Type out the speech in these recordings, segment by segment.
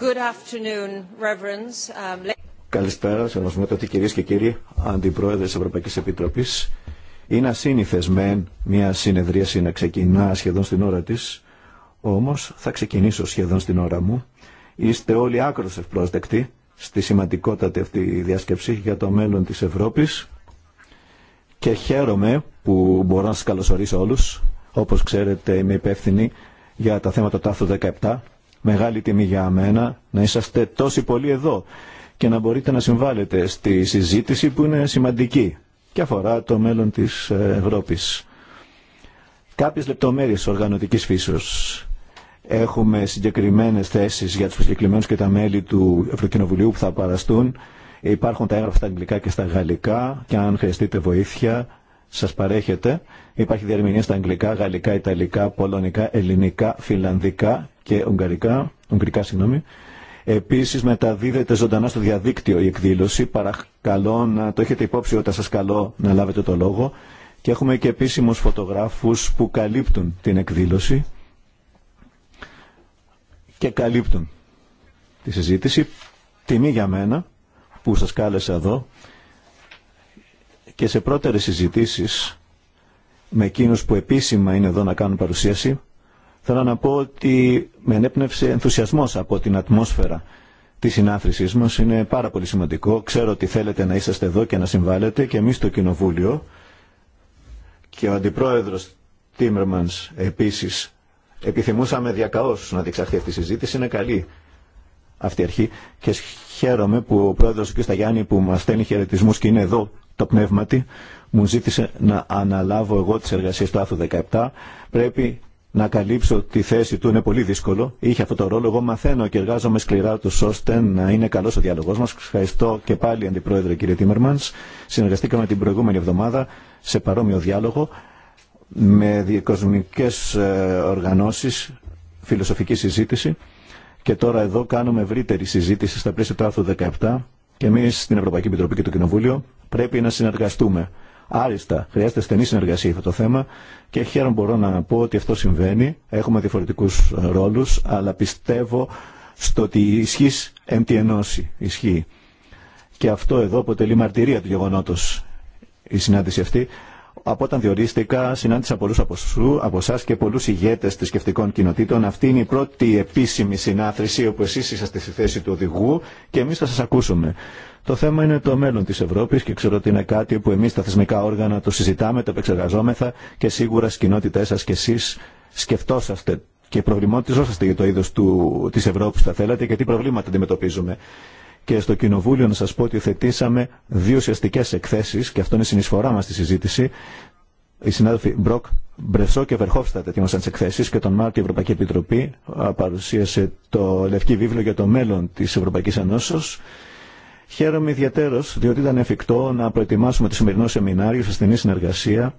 Good afternoon, Reverends. Um, Καλησπέρα, σεβασμότατοι κυρίες και κύριοι, αντιπρόεδρε της Ευρωπαϊκής Επιτροπής. Είναι ασύνηθες μεν μια συνεδρίαση να ξεκινά σχεδόν στην ώρα της, όμως θα ξεκινήσω σχεδόν στην ώρα μου. Είστε όλοι άκρως ευπρόσδεκτοι στη σημαντικότατη αυτή διάσκεψη για το μέλλον της Ευρώπης και χαίρομαι που μπορώ να σας καλωσορίσω όλους. Όπως ξέρετε είμαι υπεύθυνη για τα θέματα του άρθρου 17 Μεγάλη τιμή για μένα να είσαστε τόσοι πολλοί εδώ και να μπορείτε να συμβάλλετε στη συζήτηση που είναι σημαντική και αφορά το μέλλον της Ευρώπης. Κάποιες λεπτομέρειες οργανωτικής φύσεως. Έχουμε συγκεκριμένες θέσεις για τους συγκεκριμένου και τα μέλη του Ευρωκοινοβουλίου που θα παραστούν. Υπάρχουν τα έγγραφα στα αγγλικά και στα γαλλικά και αν χρειαστείτε βοήθεια σας παρέχεται. Υπάρχει διερμηνία στα αγγλικά, γαλλικά, ιταλικά, πολωνικά, ελληνικά, φιλανδικά και ουγγαρικά, ουγγρικά συγγνώμη. Επίσης μεταδίδεται ζωντανά στο διαδίκτυο η εκδήλωση. Παρακαλώ να το έχετε υπόψη όταν σας καλώ να λάβετε το λόγο. Και έχουμε και επίσημους φωτογράφους που καλύπτουν την εκδήλωση και καλύπτουν τη συζήτηση. Τιμή για μένα που σας κάλεσα εδώ και σε πρώτερες συζητήσεις με εκείνους που επίσημα είναι εδώ να κάνουν παρουσίαση, θέλω να πω ότι με ενέπνευσε ενθουσιασμός από την ατμόσφαιρα της συνάθρησής μας. Είναι πάρα πολύ σημαντικό. Ξέρω ότι θέλετε να είσαστε εδώ και να συμβάλλετε και εμείς στο Κοινοβούλιο και ο Αντιπρόεδρος Τίμερμανς επίσης επιθυμούσαμε διακαώς να διεξαχθεί αυτή η συζήτηση. Είναι καλή αυτή η αρχή και χαίρομαι που ο πρόεδρος κ. Σταγιάννη που μας στέλνει χαιρετισμού και είναι εδώ το πνεύμα τη, μου ζήτησε να αναλάβω εγώ τις εργασίες του άθου 17. Πρέπει να καλύψω τη θέση του είναι πολύ δύσκολο. Είχε αυτό το ρόλο. Εγώ μαθαίνω και εργάζομαι σκληρά του ώστε να είναι καλό ο διάλογό μα. Ευχαριστώ και πάλι, Αντιπρόεδρε, κύριε Τίμερμαν. Συνεργαστήκαμε την προηγούμενη εβδομάδα σε παρόμοιο διάλογο με διακοσμικέ ε, οργανώσει, φιλοσοφική συζήτηση. Και τώρα εδώ κάνουμε ευρύτερη συζήτηση στα πλαίσια του άρθρου 17 και εμεί στην Ευρωπαϊκή Επιτροπή και το Κοινοβούλιο πρέπει να συνεργαστούμε. Άριστα, χρειάζεται στενή συνεργασία αυτό το θέμα και χαίρομαι μπορώ να πω ότι αυτό συμβαίνει. Έχουμε διαφορετικούς ε, ρόλους, αλλά πιστεύω στο ότι ισχύει ενώση ισχύει. Και αυτό εδώ αποτελεί μαρτυρία του γεγονότος η συνάντηση αυτή από όταν διορίστηκα, συνάντησα πολλού από εσά και πολλού ηγέτε θρησκευτικών κοινοτήτων. Αυτή είναι η πρώτη επίσημη συνάθρηση όπου εσεί είσαστε στη θέση του οδηγού και εμεί θα σα ακούσουμε. Το θέμα είναι το μέλλον τη Ευρώπη και ξέρω ότι είναι κάτι που εμεί τα θεσμικά όργανα το συζητάμε, το επεξεργαζόμεθα και σίγουρα στι κοινότητέ σα και εσεί σκεφτόσαστε και προβληματιζόσαστε για το είδο τη Ευρώπη που θα θέλατε και τι προβλήματα αντιμετωπίζουμε και στο Κοινοβούλιο να σας πω ότι θετήσαμε δύο ουσιαστικέ εκθέσεις και αυτό είναι η συνεισφορά μας στη συζήτηση. Οι συνάδελφοι Μπροκ, Μπρεσό και Βερχόφστατ ετοίμασαν τι εκθέσει και τον Μάρτιο η Ευρωπαϊκή Επιτροπή παρουσίασε το Λευκή Βίβλο για το μέλλον τη Ευρωπαϊκή Ενώσεω. Χαίρομαι ιδιαίτερω διότι ήταν εφικτό να προετοιμάσουμε το σημερινό σεμινάριο σε στενή συνεργασία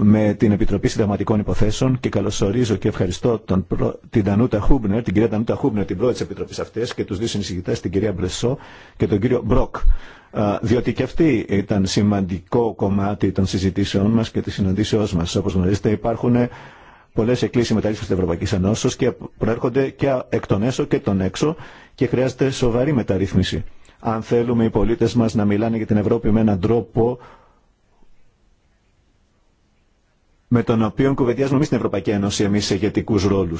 με την Επιτροπή Συνταγματικών Υποθέσεων και καλωσορίζω και ευχαριστώ τον προ... την, Τανούτα Χούμπνερ, την κυρία Τανούτα Χούμπνερ, την πρώτη τη Επιτροπή αυτέ και του δύο συνεισηγητέ, την κυρία Μπρεσό και τον κύριο Μπροκ. Διότι και αυτή ήταν σημαντικό κομμάτι των συζητήσεών μα και τη συναντήσεώ μα. Όπω γνωρίζετε, υπάρχουν πολλέ εκκλήσει μεταρρύθμιση τη Ευρωπαϊκή Ενώσεω και προέρχονται και εκ των έσω και των έξω και χρειάζεται σοβαρή μεταρρύθμιση. Αν θέλουμε οι πολίτε μα να μιλάνε για την Ευρώπη με έναν τρόπο με τον οποίο κουβεντιάζουμε εμεί στην Ευρωπαϊκή Ένωση, εμεί σε ηγετικού ρόλου.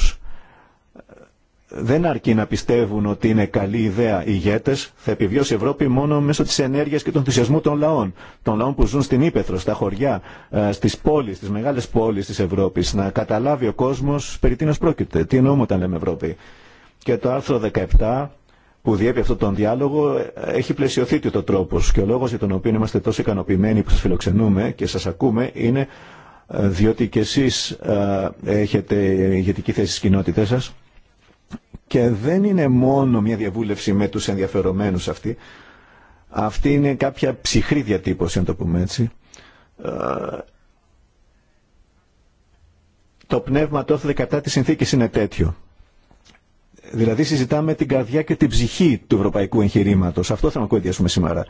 Δεν αρκεί να πιστεύουν ότι είναι καλή ιδέα οι ηγέτε. Θα επιβιώσει η Ευρώπη μόνο μέσω τη ενέργεια και του ενθουσιασμού των λαών. Των λαών που ζουν στην Ήπεθρο, στα χωριά, ε, στι πόλει, στι μεγάλε πόλει τη Ευρώπη. Να καταλάβει ο κόσμο περί τίνο πρόκειται. Τι εννοούμε όταν λέμε Ευρώπη. Και το άρθρο 17 που διέπει αυτόν τον διάλογο έχει πλαισιωθεί το τρόπο. Και ο λόγο για τον οποίο είμαστε τόσο ικανοποιημένοι που σα φιλοξενούμε και σα ακούμε είναι ε, διότι και εσείς ε, έχετε ηγετική θέση στις κοινότητές σας και δεν είναι μόνο μια διαβούλευση με τους ενδιαφερομένους αυτή. Αυτή είναι κάποια ψυχρή διατύπωση, να το πούμε έτσι. Ε, το πνεύμα του κατά τη συνθήκης είναι τέτοιο. Δηλαδή συζητάμε την καρδιά και την ψυχή του ευρωπαϊκού εγχειρήματο. Αυτό θα να κουβεντιάσουμε σήμερα.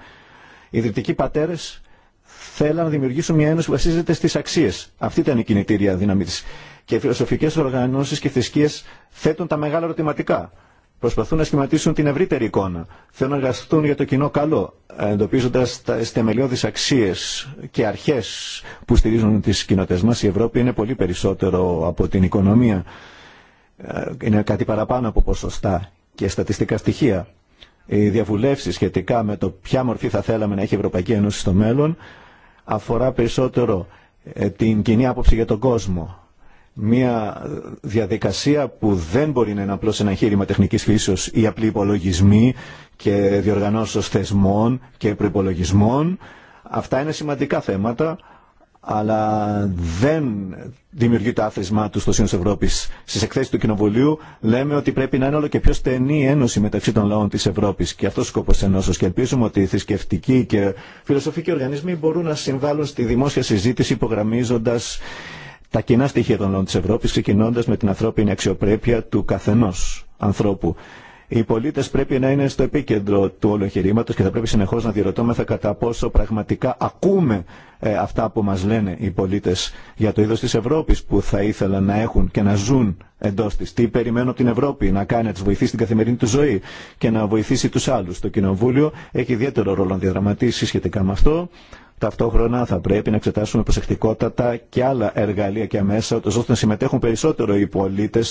Οι δυτικοί πατέρες Θέλαν να δημιουργήσουν μια ένωση που βασίζεται στι αξίε. Αυτή ήταν η κινητήρια δύναμη τη. Και οι φιλοσοφικέ οργανώσει και θρησκείε θέτουν τα μεγάλα ερωτηματικά. Προσπαθούν να σχηματίσουν την ευρύτερη εικόνα. Θέλουν να εργαστούν για το κοινό καλό, εντοπίζοντα τι θεμελιώδει αξίε και αρχέ που στηρίζουν τι κοινότητε μα. Η Ευρώπη είναι πολύ περισσότερο από την οικονομία. Ε, είναι κάτι παραπάνω από ποσοστά και στατιστικά στοιχεία. Οι διαβουλεύσει σχετικά με το ποια μορφή θα θέλαμε να έχει η Ευρωπαϊκή Ένωση στο μέλλον αφορά περισσότερο ε, την κοινή άποψη για τον κόσμο. Μια διαδικασία που δεν μπορεί να είναι απλώς ένα εγχείρημα τεχνικής φύσεως ή απλοί υπολογισμοί και διοργανώσεις θεσμών και προπολογισμών. Αυτά είναι σημαντικά θέματα αλλά δεν δημιουργεί το άθροισμά του στο σύνος Ευρώπης. Ευρώπη. Στι του Κοινοβουλίου λέμε ότι πρέπει να είναι όλο και πιο στενή η ένωση μεταξύ των λαών της Ευρώπης. Και αυτός ο σκόπος τη Και ελπίζουμε ότι οι θρησκευτικοί και φιλοσοφικοί οργανισμοί μπορούν να συμβάλλουν στη δημόσια συζήτηση υπογραμμίζοντα τα κοινά στοιχεία των λαών της Ευρώπης, ξεκινώντα με την ανθρώπινη αξιοπρέπεια του καθενό ανθρώπου. Οι πολίτε πρέπει να είναι στο επίκεντρο του όλου και θα πρέπει συνεχώ να διερωτώμεθα κατά πόσο πραγματικά ακούμε ε, αυτά που μα λένε οι πολίτε για το είδο τη Ευρώπη που θα ήθελαν να έχουν και να ζουν εντό τη. Τι περιμένω από την Ευρώπη να κάνει, να τι βοηθήσει την καθημερινή του ζωή και να βοηθήσει του άλλου. Το Κοινοβούλιο έχει ιδιαίτερο ρόλο να διαδραματίσει σχετικά με αυτό. Ταυτόχρονα θα πρέπει να εξετάσουμε προσεκτικότατα και άλλα εργαλεία και μέσα, ώστε να συμμετέχουν περισσότερο οι πολίτε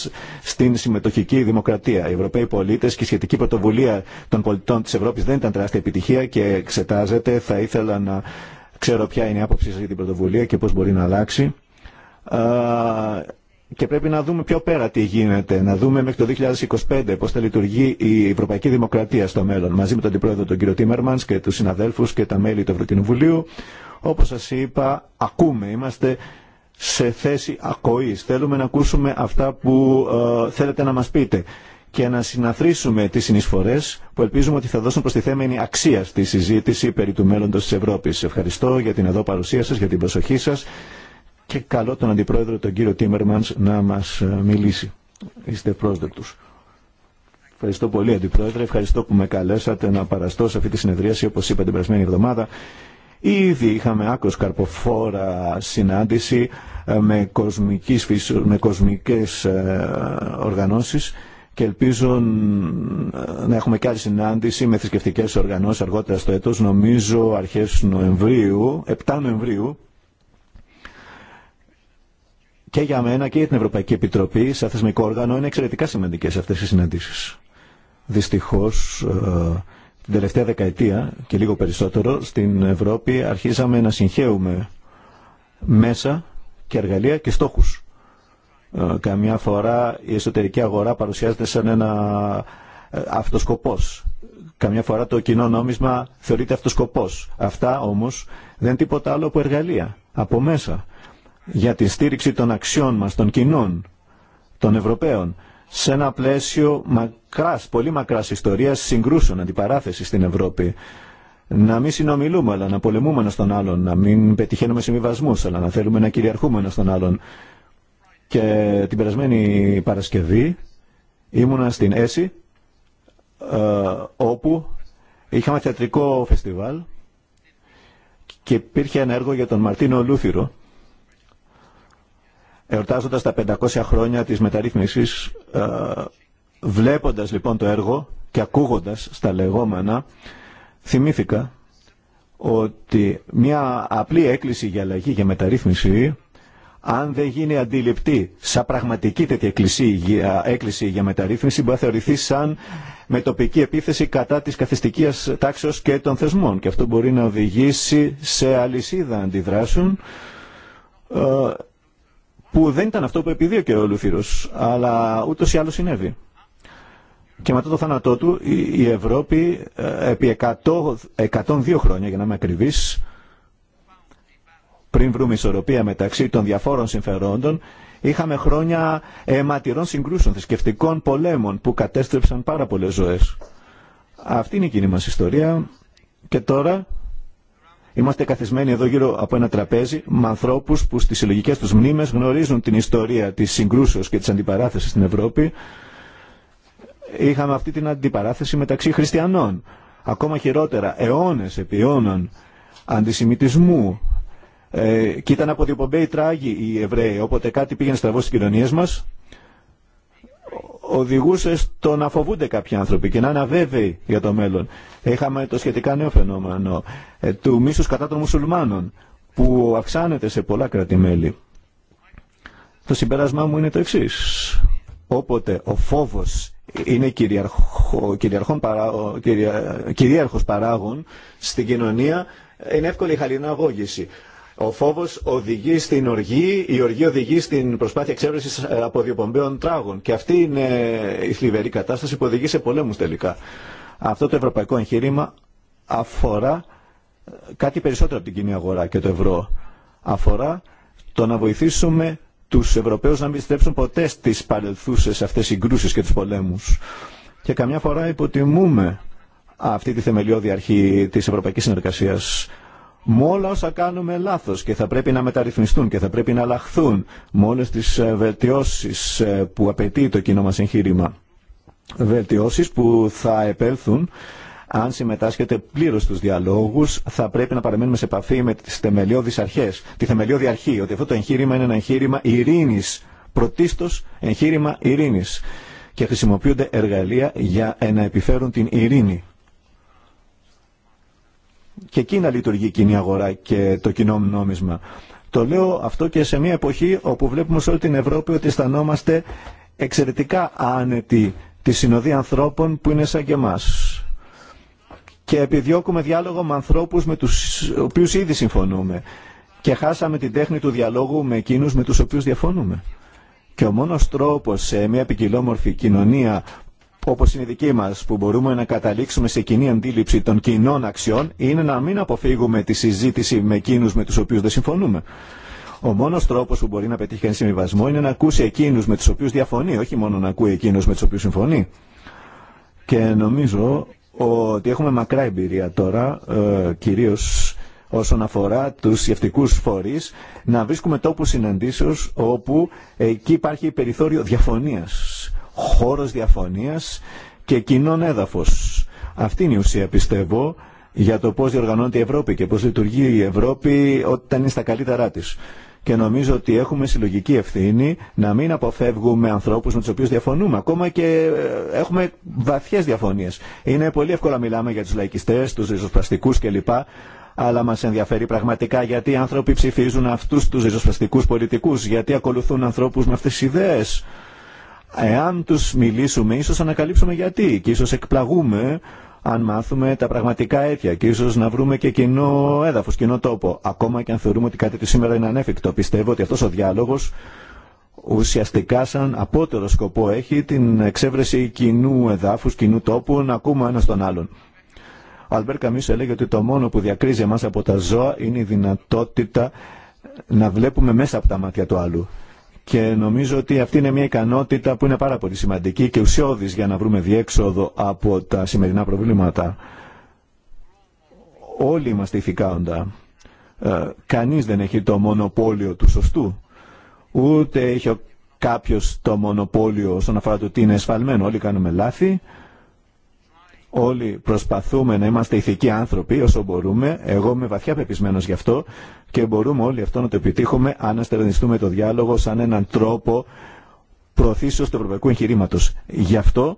στην συμμετοχική δημοκρατία. Οι Ευρωπαίοι πολίτε και η σχετική πρωτοβουλία των πολιτών τη Ευρώπη δεν ήταν τεράστια επιτυχία και εξετάζεται. Θα ήθελα να ξέρω ποια είναι η άποψή σα για την πρωτοβουλία και πώ μπορεί να αλλάξει και πρέπει να δούμε πιο πέρα τι γίνεται, να δούμε μέχρι το 2025 πώς θα λειτουργεί η Ευρωπαϊκή Δημοκρατία στο μέλλον, μαζί με τον Αντιπρόεδρο τον κύριο Τίμερμανς και τους συναδέλφους και τα μέλη του Ευρωκοινοβουλίου. Όπως σας είπα, ακούμε, είμαστε σε θέση ακοής. Θέλουμε να ακούσουμε αυτά που ε, θέλετε να μας πείτε και να συναθρήσουμε τις συνεισφορές που ελπίζουμε ότι θα δώσουν προστιθέμενη αξία στη συζήτηση περί του μέλλοντος της Ευρώπης. Ευχαριστώ για την εδώ παρουσία σας, για την προσοχή σας και καλό τον Αντιπρόεδρο τον κύριο Τίμερμανς να μας ε, μιλήσει. Είστε πρόσδεκτους. Ευχαριστώ πολύ Αντιπρόεδρε, ευχαριστώ που με καλέσατε να παραστώ σε αυτή τη συνεδρίαση όπως είπα την περασμένη εβδομάδα. Ήδη είχαμε άκρος καρποφόρα συνάντηση ε, με, κοσμικής, με κοσμικές ε, οργανώσεις και ελπίζω να έχουμε και άλλη συνάντηση με θρησκευτικέ οργανώσεις αργότερα στο έτος, νομίζω αρχές Νοεμβρίου, 7 Νοεμβρίου, και για μένα και για την Ευρωπαϊκή Επιτροπή σαν θεσμικό όργανο είναι εξαιρετικά σημαντικές αυτές οι συναντήσεις. Δυστυχώς ε, την τελευταία δεκαετία και λίγο περισσότερο στην Ευρώπη αρχίζαμε να συγχέουμε μέσα και εργαλεία και στόχους. Ε, καμιά φορά η εσωτερική αγορά παρουσιάζεται σαν ένα ε, αυτοσκοπός. Καμιά φορά το κοινό νόμισμα θεωρείται αυτοσκοπός. Αυτά όμως δεν είναι τίποτα άλλο από εργαλεία, από μέσα για τη στήριξη των αξιών μας, των κοινών, των Ευρωπαίων, σε ένα πλαίσιο μακράς, πολύ μακράς ιστορίας συγκρούσεων, αντιπαράθεση στην Ευρώπη. Να μην συνομιλούμε, αλλά να πολεμούμε ένα τον άλλον, να μην πετυχαίνουμε συμβιβασμού, αλλά να θέλουμε να κυριαρχούμε ένα τον άλλον. Και την περασμένη Παρασκευή ήμουνα στην Έση, ε, όπου είχαμε θεατρικό φεστιβάλ και υπήρχε ένα έργο για τον Μαρτίνο Λούθυρο, Εορτάζοντας τα 500 χρόνια της μεταρρύθμισης, ε, βλέποντας λοιπόν το έργο και ακούγοντας στα λεγόμενα, θυμήθηκα ότι μια απλή έκκληση για αλλαγή, για μεταρρύθμιση, αν δεν γίνει αντιληπτή σαν πραγματική τέτοια έκκληση για μεταρρύθμιση, μπορεί να θεωρηθεί σαν με τοπική επίθεση κατά της καθιστικίας τάξεως και των θεσμών. Και αυτό μπορεί να οδηγήσει σε αλυσίδα αντιδράσεων ε, που δεν ήταν αυτό που επιδίωκε ο Λουθύρο, αλλά ούτως ή άλλως συνέβη. Και μετά το θάνατό του η Ευρώπη ε, επί 100, 102 χρόνια, για να είμαι ακριβή, πριν βρούμε ισορροπία μεταξύ των διαφόρων συμφερόντων, είχαμε χρόνια αιματηρών συγκρούσεων, θρησκευτικών πολέμων που κατέστρεψαν πάρα πολλέ ζωέ. Αυτή είναι η κοινή μα ιστορία και τώρα Είμαστε καθισμένοι εδώ γύρω από ένα τραπέζι με ανθρώπου που στι συλλογικέ του μνήμε γνωρίζουν την ιστορία τη συγκρούσεω και τη αντιπαράθεση στην Ευρώπη. Είχαμε αυτή την αντιπαράθεση μεταξύ χριστιανών. Ακόμα χειρότερα, αιώνε επί αιώνων αντισημιτισμού. Ε, και ήταν από οι τράγοι οι Εβραίοι, όποτε κάτι πήγαινε στραβό στι κοινωνίε μα, οδηγούσε στο να φοβούνται κάποιοι άνθρωποι και να είναι αβέβαιοι για το μέλλον. Είχαμε το σχετικά νέο φαινόμενο ε, του μίσου κατά των μουσουλμάνων που αυξάνεται σε πολλά κράτη-μέλη. Το συμπέρασμά μου είναι το εξή. Όποτε ο φόβος είναι κυριαρχο, κυρίαρχος παράγων στην κοινωνία, είναι εύκολη η χαλινά αγώγηση. Ο φόβο οδηγεί στην οργή, η οργή οδηγεί στην προσπάθεια εξέβρεσης ε, αποδιοπομπαίων τράγων και αυτή είναι η θλιβερή κατάσταση που οδηγεί σε πολέμου τελικά. Αυτό το ευρωπαϊκό εγχείρημα αφορά ε, κάτι περισσότερο από την κοινή αγορά και το ευρώ. Αφορά το να βοηθήσουμε του Ευρωπαίου να μην στρέψουν ποτέ στις παρελθούσες αυτές συγκρούσει και του πολέμου. Και καμιά φορά υποτιμούμε αυτή τη θεμελιώδη αρχή της ευρωπαϊκής συνεργασία με όλα όσα κάνουμε λάθος και θα πρέπει να μεταρρυθμιστούν και θα πρέπει να αλλάχθούν με όλες τις ε, βελτιώσεις ε, που απαιτεί το κοινό μας εγχείρημα. Βελτιώσεις που θα επέλθουν αν συμμετάσχετε πλήρως στους διαλόγους θα πρέπει να παραμένουμε σε επαφή με τις θεμελιώδεις αρχές, τη θεμελιώδη αρχή, ότι αυτό το εγχείρημα είναι ένα εγχείρημα ειρήνης, πρωτίστως εγχείρημα ειρήνης και χρησιμοποιούνται εργαλεία για να επιφέρουν την ειρήνη και εκεί να λειτουργεί η κοινή αγορά και το κοινό νόμισμα. Το λέω αυτό και σε μια εποχή όπου βλέπουμε σε όλη την Ευρώπη ότι αισθανόμαστε εξαιρετικά άνετοι τη συνοδεία ανθρώπων που είναι σαν και εμάς. Και επιδιώκουμε διάλογο με ανθρώπους με τους οποίους ήδη συμφωνούμε. Και χάσαμε την τέχνη του διαλόγου με εκείνους με τους οποίους διαφωνούμε. Και ο μόνος τρόπος σε μια επικοινόμορφη κοινωνία όπως είναι δική μας, που μπορούμε να καταλήξουμε σε κοινή αντίληψη των κοινών αξιών, είναι να μην αποφύγουμε τη συζήτηση με εκείνους με τους οποίους δεν συμφωνούμε. Ο μόνος τρόπος που μπορεί να πετύχει ένα συμβιβασμό είναι να ακούσει εκείνους με τους οποίους διαφωνεί, όχι μόνο να ακούει εκείνους με τους οποίους συμφωνεί. Και νομίζω ότι έχουμε μακρά εμπειρία τώρα, ε, κυρίως όσον αφορά τους σκεφτικούς φορείς, να βρίσκουμε τόπους συναντήσεως όπου εκεί υπάρχει περιθώριο διαφωνίας, χώρος διαφωνίας και κοινών έδαφος. Αυτή είναι η ουσία πιστεύω για το πώς διοργανώνεται η Ευρώπη και πώς λειτουργεί η Ευρώπη όταν είναι στα καλύτερά της. Και νομίζω ότι έχουμε συλλογική ευθύνη να μην αποφεύγουμε ανθρώπους με τους οποίους διαφωνούμε. Ακόμα και ε, έχουμε βαθιές διαφωνίες. Είναι πολύ εύκολα μιλάμε για τους λαϊκιστές, τους ριζοσπαστικούς κλπ. Αλλά μας ενδιαφέρει πραγματικά γιατί οι άνθρωποι ψηφίζουν αυτούς τους ριζοσπαστικούς πολιτικούς, γιατί ακολουθούν ανθρώπους με αυτές τις ιδέες Εάν τους μιλήσουμε ίσως ανακαλύψουμε γιατί και ίσως εκπλαγούμε αν μάθουμε τα πραγματικά αίτια και ίσως να βρούμε και κοινό έδαφος, κοινό τόπο. Ακόμα και αν θεωρούμε ότι κάτι του σήμερα είναι ανέφικτο. Πιστεύω ότι αυτός ο διάλογος ουσιαστικά σαν απότερο σκοπό έχει την εξέβρεση κοινού εδάφους, κοινού τόπου, να ακούμε ένα τον άλλον. Ο Αλμπέρ Καμίσο έλεγε ότι το μόνο που διακρίζει εμάς από τα ζώα είναι η δυνατότητα να βλέπουμε μέσα από τα μάτια του άλλου. Και νομίζω ότι αυτή είναι μια ικανότητα που είναι πάρα πολύ σημαντική και ουσιώδης για να βρούμε διέξοδο από τα σημερινά προβλήματα. Όλοι είμαστε ηθικάοντα. Ε, κανείς δεν έχει το μονοπόλιο του σωστού. Ούτε έχει κάποιος το μονοπόλιο όσον αφορά το τι είναι εσφαλμένο. Όλοι κάνουμε λάθη. Όλοι προσπαθούμε να είμαστε ηθικοί άνθρωποι όσο μπορούμε. Εγώ είμαι βαθιά πεπισμένος γι' αυτό και μπορούμε όλοι αυτό να το επιτύχουμε αν αστερνιστούμε το διάλογο σαν έναν τρόπο προωθήσεως του ευρωπαϊκού εγχειρήματο. Γι' αυτό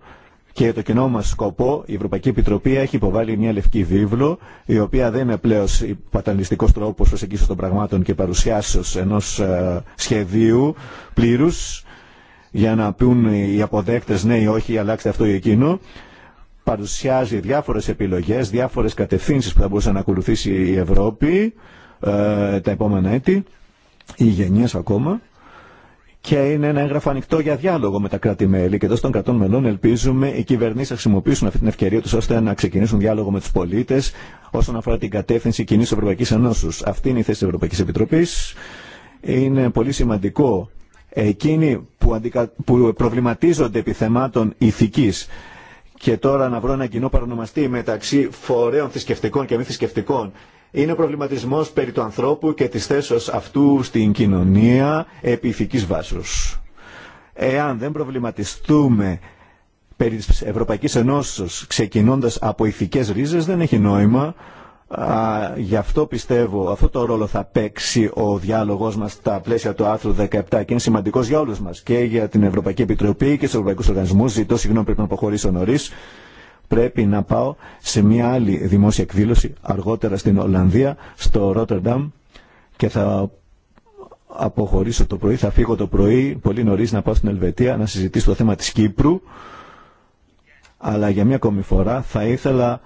και το κοινό μα σκοπό η Ευρωπαϊκή Επιτροπή έχει υποβάλει μια λευκή βίβλο η οποία δεν είναι πλέον πατανιστικό τρόπο προσεγγίσεω των πραγμάτων και παρουσιάσεως ενός ε, σχεδίου πλήρου, για να πούν οι αποδέκτες ναι ή όχι αλλάξτε αυτό ή εκείνο παρουσιάζει διάφορες επιλογές, διάφορες κατευθύνσεις που θα μπορούσε να ακολουθήσει η Ευρώπη ε, τα επόμενα έτη, οι γενιές ακόμα, και είναι ένα έγγραφο ανοιχτό για διάλογο με τα κράτη-μέλη. Και εδώ των κρατών μελών ελπίζουμε οι κυβερνήσει να χρησιμοποιήσουν αυτή την ευκαιρία του ώστε να ξεκινήσουν διάλογο με του πολίτε όσον αφορά την κατεύθυνση κοινή Ευρωπαϊκή Ενώσεω. Αυτή είναι η θέση τη Ευρωπαϊκή Επιτροπή. Είναι πολύ σημαντικό εκείνοι που, αντικα... που προβληματίζονται επί θεμάτων και τώρα να βρω ένα κοινό παρονομαστή μεταξύ φορέων θρησκευτικών και μη θρησκευτικών είναι προβληματισμό προβληματισμός περί του ανθρώπου και της θέσεως αυτού στην κοινωνία επί ηθική Εάν δεν προβληματιστούμε περί της Ευρωπαϊκής Ενώσεω ξεκινώντα από ηθικέ ρίζες δεν έχει νόημα γι' αυτό πιστεύω, αυτό το ρόλο θα παίξει ο διάλογός μας στα πλαίσια του άρθρου 17 και είναι σημαντικός για όλους μας και για την Ευρωπαϊκή Επιτροπή και στους Ευρωπαϊκούς Οργανισμούς. Ζητώ συγγνώμη πρέπει να αποχωρήσω νωρί. Πρέπει να πάω σε μια άλλη δημόσια εκδήλωση αργότερα στην Ολλανδία, στο Ρότερνταμ και θα αποχωρήσω το πρωί, θα φύγω το πρωί πολύ νωρί να πάω στην Ελβετία να συζητήσω το θέμα της Κύπρου αλλά για μια ακόμη φορά θα ήθελα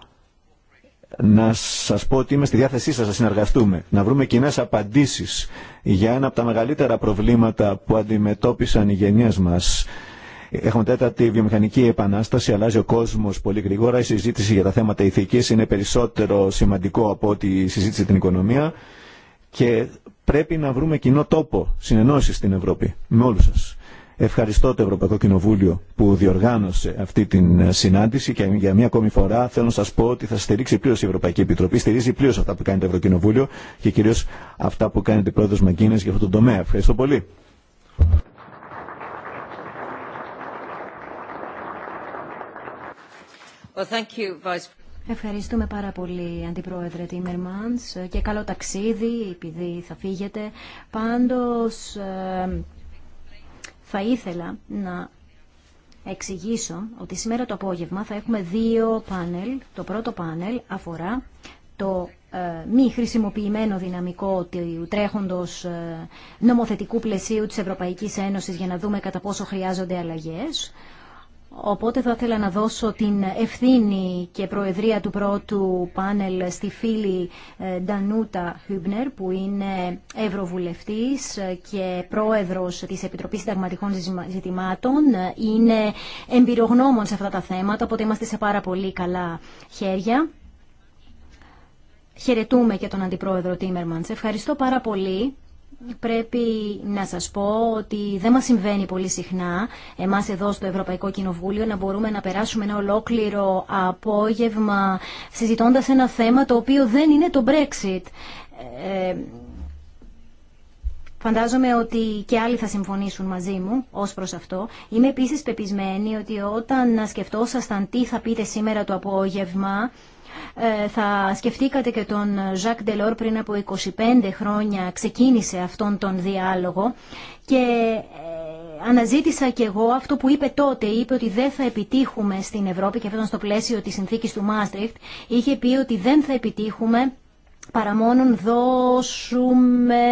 να σας πω ότι είμαι στη διάθεσή σας να συνεργαστούμε, να βρούμε κοινέ απαντήσεις για ένα από τα μεγαλύτερα προβλήματα που αντιμετώπισαν οι γενιές μας. Έχουμε τέταρτη βιομηχανική επανάσταση, αλλάζει ο κόσμο πολύ γρήγορα. Η συζήτηση για τα θέματα ηθικής είναι περισσότερο σημαντικό από ότι η συζήτηση την οικονομία. Και πρέπει να βρούμε κοινό τόπο συνεννόηση στην Ευρώπη με όλου σα. Ευχαριστώ το Ευρωπαϊκό Κοινοβούλιο που διοργάνωσε αυτή την ε, συνάντηση και για μία ακόμη φορά θέλω να σας πω ότι θα στηρίξει πλήρω η Ευρωπαϊκή Επιτροπή, στηρίζει πλήρω αυτά που κάνει το Ευρωκοινοβούλιο και κυρίως αυτά που κάνει την πρόεδρο Μαγκίνε για αυτόν τον τομέα. Ευχαριστώ πολύ. Well, thank you, Vice Ευχαριστούμε πάρα πολύ, Αντιπρόεδρε Τίμερμαντς, και καλό ταξίδι, επειδή θα φύγετε. Πάντως, ε, θα ήθελα να εξηγήσω ότι σήμερα το απόγευμα θα έχουμε δύο πάνελ. Το πρώτο πάνελ αφορά το ε, μη χρησιμοποιημένο δυναμικό του τρέχοντος ε, νομοθετικού πλαισίου της Ευρωπαϊκής Ένωσης για να δούμε κατά πόσο χρειάζονται αλλαγές. Οπότε θα ήθελα να δώσω την ευθύνη και προεδρία του πρώτου πάνελ στη φίλη ε, Ντανούτα Χούμπνερ που είναι ευρωβουλευτής και πρόεδρος της Επιτροπής Συνταγματικών Ζητημάτων. Είναι εμπειρογνώμων σε αυτά τα θέματα, οπότε είμαστε σε πάρα πολύ καλά χέρια. Χαιρετούμε και τον Αντιπρόεδρο Τίμερμαντς. Ευχαριστώ πάρα πολύ πρέπει να σας πω ότι δεν μας συμβαίνει πολύ συχνά εμάς εδώ στο Ευρωπαϊκό Κοινοβούλιο να μπορούμε να περάσουμε ένα ολόκληρο απόγευμα συζητώντας ένα θέμα το οποίο δεν είναι το Brexit. Ε, φαντάζομαι ότι και άλλοι θα συμφωνήσουν μαζί μου ως προς αυτό. Είμαι επίσης πεπισμένη ότι όταν σκεφτόσασταν τι θα πείτε σήμερα το απόγευμα, ε, θα σκεφτήκατε και τον Ζακ Ντελόρ πριν από 25 χρόνια ξεκίνησε αυτόν τον διάλογο και ε, αναζήτησα και εγώ αυτό που είπε τότε, είπε ότι δεν θα επιτύχουμε στην Ευρώπη και αυτό στο πλαίσιο της συνθήκης του Μάστριχτ, είχε πει ότι δεν θα επιτύχουμε παρά μόνον δώσουμε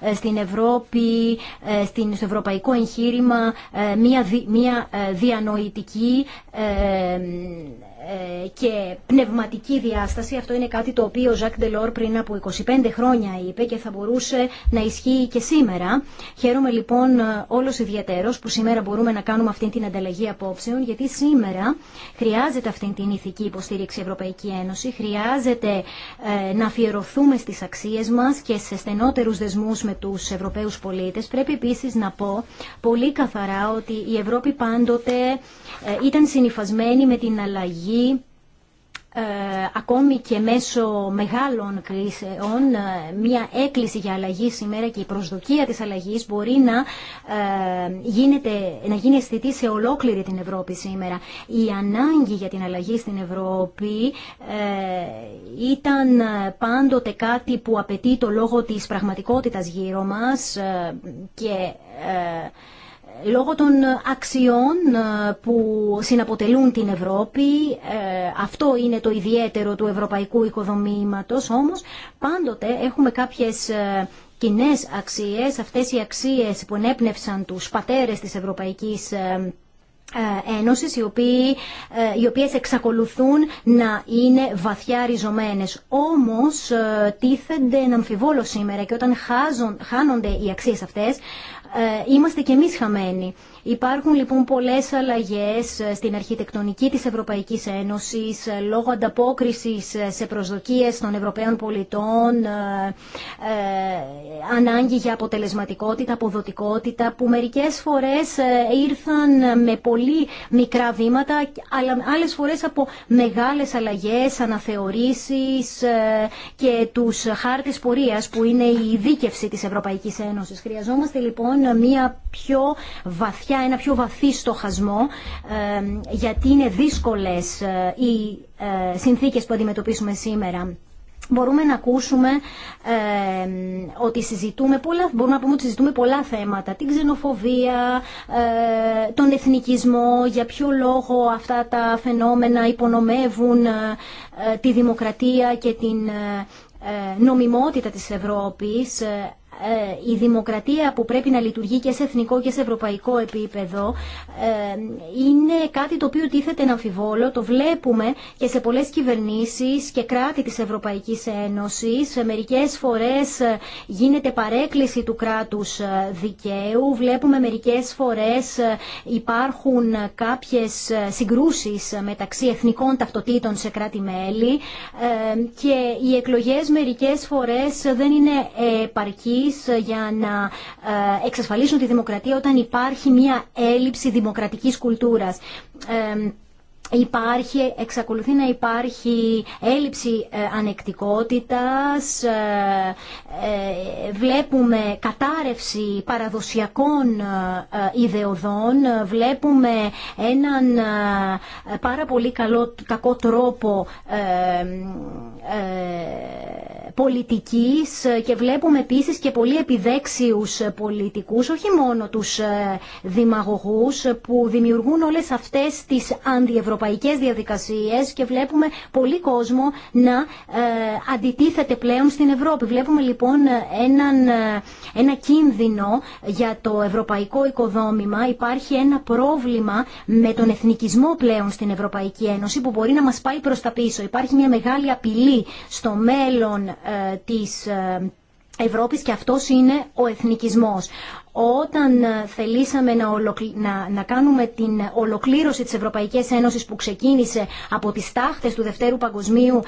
ε, στην Ευρώπη, στην, στο ευρωπαϊκό εγχείρημα, μια, μια διανοητική ε, και πνευματική διάσταση. Αυτό είναι κάτι το οποίο ο Ζακ Ντελόρ πριν από 25 χρόνια είπε και θα μπορούσε να ισχύει και σήμερα. Χαίρομαι λοιπόν όλος ιδιαίτερος που σήμερα μπορούμε να κάνουμε αυτή την ανταλλαγή απόψεων γιατί σήμερα χρειάζεται αυτή την ηθική υποστήριξη Ευρωπαϊκή Ένωση, χρειάζεται ε, να αφιερωθούμε στις αξίες μας και σε στενότερους δεσμούς με τους Ευρωπαίους πολίτες. Πρέπει επίσης να πω πολύ καθαρά ότι η Ευρώπη πάντοτε ε, ήταν συνειφασμένη με την αλλαγή ε, ακόμη και μέσω μεγάλων κρίσεων ε, μια έκκληση για αλλαγή σήμερα και η προσδοκία της αλλαγής μπορεί να, ε, γίνεται, να γίνει αισθητή σε ολόκληρη την Ευρώπη σήμερα. Η ανάγκη για την αλλαγή στην Ευρώπη ήταν πάντοτε κάτι που απαιτεί το λόγο της πραγματικότητας γύρω μας και λόγω των ε, αξιών ε, που συναποτελούν την Ευρώπη, ε, αυτό είναι το ιδιαίτερο του ευρωπαϊκού οικοδομήματος, όμως πάντοτε έχουμε κάποιες κοινέ αξίες, αυτές οι αξίες που ενέπνευσαν τους πατέρες της Ευρωπαϊκής Ένωσης, οι, οποίοι, οι οποίες εξακολουθούν να είναι βαθιά ριζωμένες. Όμως τίθενται να αμφιβόλω σήμερα και όταν χάζον, χάνονται οι αξίες αυτές, ε, είμαστε κι εμείς χαμένοι. Υπάρχουν λοιπόν πολλές αλλαγές ε, στην αρχιτεκτονική της Ευρωπαϊκής Ένωσης ε, λόγω ανταπόκρισης ε, σε προσδοκίες των Ευρωπαίων πολιτών, ανάγκη για αποτελεσματικότητα, αποδοτικότητα που μερικές φορές ήρθαν με πολύ μικρά βήματα αλλά άλλες φορές από μεγάλες αλλαγές, αναθεωρήσεις και τους χάρτες πορείας που είναι η δίκευση της Ευρωπαϊκής Ένωσης. Χρειαζόμαστε λοιπόν μια πιο βαθιά ένα πιο βαθύ στοχασμό, γιατί είναι δύσκολες ε, οι ε, συνθήκες που αντιμετωπίσουμε σήμερα. Μπορούμε να ακούσουμε ότι συζητούμε πολλά, μπορούμε να πούμε ότι συζητούμε πολλά θέματα, την ξενοφοβία, ε, τον εθνικισμό, για ποιο λόγο αυτά τα φαινόμενα υπονομεύουν τη δημοκρατία και την νομιμότητα της Ευρώπης ε, η δημοκρατία που πρέπει να λειτουργεί και σε εθνικό και σε ευρωπαϊκό επίπεδο ε, είναι κάτι το οποίο τίθεται να αμφιβόλο. Το βλέπουμε και σε πολλές κυβερνήσεις και κράτη της Ευρωπαϊκής Ένωσης. Μερικές φορές ε, γίνεται παρέκκληση του κράτους δικαίου. Βλέπουμε μερικές φορές υπάρχουν κάποιες συγκρούσεις μεταξύ εθνικών ταυτοτήτων σε κράτη-μέλη και οι εκλογές μερικές φορές δεν είναι επαρκή ε, για να ε, εξασφαλίσουν τη δημοκρατία όταν υπάρχει μια έλλειψη δημοκρατικής κουλτούρας υπάρχει, εξακολουθεί να υπάρχει έλλειψη ε, ανεκτικότητας, βλέπουμε κατάρρευση παραδοσιακών ιδεοδών, βλέπουμε έναν πάρα πολύ καλό, κακό τρόπο πολιτικής ε, και βλέπουμε επίσης και πολύ επιδέξιους ε, πολιτικούς, όχι μόνο τους ε, δημαγωγούς που δημιουργούν όλες αυτές τις αντιευρωπαϊκές διαδικασίες και βλέπουμε πολύ κόσμο να αντιτίθεται πλέον στην Ευρώπη. Βλέπουμε λοιπόν έναν, ένα κίνδυνο για το ευρωπαϊκό οικοδόμημα. Υπάρχει ένα πρόβλημα με τον εθνικισμό πλέον στην Ευρωπαϊκή Ένωση που μπορεί να μας πάει προς τα πίσω. Υπάρχει μια μεγάλη απειλή στο μέλλον ε, της ε, Ευρώπης και αυτός είναι ο εθνικισμός όταν ε, θελήσαμε να, να... κάνουμε την ολοκλήρωση της Ευρωπαϊκής Ένωσης που ξεκίνησε από τις τάχτες του Δευτέρου Παγκοσμίου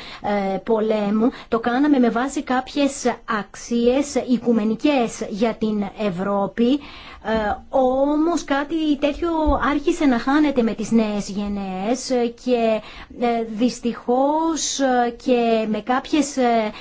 ε, Πολέμου, το κάναμε με βάση κάποιες αξίες οικουμενικές για την Ευρώπη, ε, όμως κάτι τέτοιο άρχισε να χάνεται με τις νέες γενναίες ε, και ε, δυστυχώς και με κάποιες ε,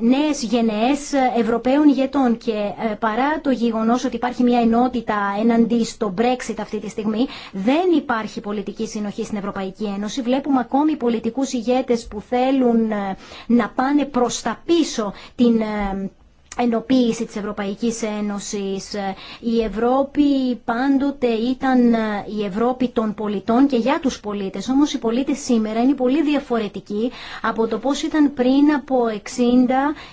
νέες γενναίες Ευρωπαίων ηγετών και παρά το γεγονός όσο ότι υπάρχει μια ενότητα εναντί στο Brexit αυτή τη στιγμή. Δεν υπάρχει πολιτική συνοχή στην Ευρωπαϊκή Ένωση. Βλέπουμε ακόμη πολιτικού ηγέτε που θέλουν ε, να πάνε προ τα πίσω την ε, ενοποίηση της Ευρωπαϊκής Ένωσης. Η Ευρώπη πάντοτε ήταν ε, η Ευρώπη των πολιτών και για τους πολίτες. Όμως οι πολίτες σήμερα είναι πολύ διαφορετικοί από το πώς ήταν πριν από 60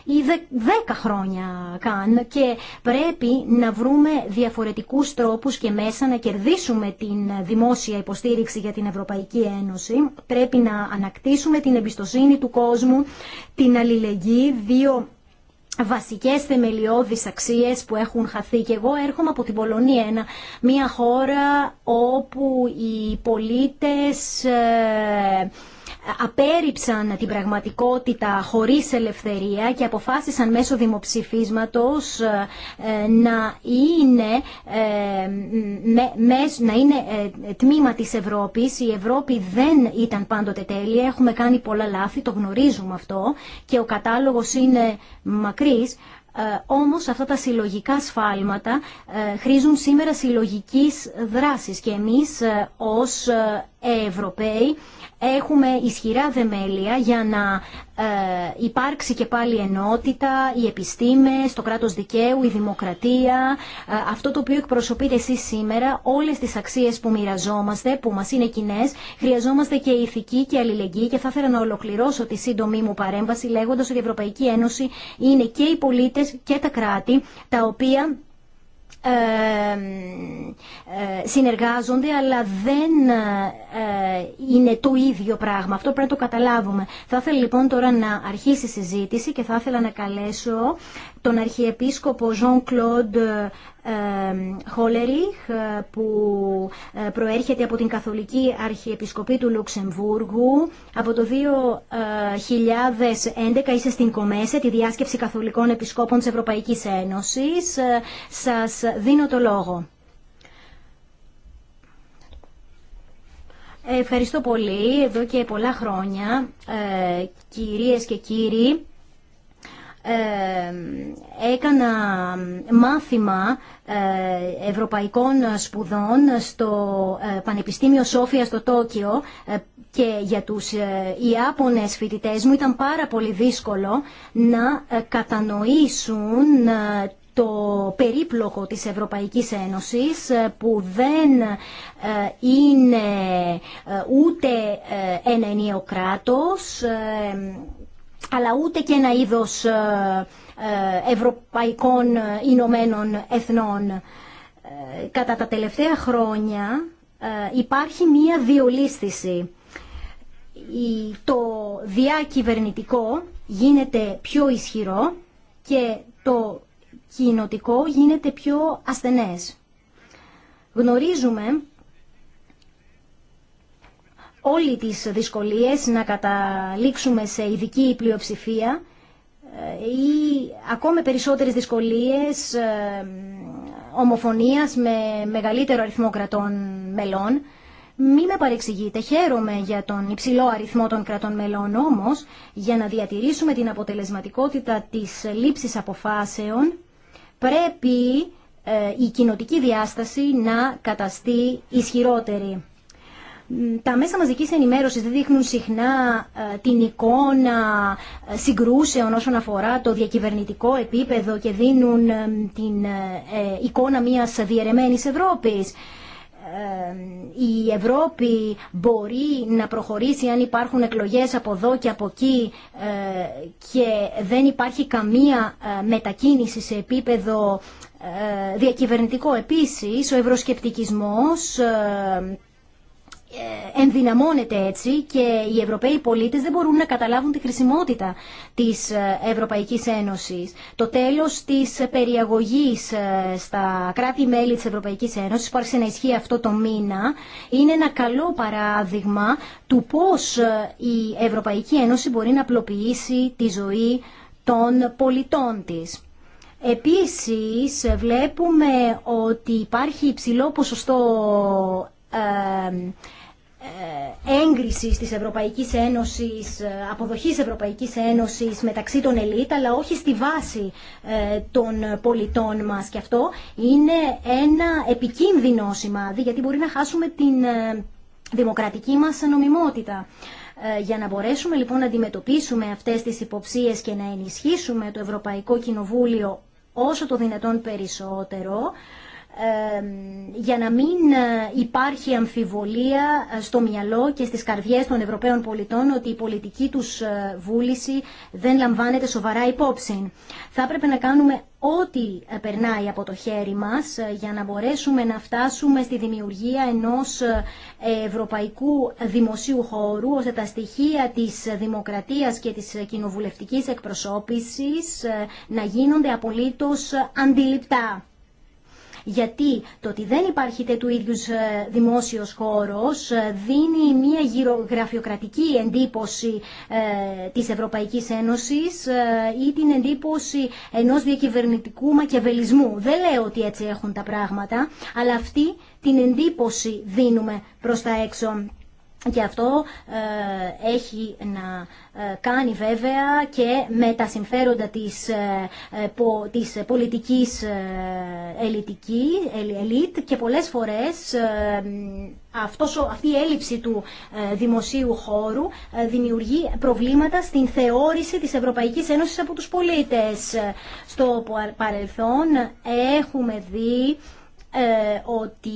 ή 10 χρόνια καν και πρέπει να βρούμε διαφορετικούς τρόπους και μέσα να κερδίσουμε την δημόσια υποστήριξη για την Ευρωπαϊκή Ένωση. Πρέπει να ανακτήσουμε την εμπιστοσύνη του κόσμου, την αλληλεγγύη, δύο βασικές θεμελιώδεις αξίες που έχουν χαθεί. Και εγώ έρχομαι από την Πολωνία, ένα, μια χώρα όπου οι πολίτες ε, απέρριψαν την πραγματικότητα χωρίς ελευθερία και αποφάσισαν μέσω δημοψηφίσματος ε, να είναι, ε, να είναι ε, τμήμα της Ευρώπης. Η Ευρώπη δεν ήταν πάντοτε τέλεια, έχουμε κάνει πολλά λάθη, το γνωρίζουμε αυτό και ο κατάλογος είναι μακρύς. όμως αυτά τα συλλογικά σφάλματα ε, χρήζουν σήμερα συλλογικής δράσης και εμείς ε, ως Ευρωπαίοι έχουμε ισχυρά δεμέλια για να ε, υπάρξει και πάλι ενότητα, οι επιστήμες, το κράτος δικαίου, η δημοκρατία, ε, αυτό το οποίο εκπροσωπείτε εσείς σήμερα, όλες τις αξίες που μοιραζόμαστε, που μας είναι κοινέ, χρειαζόμαστε και ηθική και αλληλεγγύη και θα ήθελα να ολοκληρώσω τη σύντομή μου παρέμβαση λέγοντας ότι η Ευρωπαϊκή Ένωση είναι και οι πολίτες και τα κράτη τα οποία ε, συνεργάζονται αλλά δεν ε, είναι το ίδιο πράγμα. Αυτό πρέπει να το καταλάβουμε. Θα ήθελα λοιπόν τώρα να αρχίσει η συζήτηση και θα ήθελα να καλέσω τον Αρχιεπίσκοπο Ζων Κλοντ Χόλεριχ που ε, προέρχεται από την Καθολική Αρχιεπισκοπή του Λουξεμβούργου. Από το 2011 ε, είσαι στην Κομέσε, τη διάσκεψη Καθολικών Επισκόπων της Ευρωπαϊκής Ένωσης. Ε, σας δίνω το λόγο. Ευχαριστώ πολύ. Εδώ και πολλά χρόνια, κυρίες και κύριοι, ε, έκανα μάθημα ε, ευρωπαϊκών σπουδών στο ε, Πανεπιστήμιο Σόφια στο Τόκιο και για τους Ιάπωνες φοιτητές μου ήταν πάρα πολύ δύσκολο να κατανοήσουν το περίπλοκο της Ευρωπαϊκής Ένωσης που δεν είναι ούτε ένα ενίο κράτος, αλλά ούτε και ένα είδος ε, ε, Ευρωπαϊκών ε, Ηνωμένων Εθνών. Κατά τα τελευταία χρόνια υπάρχει μία διολίσθηση. Το διακυβερνητικό γίνεται πιο ισχυρό και το κοινοτικό γίνεται πιο ασθενές. Γνωρίζουμε όλοι τις δυσκολίες, να καταλήξουμε σε ειδική πλειοψηφία ε, ή ακόμη περισσότερες δυσκολίες ε, ομοφωνίας με μεγαλύτερο αριθμό κρατών μελών. Μη με παρεξηγείτε, χαίρομαι για τον υψηλό αριθμό των κρατών μελών, όμως για να διατηρήσουμε την αποτελεσματικότητα της λήψης αποφάσεων πρέπει ε, η κοινοτική διάσταση να καταστεί ισχυρότερη τα μέσα μαζικής ενημέρωσης δεν δείχνουν συχνά ε, την εικόνα ε, συγκρούσεων όσον αφορά το διακυβερνητικό επίπεδο και δίνουν ε, την εικόνα μιας διαιρεμένης Ευρώπης. Η Ευρώπη μπορεί να προχωρήσει αν υπάρχουν εκλογές από εδώ και από εκεί και δεν υπάρχει καμία μετακίνηση σε επίπεδο διακυβερνητικό. Επίσης, ο ευρωσκεπτικισμός ε, ενδυναμώνεται έτσι και οι Ευρωπαίοι πολίτες δεν μπορούν να καταλάβουν τη χρησιμότητα της ε, Ευρωπαϊκής Ένωσης. Το τέλος της περιαγωγής ε, στα κράτη-μέλη της Ευρωπαϊκής Ένωσης που άρχισε να ισχύει αυτό το μήνα είναι ένα καλό παράδειγμα του πώς η Ευρωπαϊκή Ένωση μπορεί να απλοποιήσει τη ζωή των πολιτών της. Επίσης βλέπουμε ότι υπάρχει υψηλό ποσοστό ε, έγκρισης της Ευρωπαϊκής Ένωσης, ε, αποδοχής Ευρωπαϊκής Ένωσης μεταξύ των ελίτ, αλλά όχι στη βάση ε, των πολιτών μας. Και αυτό είναι ένα επικίνδυνο σημάδι, γιατί μπορεί να χάσουμε την δημοκρατική μας νομιμότητα. Για να μπορέσουμε λοιπόν να αντιμετωπίσουμε αυτές τις υποψίες και να ενισχύσουμε το Ευρωπαϊκό Κοινοβούλιο όσο το δυνατόν περισσότερο, για να μην ε, υπάρχει αμφιβολία ε, στο μυαλό και στις καρδιές των Ευρωπαίων πολιτών ότι η πολιτική τους ε, βούληση δεν λαμβάνεται σοβαρά υπόψη. Θα έπρεπε να κάνουμε ό,τι περνάει από το χέρι μας για να μπορέσουμε να φτάσουμε στη δημιουργία ενός ευρωπαϊκού δημοσίου χώρου ώστε τα στοιχεία της δημοκρατίας και της κοινοβουλευτικής εκπροσώπησης να γίνονται απολύτως αντιληπτά γιατί το ότι δεν υπάρχει τέτοιου ίδιου ε, δημόσιο χώρο ε, δίνει μια γραφειοκρατική εντύπωση ε, της Ευρωπαϊκής Ένωσης ή την εντύπωση ενός διακυβερνητικού μακεβελισμού. Δεν λέω ότι έτσι έχουν τα πράγματα, αλλά αυτή την εντύπωση δίνουμε προς τα έξω. Και αυτό ε, έχει να ε, κάνει βέβαια και με τα συμφέροντα της, ε, της πολιτικής ελιτική, ελίτ και πολλές φορές αυτός, αυτή η έλλειψη του δημοσίου χώρου δημιουργεί προβλήματα στην θεώρηση της Ευρωπαϊκής Ένωσης από τους πολίτες. Στο παρελθόν έχουμε δει ε, ότι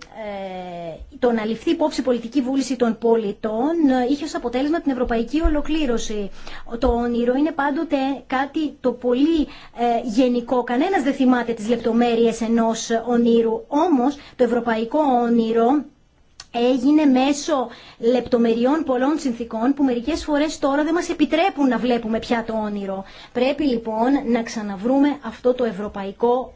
ε, το να ληφθεί υπόψη πολιτική βούληση των πολιτών ε, είχε ως αποτέλεσμα την ευρωπαϊκή ολοκλήρωση. Το όνειρο είναι πάντοτε κάτι το πολύ γενικό. Κανένας δεν θυμάται τις λεπτομέρειες ενός όνειρου. Όμως το ευρωπαϊκό όνειρο έγινε μέσω λεπτομεριών πολλών συνθήκων που μερικές φορές τώρα δεν μας επιτρέπουν να βλέπουμε πια το όνειρο. Πρέπει λοιπόν να ξαναβρούμε αυτό το ευρωπαϊκό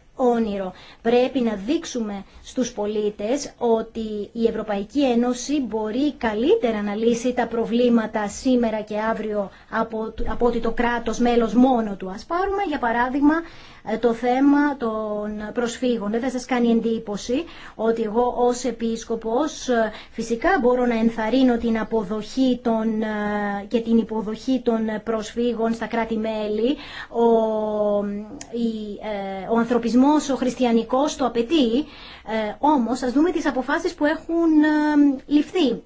Πρέπει να δείξουμε στους πολίτες ότι η Ευρωπαϊκή Ένωση μπορεί καλύτερα να λύσει τα προβλήματα σήμερα και αύριο από, από ότι το κράτος μέλος μόνο του. Ας πάρουμε για παράδειγμα ε, το θέμα των προσφύγων. Ε, δεν θα σας κάνει εντύπωση ότι εγώ ως επίσκοπος ε, φυσικά μπορώ να ενθαρρύνω την αποδοχή των, και την υποδοχή των προσφύγων στα κράτη-μέλη. Ο, η, ο ανθρωπισμός, ο χριστιανικός το απαιτεί, όμως ας δούμε τις αποφάσεις που έχουν ληφθεί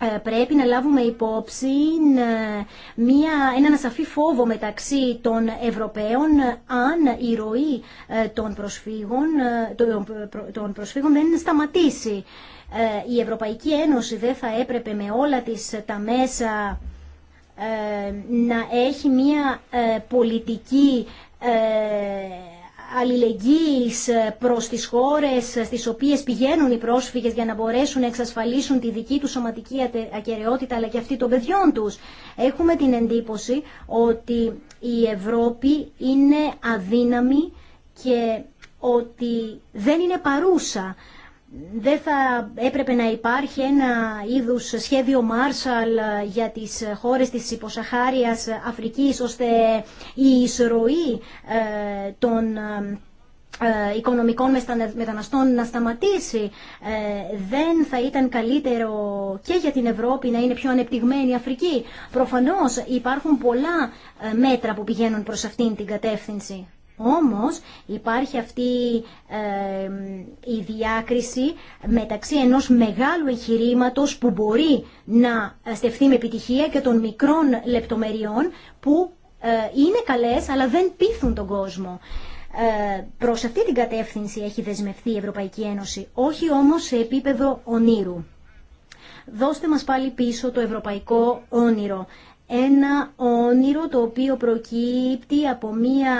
ε, πρέπει να λάβουμε υπόψη ε, μια, έναν ασαφή φόβο μεταξύ των Ευρωπαίων ε, αν η ροή των προσφύγων, των προσφύγων δεν σταματήσει. Η Ευρωπαϊκή Ένωση δεν θα έπρεπε με όλα τις τα μέσα να έχει μια πολιτική αλληλεγγύης ε, προς τις χώρες ε, στις οποίες πηγαίνουν οι πρόσφυγες για να μπορέσουν να εξασφαλίσουν τη δική τους σωματική ακεραιότητα αλλά και αυτή των παιδιών τους. Έχουμε την εντύπωση ότι η Ευρώπη είναι αδύναμη και ότι δεν είναι παρούσα δεν θα έπρεπε να υπάρχει ένα είδους σχέδιο Marshall για τις χώρες της υποσαχάριας Αφρικής ώστε η εισρωή ε, των ε, οικονομικών μεταναστών να σταματήσει ε, δεν θα ήταν καλύτερο και για την Ευρώπη να είναι πιο ανεπτυγμένη η Αφρική. Προφανώς υπάρχουν πολλά μέτρα που πηγαίνουν προς αυτήν την κατεύθυνση. Όμως υπάρχει αυτή ε, η διάκριση μεταξύ ενός μεγάλου εγχειρήματο που μπορεί να στεφθεί με επιτυχία και των μικρών λεπτομεριών που ε, είναι καλές αλλά δεν πείθουν τον κόσμο. Ε, προς αυτή την κατεύθυνση έχει δεσμευτεί η Ευρωπαϊκή Ένωση, όχι όμως σε επίπεδο ονείρου. Δώστε μας πάλι πίσω το ευρωπαϊκό όνειρο ένα όνειρο το οποίο προκύπτει από μία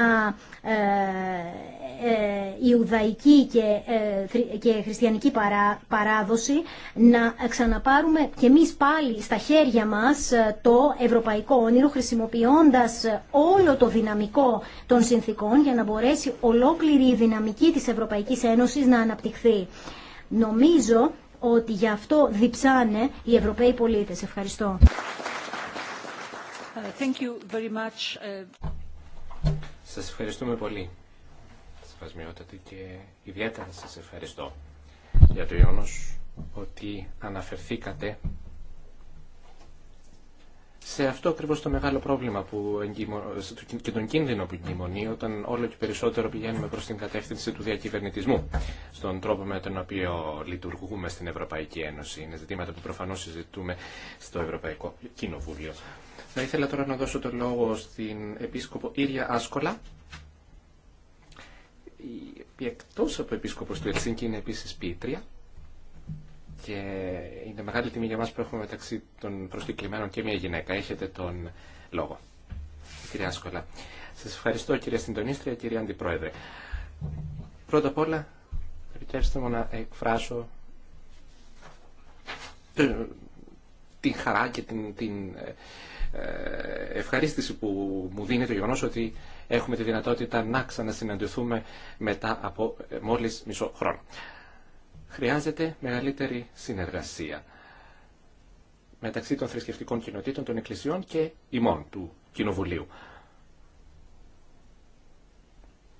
ε, ε Ιουδαϊκή και, ε, και χριστιανική παράδοση να ξαναπάρουμε και εμείς πάλι στα χέρια μας ε, το ευρωπαϊκό όνειρο χρησιμοποιώντας όλο το δυναμικό των συνθήκων για να μπορέσει ολόκληρη η δυναμική της Ευρωπαϊκής Ένωσης να αναπτυχθεί. Νομίζω ότι γι' αυτό διψάνε οι Ευρωπαίοι πολίτες. Ευχαριστώ. Thank you very much. Ε, σας ευχαριστούμε πολύ, σεβασμιότατη, και ιδιαίτερα σας ευχαριστώ για το γεγονός ότι αναφερθήκατε σε αυτό ακριβώ το μεγάλο πρόβλημα που εγκυμο... και τον κίνδυνο που εγκυμονεί όταν όλο και περισσότερο πηγαίνουμε προς την κατεύθυνση του διακυβερνητισμού στον τρόπο με τον οποίο λειτουργούμε στην Ευρωπαϊκή Ένωση. Είναι ζητήματα που προφανώς συζητούμε στο Ευρωπαϊκό Κοινοβούλιο. Θα ήθελα τώρα να δώσω το λόγο στην επίσκοπο Ήρια Άσκολα, η εκτός από επίσκοπος του Ελσίνκη είναι επίσης ποιήτρια και είναι μεγάλη τιμή για μα που έχουμε μεταξύ των προσκεκλημένων και μια γυναίκα. Έχετε τον λόγο. Κυρία Άσκολα. Σας ευχαριστώ κυρία Συντονίστρια, κυρία Αντιπρόεδρε. Πρώτα απ' όλα, επιτρέψτε μου να εκφράσω ε, την χαρά και την, την ε, ε, ευχαρίστηση που μου δίνει το γεγονός ότι έχουμε τη δυνατότητα να ξανασυναντηθούμε μετά από ε, μόλις μισό χρόνο. Χρειάζεται μεγαλύτερη συνεργασία μεταξύ των θρησκευτικών κοινοτήτων, των εκκλησιών και ημών του Κοινοβουλίου.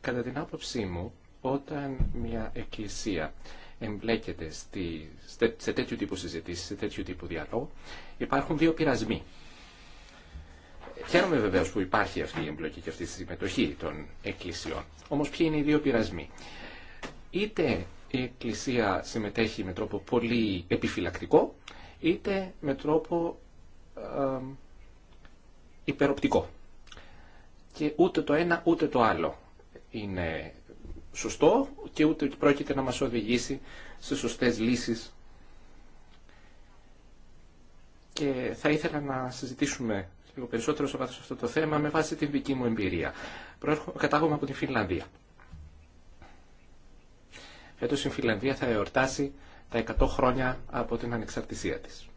Κατά την άποψή μου, όταν μια εκκλησία εμπλέκεται στη, σε τέτοιου τύπου συζητήσεις, σε τέτοιου τύπου διαλόγου, υπάρχουν δύο πειρασμοί Χαίρομαι βεβαίω που υπάρχει αυτή η εμπλοκή και αυτή η συμμετοχή των εκκλησιών. Όμω ποιοι είναι οι δύο πειρασμοί. Είτε η εκκλησία συμμετέχει με τρόπο πολύ επιφυλακτικό, είτε με τρόπο υπεροπτικό. Και ούτε το ένα ούτε το άλλο είναι σωστό και ούτε πρόκειται να μας οδηγήσει σε σωστές λύσεις. Και θα ήθελα να συζητήσουμε λίγο περισσότερο σε βάθος αυτό το θέμα με βάση την δική μου εμπειρία. Κατάγομαι από τη Φιλανδία. Φέτος η Φιλανδία θα εορτάσει τα 100 χρόνια από την ανεξαρτησία της.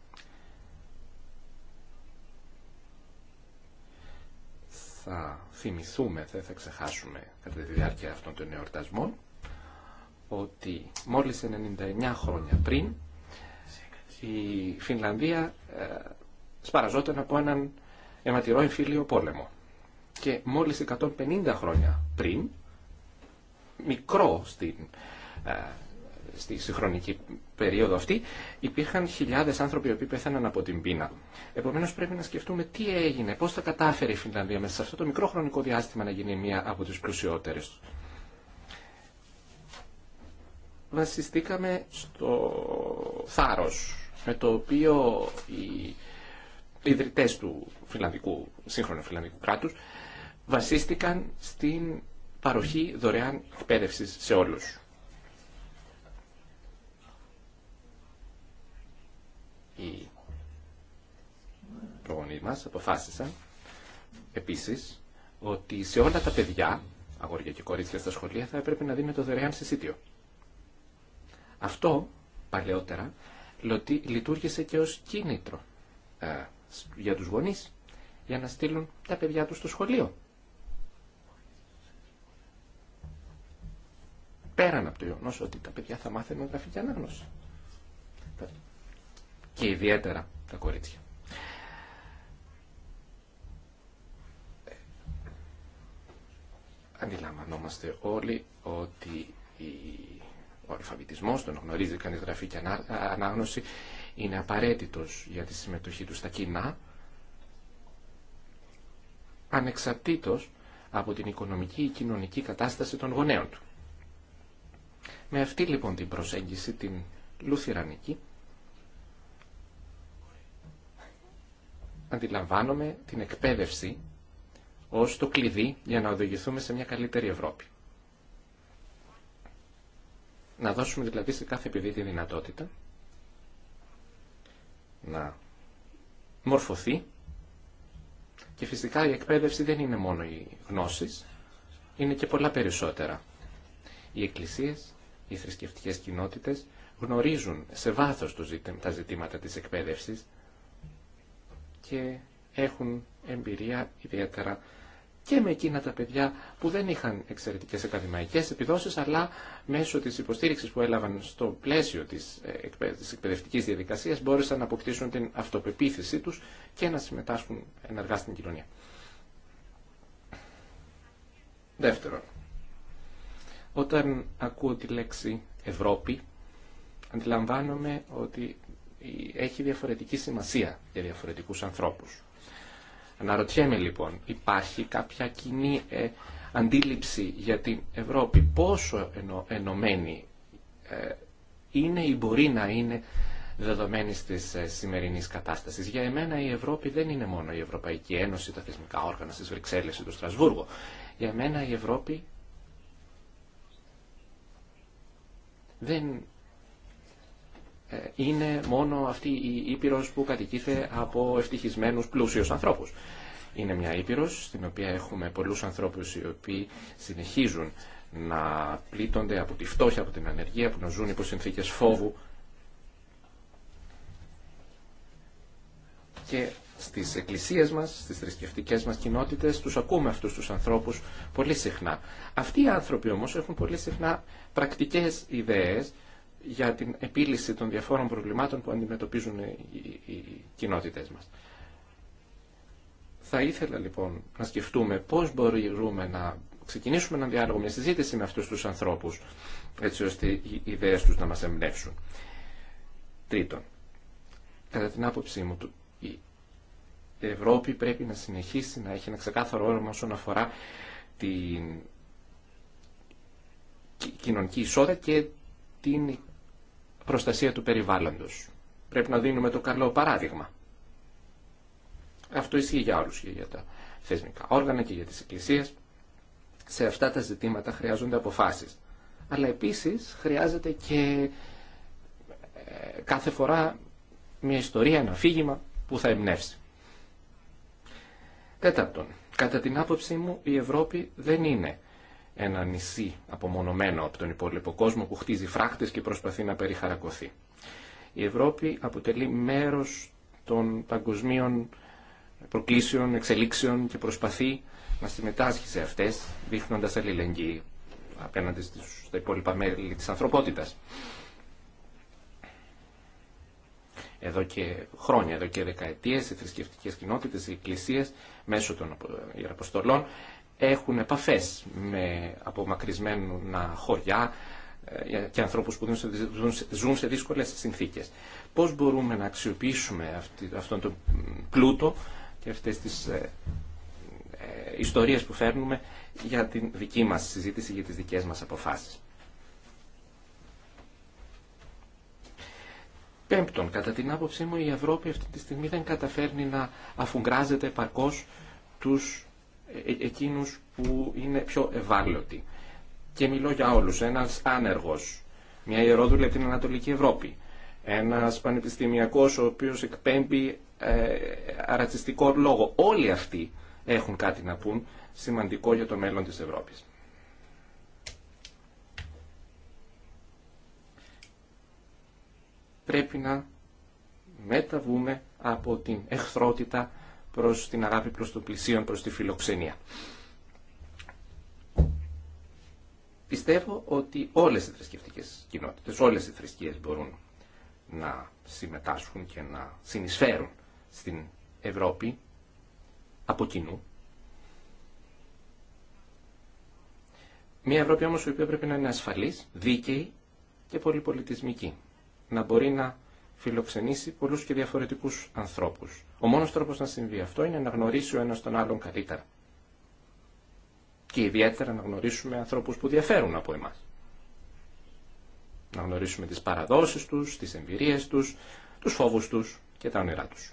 Θα θυμηθούμε, δεν θα ξεχάσουμε κατά τη διάρκεια αυτών των εορτασμών ότι μόλις 99 χρόνια πριν η Φινλανδία ε, σπαραζόταν από έναν αιματηρό εμφύλιο πόλεμο. Και μόλις 150 χρόνια πριν, μικρό στην, ε, στη συγχρονική περίοδο αυτή, υπήρχαν χιλιάδες άνθρωποι που πέθαναν από την πείνα. Επομένως πρέπει να σκεφτούμε τι έγινε, πώς θα κατάφερε η Φινλανδία μέσα σε αυτό το μικρό χρονικό διάστημα να γίνει μία από τις πλουσιότερες. Βασιστήκαμε στο θάρρος με το οποίο η ιδρυτέ του φιλανδικού, σύγχρονου φιλανδικού κράτους βασίστηκαν στην παροχή δωρεάν εκπαίδευση σε όλους. Οι προγονεί μα αποφάσισαν επίσης ότι σε όλα τα παιδιά, αγόρια και κορίτσια στα σχολεία, θα έπρεπε να δίνει το δωρεάν συσίτιο. Αυτό παλαιότερα λειτουργήσε και ως κίνητρο ε, για τους γονείς για να στείλουν τα παιδιά τους στο σχολείο. Πέραν από το γεγονό ότι τα παιδιά θα μάθουν γραφική ανάγνωση. Και ιδιαίτερα τα κορίτσια. Αντιλαμβανόμαστε όλοι ότι ο αλφαβητισμός, τον γνωρίζει κανείς γραφή και ανάγνωση, είναι απαραίτητος για τη συμμετοχή του στα κοινά, ανεξαρτήτως από την οικονομική ή κοινωνική κατάσταση των γονέων του. Με αυτή λοιπόν την προσέγγιση, την λουθυρανική, αντιλαμβάνομαι την εκπαίδευση ως το κλειδί για να οδηγηθούμε σε μια καλύτερη Ευρώπη. Να δώσουμε δηλαδή σε κάθε παιδί τη δυνατότητα να μορφωθεί και φυσικά η εκπαίδευση δεν είναι μόνο οι γνώσεις, είναι και πολλά περισσότερα. Οι εκκλησίες, οι θρησκευτικές κοινότητες γνωρίζουν σε βάθος τα ζητήματα της εκπαίδευσης και έχουν εμπειρία ιδιαίτερα και με εκείνα τα παιδιά που δεν είχαν εξαιρετικές ακαδημαϊκές επιδόσεις, αλλά μέσω της υποστήριξης που έλαβαν στο πλαίσιο ε, της εκπαιδευτικής διαδικασίας μπόρεσαν να αποκτήσουν την αυτοπεποίθησή τους και να συμμετάσχουν ενεργά στην κοινωνία. Δεύτερον, όταν ακούω τη λέξη Ευρώπη, αντιλαμβάνομαι ότι έχει διαφορετική σημασία για διαφορετικούς ανθρώπους. Αναρωτιέμαι λοιπόν, υπάρχει κάποια κοινή ε, αντίληψη για την Ευρώπη, πόσο ενω, ενωμένη ε, είναι ή μπορεί να είναι δεδομένη τη ε, σημερινή κατάσταση. Για εμένα η Ευρώπη δεν είναι μόνο η Ευρωπαϊκή Ένωση, τα θεσμικά όργανα στι Βρυξέλλε ή το Στρασβούργο. Για εμένα η Ευρώπη δεν ε, είναι μόνο αυτή η Ήπειρος που κατοικείται από ευτυχισμένους πλούσιους ανθρώπους. Είναι μια Ήπειρος στην οποία έχουμε πολλούς ανθρώπους οι οποίοι συνεχίζουν να πλήττονται από τη φτώχεια, από την ανεργία, που να ζουν υπό συνθήκες φόβου και στις εκκλησίες μας, στις θρησκευτικέ μας κοινότητες, τους ακούμε αυτούς τους ανθρώπους πολύ συχνά. Αυτοί οι άνθρωποι όμως έχουν πολύ συχνά πρακτικές ιδέες, για την επίλυση των διαφόρων προβλημάτων που αντιμετωπίζουν οι κοινότητες μας. Θα ήθελα λοιπόν να σκεφτούμε πώς μπορούμε να ξεκινήσουμε έναν διάλογο, μια συζήτηση με αυτούς τους ανθρώπους, έτσι ώστε οι ιδέες τους να μας εμπνεύσουν. Τρίτον, κατά την άποψή μου, η Ευρώπη πρέπει να συνεχίσει να έχει ένα ξεκάθαρο όρομα όσον αφορά την κοινωνική εισόδα και την προστασία του περιβάλλοντος. Πρέπει να δίνουμε το καλό παράδειγμα. Αυτό ισχύει για όλους και για τα θεσμικά όργανα και για τις εκκλησίες. Σε αυτά τα ζητήματα χρειάζονται αποφάσεις. Αλλά επίσης χρειάζεται και ε, κάθε φορά μια ιστορία, ένα αφήγημα που θα εμπνεύσει. Τέταρτον, κατά την άποψή μου η Ευρώπη δεν είναι ένα νησί απομονωμένο από τον υπόλοιπο κόσμο που χτίζει φράχτες και προσπαθεί να περιχαρακωθεί. Η Ευρώπη αποτελεί μέρος των παγκοσμίων προκλήσεων, εξελίξεων και προσπαθεί να συμμετάσχει σε αυτές, δείχνοντας αλληλεγγύη απέναντι στα υπόλοιπα μέλη της ανθρωπότητας. Εδώ και χρόνια, εδώ και δεκαετίες, οι θρησκευτικές κοινότητες, οι εκκλησίες, μέσω των Ιεραποστολών, έχουν επαφές με απομακρυσμένα χωριά ε, και ανθρώπους που ζουν σε δύσκολες συνθήκες. Πώς μπορούμε να αξιοποιήσουμε αυτόν τον πλούτο και αυτές τις ε, ε, ιστορίες που φέρνουμε για τη δική μας συζήτηση, για τις δικές μας αποφάσεις. Πέμπτον, κατά την άποψή μου η Ευρώπη αυτή τη στιγμή δεν καταφέρνει να αφουγκράζεται επαρκώς τους ε, εκείνους που είναι πιο ευάλωτοι. Και μιλώ για όλους. Ένας άνεργος, μια ιερόδουλη από την Ανατολική Ευρώπη, ένας πανεπιστημιακός ο οποίος εκπέμπει ε, αρατσιστικό λόγο. Όλοι αυτοί έχουν κάτι να πούν σημαντικό για το μέλλον της Ευρώπης. Πρέπει να μεταβούμε από την εχθρότητα προς την αγάπη προς το πλησίον, προς τη φιλοξενία. Πιστεύω ότι όλες οι θρησκευτικές κοινότητες, όλες οι θρησκείες μπορούν να συμμετάσχουν και να συνεισφέρουν στην Ευρώπη από κοινού. Μια Ευρώπη όμως η οποία πρέπει να είναι ασφαλής, δίκαιη και πολυπολιτισμική. Να μπορεί να φιλοξενήσει πολλούς και διαφορετικούς ανθρώπους. Ο μόνος τρόπος να συμβεί αυτό είναι να γνωρίσει ο ένα τον άλλον καλύτερα. Και ιδιαίτερα να γνωρίσουμε ανθρώπους που διαφέρουν από εμάς. Να γνωρίσουμε τις παραδόσεις τους, τις εμπειρίες τους, τους φόβους τους και τα όνειρά τους.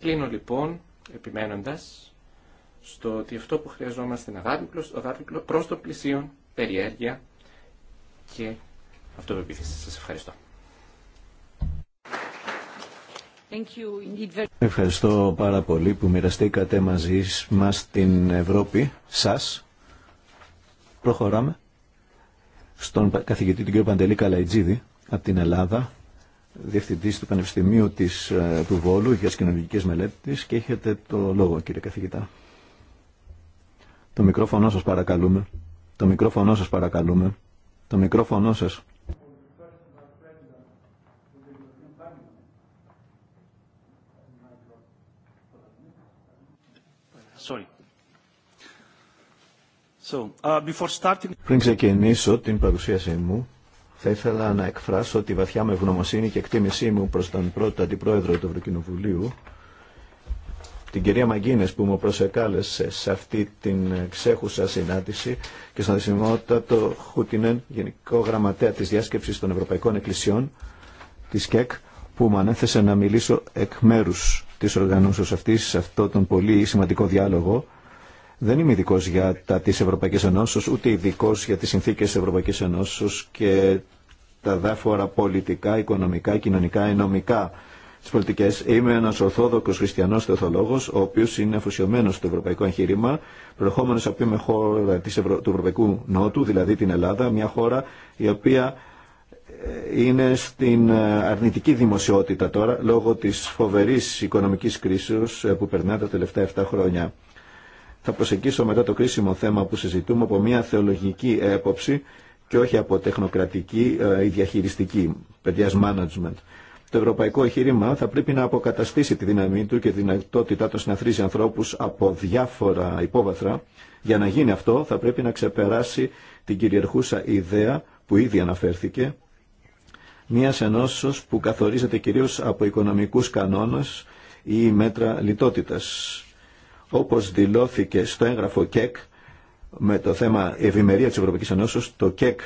Κλείνω λοιπόν επιμένοντας στο ότι αυτό που χρειαζόμαστε είναι αγάπη, αγάπη το πλησίον, περιέργεια και αυτοπεποίθηση. Σα ευχαριστώ. Ευχαριστώ πάρα πολύ που μοιραστήκατε μαζί μας την Ευρώπη, σας. Προχωράμε στον καθηγητή του κ. Παντελή Καλαϊτζίδη από την Ελλάδα, διευθυντής του Πανεπιστημίου της, ε, του Βόλου για τις κοινωνικές μελέτες και έχετε το λόγο κύριε καθηγητά. Το μικρόφωνο σας παρακαλούμε. Το μικρόφωνο σας παρακαλούμε. Το μικρόφωνο σας. Uh, before starting... Πριν ξεκινήσω την παρουσίασή μου, θα ήθελα να εκφράσω τη βαθιά μου ευγνωμοσύνη και εκτίμησή μου προς τον πρώτο αντιπρόεδρο του Ευρωκοινοβουλίου, την κυρία Μαγκίνες που μου προσεκάλεσε σε αυτή την ξέχουσα συνάντηση και στον το Χούτινεν, Γενικό Γραμματέα της Διάσκεψης των Ευρωπαϊκών Εκκλησιών, της ΚΕΚ, που μου ανέθεσε να μιλήσω εκ μέρους της οργανώσεως αυτής σε αυτό τον πολύ σημαντικό διάλογο. Δεν είμαι ειδικό για τα της Ευρωπαϊκής Ενώσεως, ούτε ειδικό για τις συνθήκες της Ευρωπαϊκής Ενώσεως και τα διάφορα πολιτικά, οικονομικά, κοινωνικά, ενομικά τις πολιτικές. Είμαι ένας Ορθόδοκος Χριστιανός Θεοθολόγος, ο οποίος είναι αφοσιωμένος στο ευρωπαϊκό εγχείρημα, προερχόμενος από την χώρα του Ευρωπαϊκού Νότου, δηλαδή την Ελλάδα, μια χώρα η οποία είναι στην ε, αρνητική δημοσιότητα τώρα λόγω της φοβερής οικονομικής κρίσης ε, που περνά τα τελευταία 7 χρόνια. Θα προσεγγίσω μετά το κρίσιμο θέμα που συζητούμε από μια θεολογική έποψη και όχι από τεχνοκρατική ε, ή διαχειριστική, παιδιάς management. Το ευρωπαϊκό εγχείρημα θα πρέπει να αποκαταστήσει τη δύναμή του και τη δυνατότητά του να θρίζει ανθρώπου από διάφορα υπόβαθρα. Για να γίνει αυτό, θα πρέπει να ξεπεράσει την κυριαρχούσα ιδέα που ήδη αναφέρθηκε Μία ενώσεως που καθορίζεται κυρίω από οικονομικού κανόνε ή μέτρα λιτότητα. Όπω δηλώθηκε στο έγγραφο ΚΕΚ με το θέμα ευημερία τη Ευρωπαϊκή Ενώσεω, το ΚΕΚ,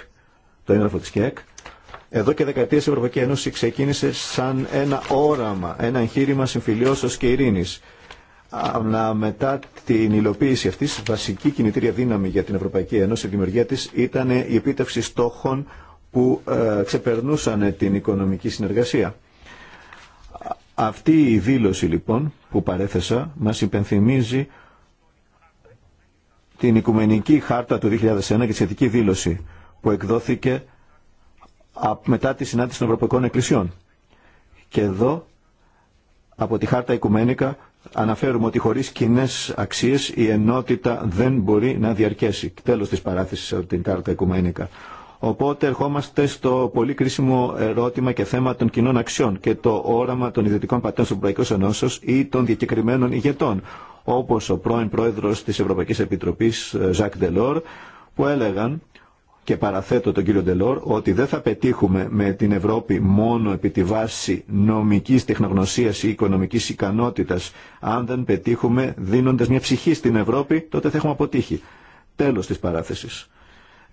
το έγγραφο της ΚΕΚ, εδώ και δεκαετίε η Ευρωπαϊκή Ένωση ξεκίνησε σαν ένα όραμα, ένα εγχείρημα συμφιλίωσεω και ειρήνη. Αλλά μετά την υλοποίηση αυτή, βασική κινητήρια δύναμη για την Ευρωπαϊκή Ένωση, η δημιουργία τη ήταν η επίτευξη στόχων που ε, ξεπερνούσαν την οικονομική συνεργασία. Αυτή η δήλωση λοιπόν που παρέθεσα μας υπενθυμίζει την Οικουμενική Χάρτα του 2001 και τη σχετική δήλωση που εκδόθηκε μετά τη συνάντηση των Ευρωπαϊκών Εκκλησιών. Και εδώ από τη Χάρτα Οικουμενικά αναφέρουμε ότι χωρίς κοινέ αξίες η ενότητα δεν μπορεί να διαρκέσει. Τέλος της παράθεσης από την Χάρτα Οικουμενικά. Οπότε ερχόμαστε στο πολύ κρίσιμο ερώτημα και θέμα των κοινών αξιών και το όραμα των ιδιωτικών πατέρων του Ευρωπαϊκού Ενώσεω ή των διακεκριμένων ηγετών, όπω ο πρώην πρόεδρο τη Ευρωπαϊκή Επιτροπή, Ζακ Ντελόρ, που έλεγαν και παραθέτω τον κύριο Ντελόρ ότι δεν θα πετύχουμε με την Ευρώπη μόνο επί τη βάση νομικής τεχνογνωσίας ή οικονομικής ικανότητας. Αν δεν πετύχουμε δίνοντας μια ψυχή στην Ευρώπη τότε θα έχουμε αποτύχει. Τέλος τη παράθεση.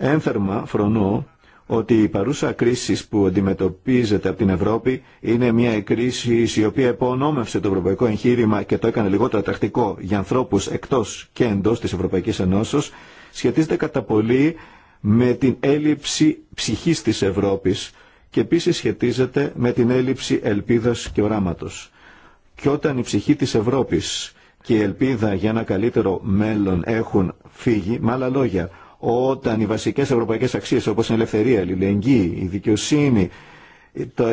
Ένθερμα φρονώ ότι η παρούσα κρίση που αντιμετωπίζεται από την Ευρώπη είναι μια κρίση η οποία επωνόμευσε το ευρωπαϊκό εγχείρημα και το έκανε λιγότερο τακτικό για ανθρώπους εκτός και εντός της Ευρωπαϊκής Ενώσεως σχετίζεται κατά πολύ με την έλλειψη ψυχής της Ευρώπης και επίσης σχετίζεται με την έλλειψη ελπίδας και οράματος. Και όταν η ψυχή της Ευρώπης και η ελπίδα για ένα καλύτερο μέλλον έχουν φύγει, με άλλα λόγια, όταν οι βασικές ευρωπαϊκές αξίες όπως η ελευθερία, η λιλεγγύη, η δικαιοσύνη, το,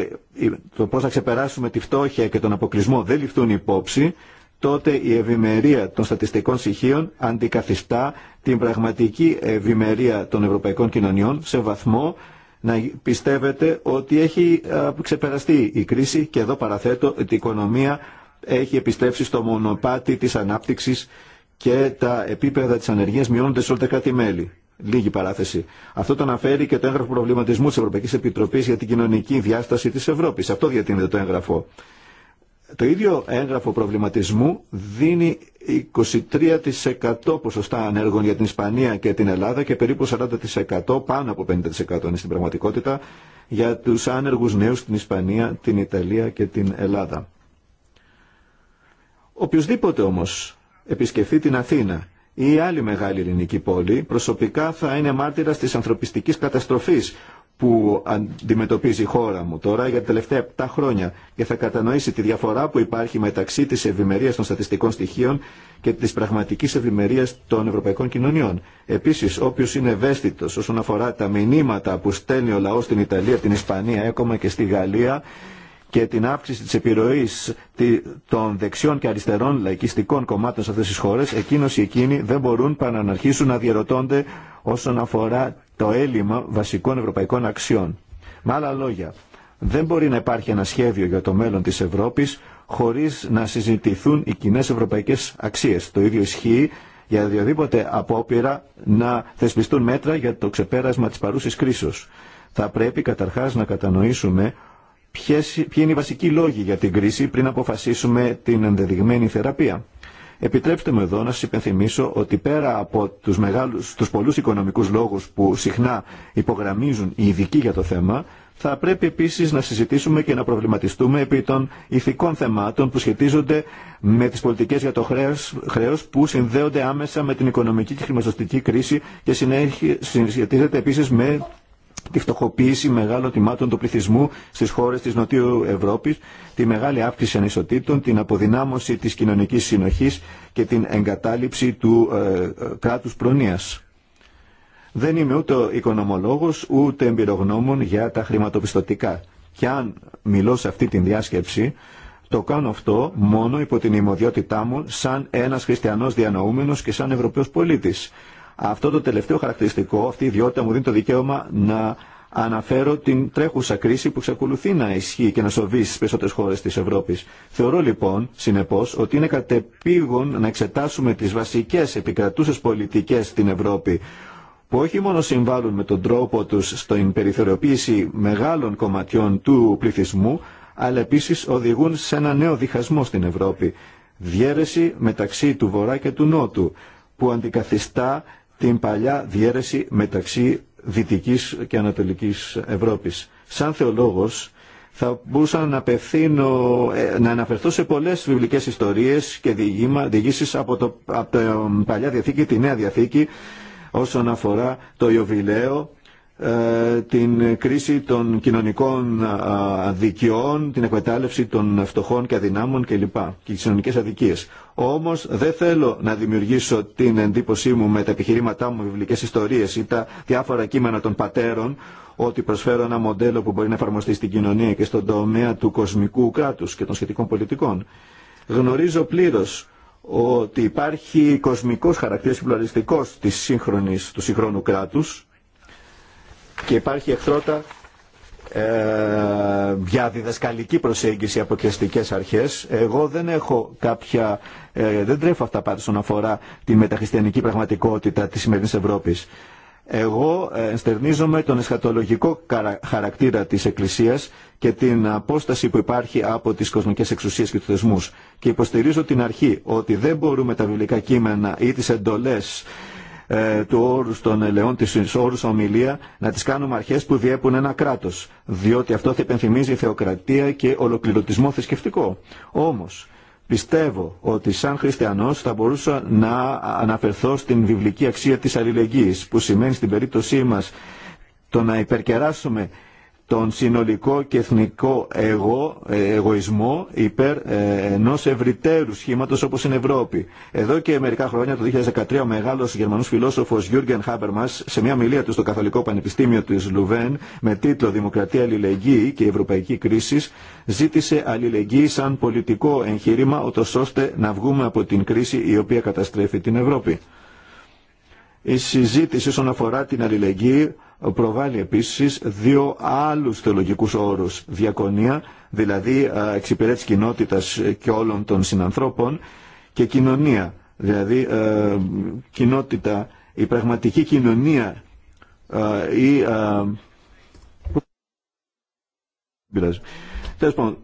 το πώς θα ξεπεράσουμε τη φτώχεια και τον αποκλεισμό δεν ληφθούν υπόψη, τότε η ευημερία των στατιστικών στοιχείων αντικαθιστά την πραγματική ευημερία των ευρωπαϊκών κοινωνιών σε βαθμό να πιστεύετε ότι έχει ξεπεραστεί η κρίση και εδώ παραθέτω ότι η οικονομία έχει επιστρέψει στο μονοπάτι της ανάπτυξης και τα επίπεδα της ανεργίας μειώνονται σε όλα τα κράτη-μέλη. Λίγη παράθεση. Αυτό το αναφέρει και το έγγραφο προβληματισμού της Ευρωπαϊκής Επιτροπής για την κοινωνική διάσταση της Ευρώπης. Αυτό διατείνεται το έγγραφο. Το ίδιο έγγραφο προβληματισμού δίνει 23% ποσοστά ανέργων για την Ισπανία και την Ελλάδα και περίπου 40% πάνω από 50% είναι στην πραγματικότητα για τους άνεργους νέους στην Ισπανία, την Ιταλία και την Ελλάδα. Οποιουσδήποτε όμως επισκεφθεί την Αθήνα ή άλλη μεγάλη ελληνική πόλη, προσωπικά θα είναι μάρτυρας της ανθρωπιστικής καταστροφής που αντιμετωπίζει η χώρα μου τώρα για τα τελευταία 7 χρόνια και θα κατανοήσει τη διαφορά που υπάρχει μεταξύ της ευημερία των στατιστικών στοιχείων και της πραγματικής ευημερία των ευρωπαϊκών κοινωνιών. Επίσης, όποιος είναι ευαίσθητος όσον αφορά τα μηνύματα που στέλνει ο λαός στην Ιταλία, την Ισπανία, έκομα και στη Γαλλία, και την αύξηση της επιρροής των δεξιών και αριστερών λαϊκιστικών κομμάτων σε αυτές τις χώρες, εκείνος ή εκείνοι δεν μπορούν παρά να αρχίσουν να διαρωτώνται όσον αφορά το έλλειμμα βασικών ευρωπαϊκών αξιών. Με άλλα λόγια, δεν μπορεί να υπάρχει ένα σχέδιο για το μέλλον της Ευρώπης χωρίς να συζητηθούν οι κοινέ ευρωπαϊκές αξίες. Το ίδιο ισχύει για οποιοδήποτε απόπειρα να θεσπιστούν μέτρα για το ξεπέρασμα της παρούσης κρίσης. Θα πρέπει καταρχάς να κατανοήσουμε ποιες, ποιοι είναι οι βασικοί λόγοι για την κρίση πριν αποφασίσουμε την ενδεδειγμένη θεραπεία. Επιτρέψτε μου εδώ να σας υπενθυμίσω ότι πέρα από τους, μεγάλους, τους πολλούς οικονομικούς λόγους που συχνά υπογραμμίζουν οι ειδικοί για το θέμα, θα πρέπει επίσης να συζητήσουμε και να προβληματιστούμε επί των ηθικών θεμάτων που σχετίζονται με τις πολιτικές για το χρέος, που συνδέονται άμεσα με την οικονομική και χρηματοστική κρίση και σχετίζεται επίσης με τη φτωχοποίηση μεγάλων τιμάτων του πληθυσμού στις χώρες της Νοτιού Ευρώπης, τη μεγάλη αύξηση ανισοτήτων, την αποδυνάμωση της κοινωνικής συνοχής και την εγκατάλειψη του ε, ε κράτους προνοίας. Δεν είμαι ούτε οικονομολόγος ούτε εμπειρογνώμων για τα χρηματοπιστωτικά. Και αν μιλώ σε αυτή την διάσκεψη, το κάνω αυτό μόνο υπό την ημοδιότητά μου σαν ένας χριστιανός διανοούμενος και σαν Ευρωπαίος πολίτης. Αυτό το τελευταίο χαρακτηριστικό, αυτή η ιδιότητα μου δίνει το δικαίωμα να αναφέρω την τρέχουσα κρίση που εξακολουθεί να ισχύει και να σοβεί στι περισσότερε χώρε τη Ευρώπη. Θεωρώ λοιπόν, συνεπώ, ότι είναι κατεπήγον να εξετάσουμε τι βασικέ επικρατούσε πολιτικέ στην Ευρώπη που όχι μόνο συμβάλλουν με τον τρόπο τους στην περιθωριοποίηση μεγάλων κομματιών του πληθυσμού, αλλά επίσης οδηγούν σε ένα νέο διχασμό στην Ευρώπη. Διέρεση μεταξύ του Βορρά και του Νότου, που αντικαθιστά την παλιά διέρεση μεταξύ Δυτικής και Ανατολικής Ευρώπης. Σαν θεολόγος θα μπορούσα να, ε, να αναφερθώ σε πολλές βιβλικές ιστορίες και διηγήσεις από, το, από ε, Παλιά Διαθήκη, τη Νέα Διαθήκη, όσον αφορά το Ιωβιλαίο ε, την κρίση των κοινωνικών δικαιών την εκμετάλλευση των φτωχών και αδυνάμων κλπ. και τις κοινωνικές αδικίες. Όμως δεν θέλω να δημιουργήσω την εντύπωσή μου με τα επιχειρήματά μου, βιβλικές ιστορίες ή τα διάφορα κείμενα των πατέρων ότι προσφέρω ένα μοντέλο που μπορεί να εφαρμοστεί στην κοινωνία και στον τομέα του κοσμικού κράτους και των σχετικών πολιτικών. Γνωρίζω πλήρως ότι υπάρχει κοσμικός χαρακτήρας πλουραλιστικός της σύγχρονης, του σύγχρονου κράτους και υπάρχει εχθρότα ε, για διδασκαλική προσέγγιση από κριστικές αρχές. Εγώ δεν έχω κάποια, ε, δεν τρέφω αυτά πάντα στον αφορά τη μεταχριστιανική πραγματικότητα της σημερινής Ευρώπης. Εγώ ε, ενστερνίζομαι τον εσχατολογικό χαρακτήρα της Εκκλησίας και την απόσταση που υπάρχει από τις κοσμικές εξουσίες και τους θεσμούς. Και υποστηρίζω την αρχή ότι δεν μπορούμε τα βιβλικά κείμενα ή τις εντολές ε, του όρου των ελαιών, της όρου ομιλία, να τις κάνουμε αρχές που διέπουν ένα κράτος, διότι αυτό θα υπενθυμίζει θεοκρατία και ολοκληρωτισμό θρησκευτικό. Όμως, Πιστεύω ότι σαν χριστιανός θα μπορούσα να αναφερθώ στην βιβλική αξία της αλληλεγγύης που σημαίνει στην περίπτωσή μας το να υπερκεράσουμε τον συνολικό και εθνικό εγώ, ε, εγωισμό υπέρ ε, ενός ευρυτέρου σχήματος όπως είναι Ευρώπη. Εδώ και μερικά χρόνια, το 2013, ο μεγάλος γερμανός φιλόσοφος Γιούργεν Χάμπερμας σε μια μιλία του στο Καθολικό Πανεπιστήμιο της Λουβέν με τίτλο «Δημοκρατία, αλληλεγγύη και ευρωπαϊκή κρίση» ζήτησε αλληλεγγύη σαν πολιτικό εγχείρημα ώστε να βγούμε από την κρίση η οποία καταστρέφει την Ευρώπη. Η συζήτηση όσον αφορά την αλληλεγγύη προβάλλει επίσης δύο άλλους θεολογικούς όρους. Διακονία, δηλαδή εξυπηρέτηση κοινότητας και όλων των συνανθρώπων και κοινωνία, δηλαδή κοινότητα, η πραγματική κοινωνία ή... Τέλος πάντων,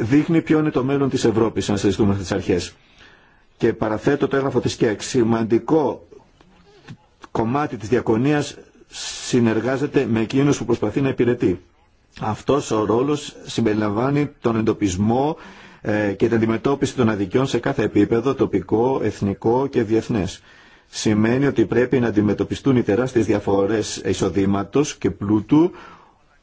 δείχνει ποιο είναι το μέλλον της Ευρώπης, αν συζητούμε αυτές αρχές. Και παραθέτω το έγγραφο της ΚΕΚ. Σημαντικό κομμάτι της διακονίας συνεργάζεται με εκείνους που προσπαθεί να υπηρετεί. Αυτός ο ρόλος συμπεριλαμβάνει τον εντοπισμό ε, και την αντιμετώπιση των αδικιών σε κάθε επίπεδο, τοπικό, εθνικό και διεθνές. Σημαίνει ότι πρέπει να αντιμετωπιστούν οι τεράστιες διαφορές εισοδήματος και πλούτου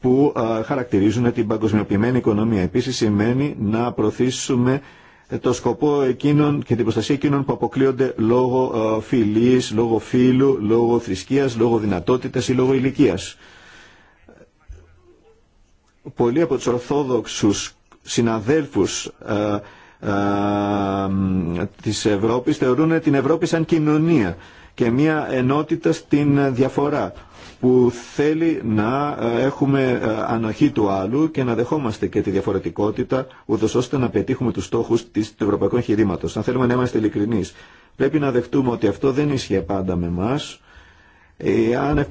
που χαρακτηρίζουν την παγκοσμιοποιημένη οικονομία. Επίσης σημαίνει να προωθήσουμε ε, το σκοπό εκείνων και την προστασία εκείνων που αποκλείονται λόγω ε, φιλής, λόγω φίλου, λόγω θρησκείας, λόγω δυνατότητας ή λόγω ηλικίας. Πολλοί από τους Ορθόδοξους συναδέλφους α, ε, α, της Ευρώπης θεωρούν την Ευρώπη σαν κοινωνία και μια ενότητα στην διαφορά που θέλει να ε, έχουμε ε, ανοχή του άλλου και να δεχόμαστε και τη διαφορετικότητα, ούτω ώστε να πετύχουμε του στόχου του ευρωπαϊκού εγχειρήματο. Αν θέλουμε να είμαστε ειλικρινεί, πρέπει να δεχτούμε ότι αυτό δεν ισχύει πάντα με εμά. Η άνευ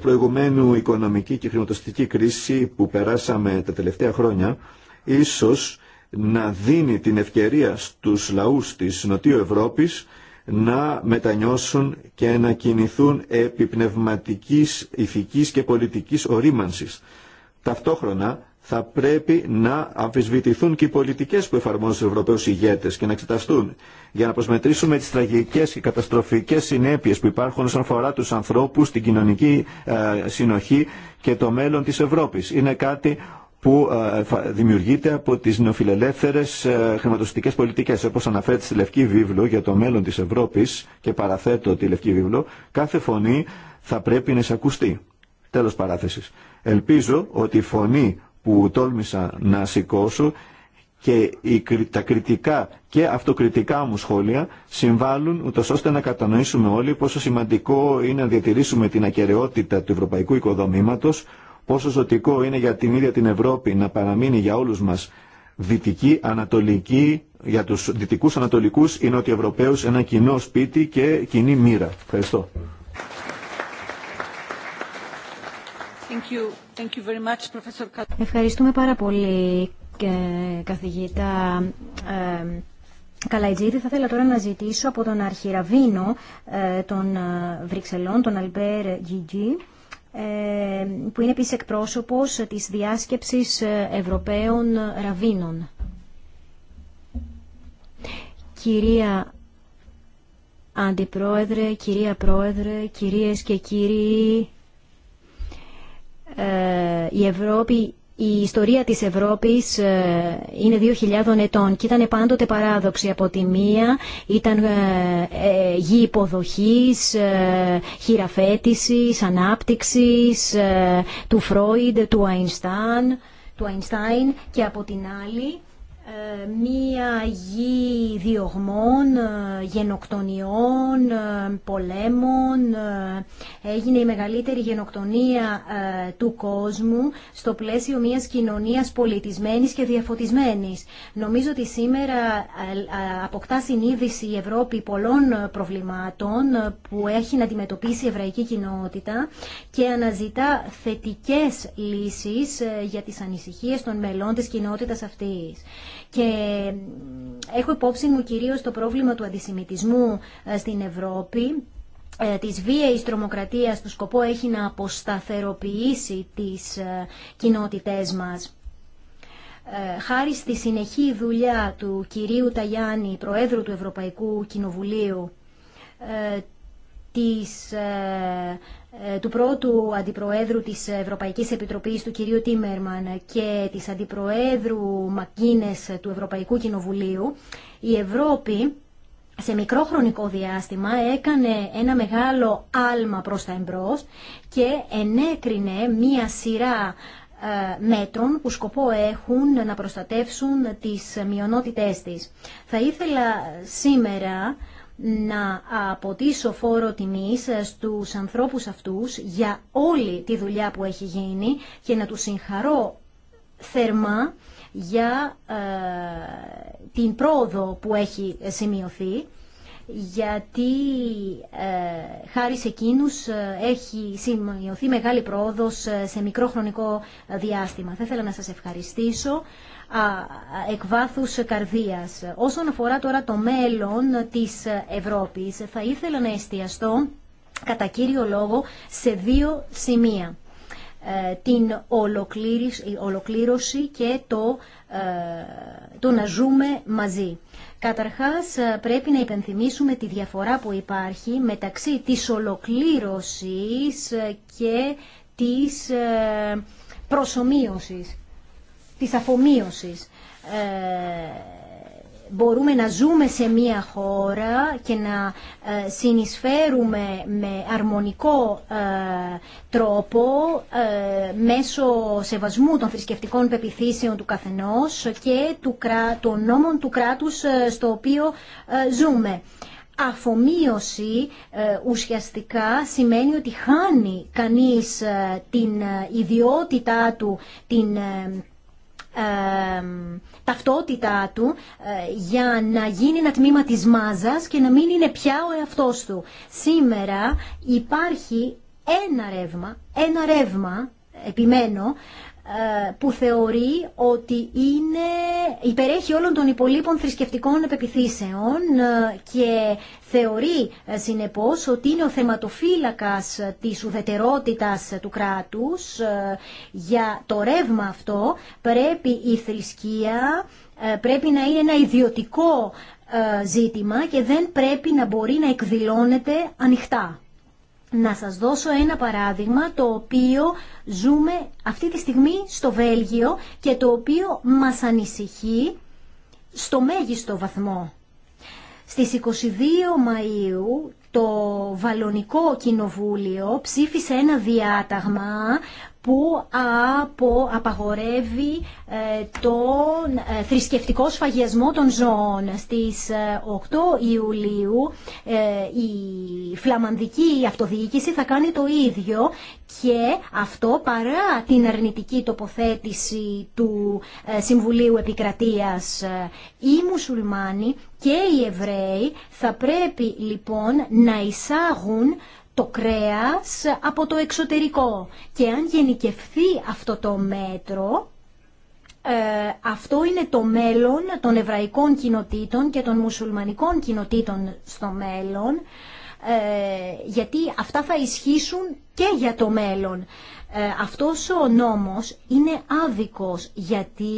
οικονομική και χρηματοστική κρίση που περάσαμε τα τελευταία χρόνια, ίσω να δίνει την ευκαιρία στου λαού τη Νοτιού να μετανιώσουν και να κινηθούν επί πνευματικής, ηθικής και πολιτικής ορίμανσης. Ταυτόχρονα θα πρέπει να αμφισβητηθούν και οι πολιτικές που εφαρμόζουν στους Ευρωπαίους ηγέτες και να εξεταστούν για να προσμετρήσουμε τις τραγικές και καταστροφικές συνέπειες που υπάρχουν όσον αφορά τους ανθρώπους, την κοινωνική ε, συνοχή και το μέλλον της Ευρώπης. Είναι κάτι που ε, δημιουργείται από τις νεοφιλελεύθερες ε, χρηματοστικές πολιτικές. Όπως αναφέρεται στη Λευκή Βίβλο για το μέλλον της Ευρώπης και παραθέτω τη Λευκή Βίβλο, κάθε φωνή θα πρέπει να εισακουστεί. Τέλος παράθεσης. Ελπίζω ότι η φωνή που τόλμησα να σηκώσω και τα κριτικά και αυτοκριτικά μου σχόλια συμβάλλουν ούτω ώστε να κατανοήσουμε όλοι πόσο σημαντικό είναι να διατηρήσουμε την ακαιρεότητα του ευρωπαϊκού οικοδομήματος πόσο ζωτικό είναι για την ίδια την Ευρώπη να παραμείνει για όλους μας δυτική, ανατολική, για τους δυτικούς ανατολικούς είναι ότι Ευρωπαίους ένα κοινό σπίτι και κοινή μοίρα. Ευχαριστώ. Ευχαριστούμε πάρα πολύ ε, καθηγήτα ε, Καλαϊτζίδη, θα ήθελα τώρα να ζητήσω από τον αρχιραβίνο ε, των Βρυξελών, τον Αλμπέρ Γιγγί. Ε, που είναι επίση εκπρόσωπο της διάσκεψης ε, Ευρωπαίων Ραβίνων. Κυρία Αντιπρόεδρε, κυρία Πρόεδρε, κυρίες και κύριοι, ε, η Ευρώπη η ιστορία της Ευρώπης ε, είναι 2.000 ετών και ήταν πάντοτε παράδοξη. Από τη μία ήταν ε, ε, γη υποδοχής, χειραφέτησης, ανάπτυξης, του Φρόιντ, του Αϊνστάιν και από την άλλη μία γη διωγμών, ε, γενοκτονιών, ε, πολέμων. Ε, έγινε η μεγαλύτερη γενοκτονία του κόσμου στο πλαίσιο μιας κοινωνίας πολιτισμένης και διαφωτισμένης. Νομίζω ότι σήμερα αποκτά συνείδηση η Ευρώπη πολλών προβλημάτων που έχει να αντιμετωπίσει η εβραϊκή κοινότητα και αναζητά θετικές λύσεις για τις ανησυχίες των μελών της κοινότητας αυτής και ε, έχω υπόψη μου κυρίως το πρόβλημα του αντισημιτισμού ε, στην Ευρώπη ε, της βίαιης τρομοκρατίας του σκοπό έχει να αποσταθεροποιήσει τις κοινότητές μας. Χάρη στη συνεχή δουλειά του κυρίου Ταγιάννη, Προέδρου του Ευρωπαϊκού Κοινοβουλίου, της ε, του πρώτου Αντιπροέδρου της Ευρωπαϊκής Επιτροπής του κυρίου Τίμερμαν και της Αντιπροέδρου Μακίνες του Ευρωπαϊκού Κοινοβουλίου, η Ευρώπη σε μικρό χρονικό διάστημα έκανε ένα μεγάλο άλμα προς τα εμπρός και ενέκρινε μία σειρά ε, μέτρων που σκοπό έχουν να προστατεύσουν τις μειονότητές της. Θα ήθελα σήμερα να αποτίσω φόρο τιμής στους ανθρώπους αυτούς για όλη τη δουλειά που έχει γίνει και να τους συγχαρώ θερμά για ε, την πρόοδο που έχει σημειωθεί γιατί ε, χάρη σε εκείνους ε, έχει σημειωθεί μεγάλη πρόοδος σε μικρό χρονικό διάστημα. Θα ήθελα να σας ευχαριστήσω εκβάθους καρδίας. Όσον αφορά τώρα το μέλλον της Ευρώπης, θα ήθελα να εστιαστώ κατά κύριο λόγο σε δύο σημεία. Ε, την ολοκλήρωση και το, ε, το να ζούμε μαζί. Καταρχάς ε, πρέπει να υπενθυμίσουμε τη διαφορά που υπάρχει μεταξύ της ολοκλήρωσης και της προσωμείωσης της αφομοίωσης. Ε, μπορούμε να ζούμε σε μία χώρα και να ε, συνεισφέρουμε με αρμονικό ε, τρόπο μέσω σεβασμού των θρησκευτικών πεπιθήσεων του καθενός και του, των νόμων του κράτους στο οποίο ζούμε. Αφομοίωση ουσιαστικά σημαίνει ότι χάνει κανείς την ιδιότητά του, την ταυτότητα του ε, για να γίνει ένα τμήμα της μάζας και να μην είναι πια ο εαυτός του. Σήμερα υπάρχει ένα ρεύμα, ένα ρεύμα επιμένω, ε, που θεωρεί ότι είναι, υπερέχει όλων των υπολείπων θρησκευτικών επεπιθύσεων ε, και θεωρεί ε, συνεπώς ότι είναι ο θεματοφύλακας της ουδετερότητας του κράτους. Για το ρεύμα αυτό πρέπει η θρησκεία πρέπει να είναι ένα ιδιωτικό ζήτημα και δεν πρέπει να μπορεί να εκδηλώνεται ανοιχτά. Να σας δώσω ένα παράδειγμα το οποίο ζούμε αυτή τη στιγμή στο Βέλγιο και το οποίο μας ανησυχεί στο μέγιστο βαθμό. Στις 22 Μαΐου το Βαλονικό Κοινοβούλιο ψήφισε ένα διάταγμα που απο, απαγορεύει ε, τον ε, θρησκευτικό σφαγιασμό των ζώων. Στις 8 ε, Ιουλίου η φλαμανδική αυτοδιοίκηση θα κάνει το ίδιο και αυτό παρά την αρνητική τοποθέτηση του Συμβουλίου Επικρατείας. Οι μουσουλμάνοι και οι Εβραίοι θα πρέπει λοιπόν να εισάγουν το κρέας από το εξωτερικό. Και αν γενικευθεί αυτό το μέτρο, ε, αυτό είναι το μέλλον των εβραϊκών κοινοτήτων και των μουσουλμανικών κοινοτήτων στο μέλλον, ε, γιατί αυτά θα ισχύσουν και για το μέλλον. Ε, αυτός ο νόμος είναι άδικος, γιατί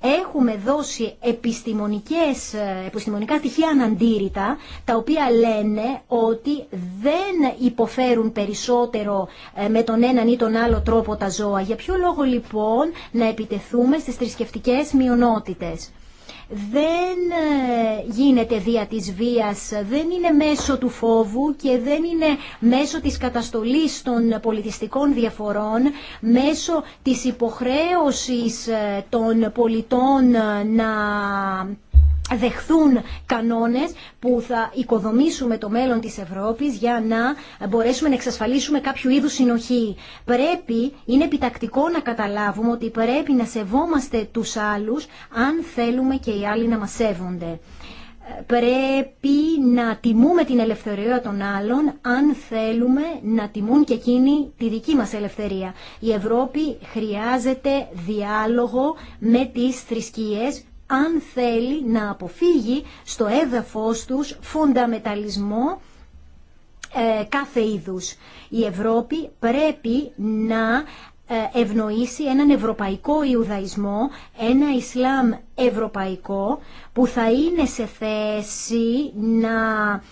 έχουμε δώσει επιστημονικές, ε, επιστημονικά στοιχεία αναντήρητα, τα οποία λένε ότι δεν υποφέρουν περισσότερο ε, με τον έναν ή τον άλλο τρόπο τα ζώα. Για ποιο λόγο λοιπόν να επιτεθούμε στις θρησκευτικέ μειονότητες δεν ε, γίνεται δια της βίας, δεν είναι μέσω του φόβου και δεν είναι μέσω της καταστολής των πολιτιστικών διαφορών, μέσω της υποχρέωσης ε, των πολιτών ε, να δεχθούν κανόνες που θα οικοδομήσουμε το μέλλον της Ευρώπης για να μπορέσουμε να εξασφαλίσουμε κάποιο είδους συνοχή. Πρέπει, είναι επιτακτικό να καταλάβουμε ότι πρέπει να σεβόμαστε τους άλλους αν θέλουμε και οι άλλοι να μας σέβονται. Πρέπει να τιμούμε την ελευθερία των άλλων αν θέλουμε να τιμούν και εκείνοι τη δική μας ελευθερία. Η Ευρώπη χρειάζεται διάλογο με τις θρησκείες αν θέλει να αποφύγει στο έδαφος τους φονταμεταλισμό ε, κάθε είδους. Η Ευρώπη πρέπει να ε, ευνοήσει έναν ευρωπαϊκό Ιουδαϊσμό, ένα Ισλάμ ευρωπαϊκό που θα είναι σε θέση να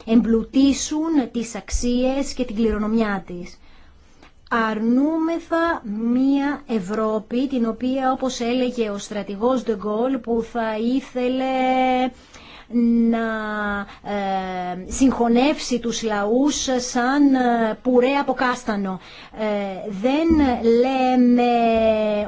εμπλουτίσουν τις αξίες και την κληρονομιά της αρνούμεθα μία Ευρώπη την οποία όπως έλεγε ο στρατηγός Ντεγκόλ που θα ήθελε να ε, συγχωνεύσει τους λαούς σαν ε, πουρέ από κάστανο. Ε, δεν λέμε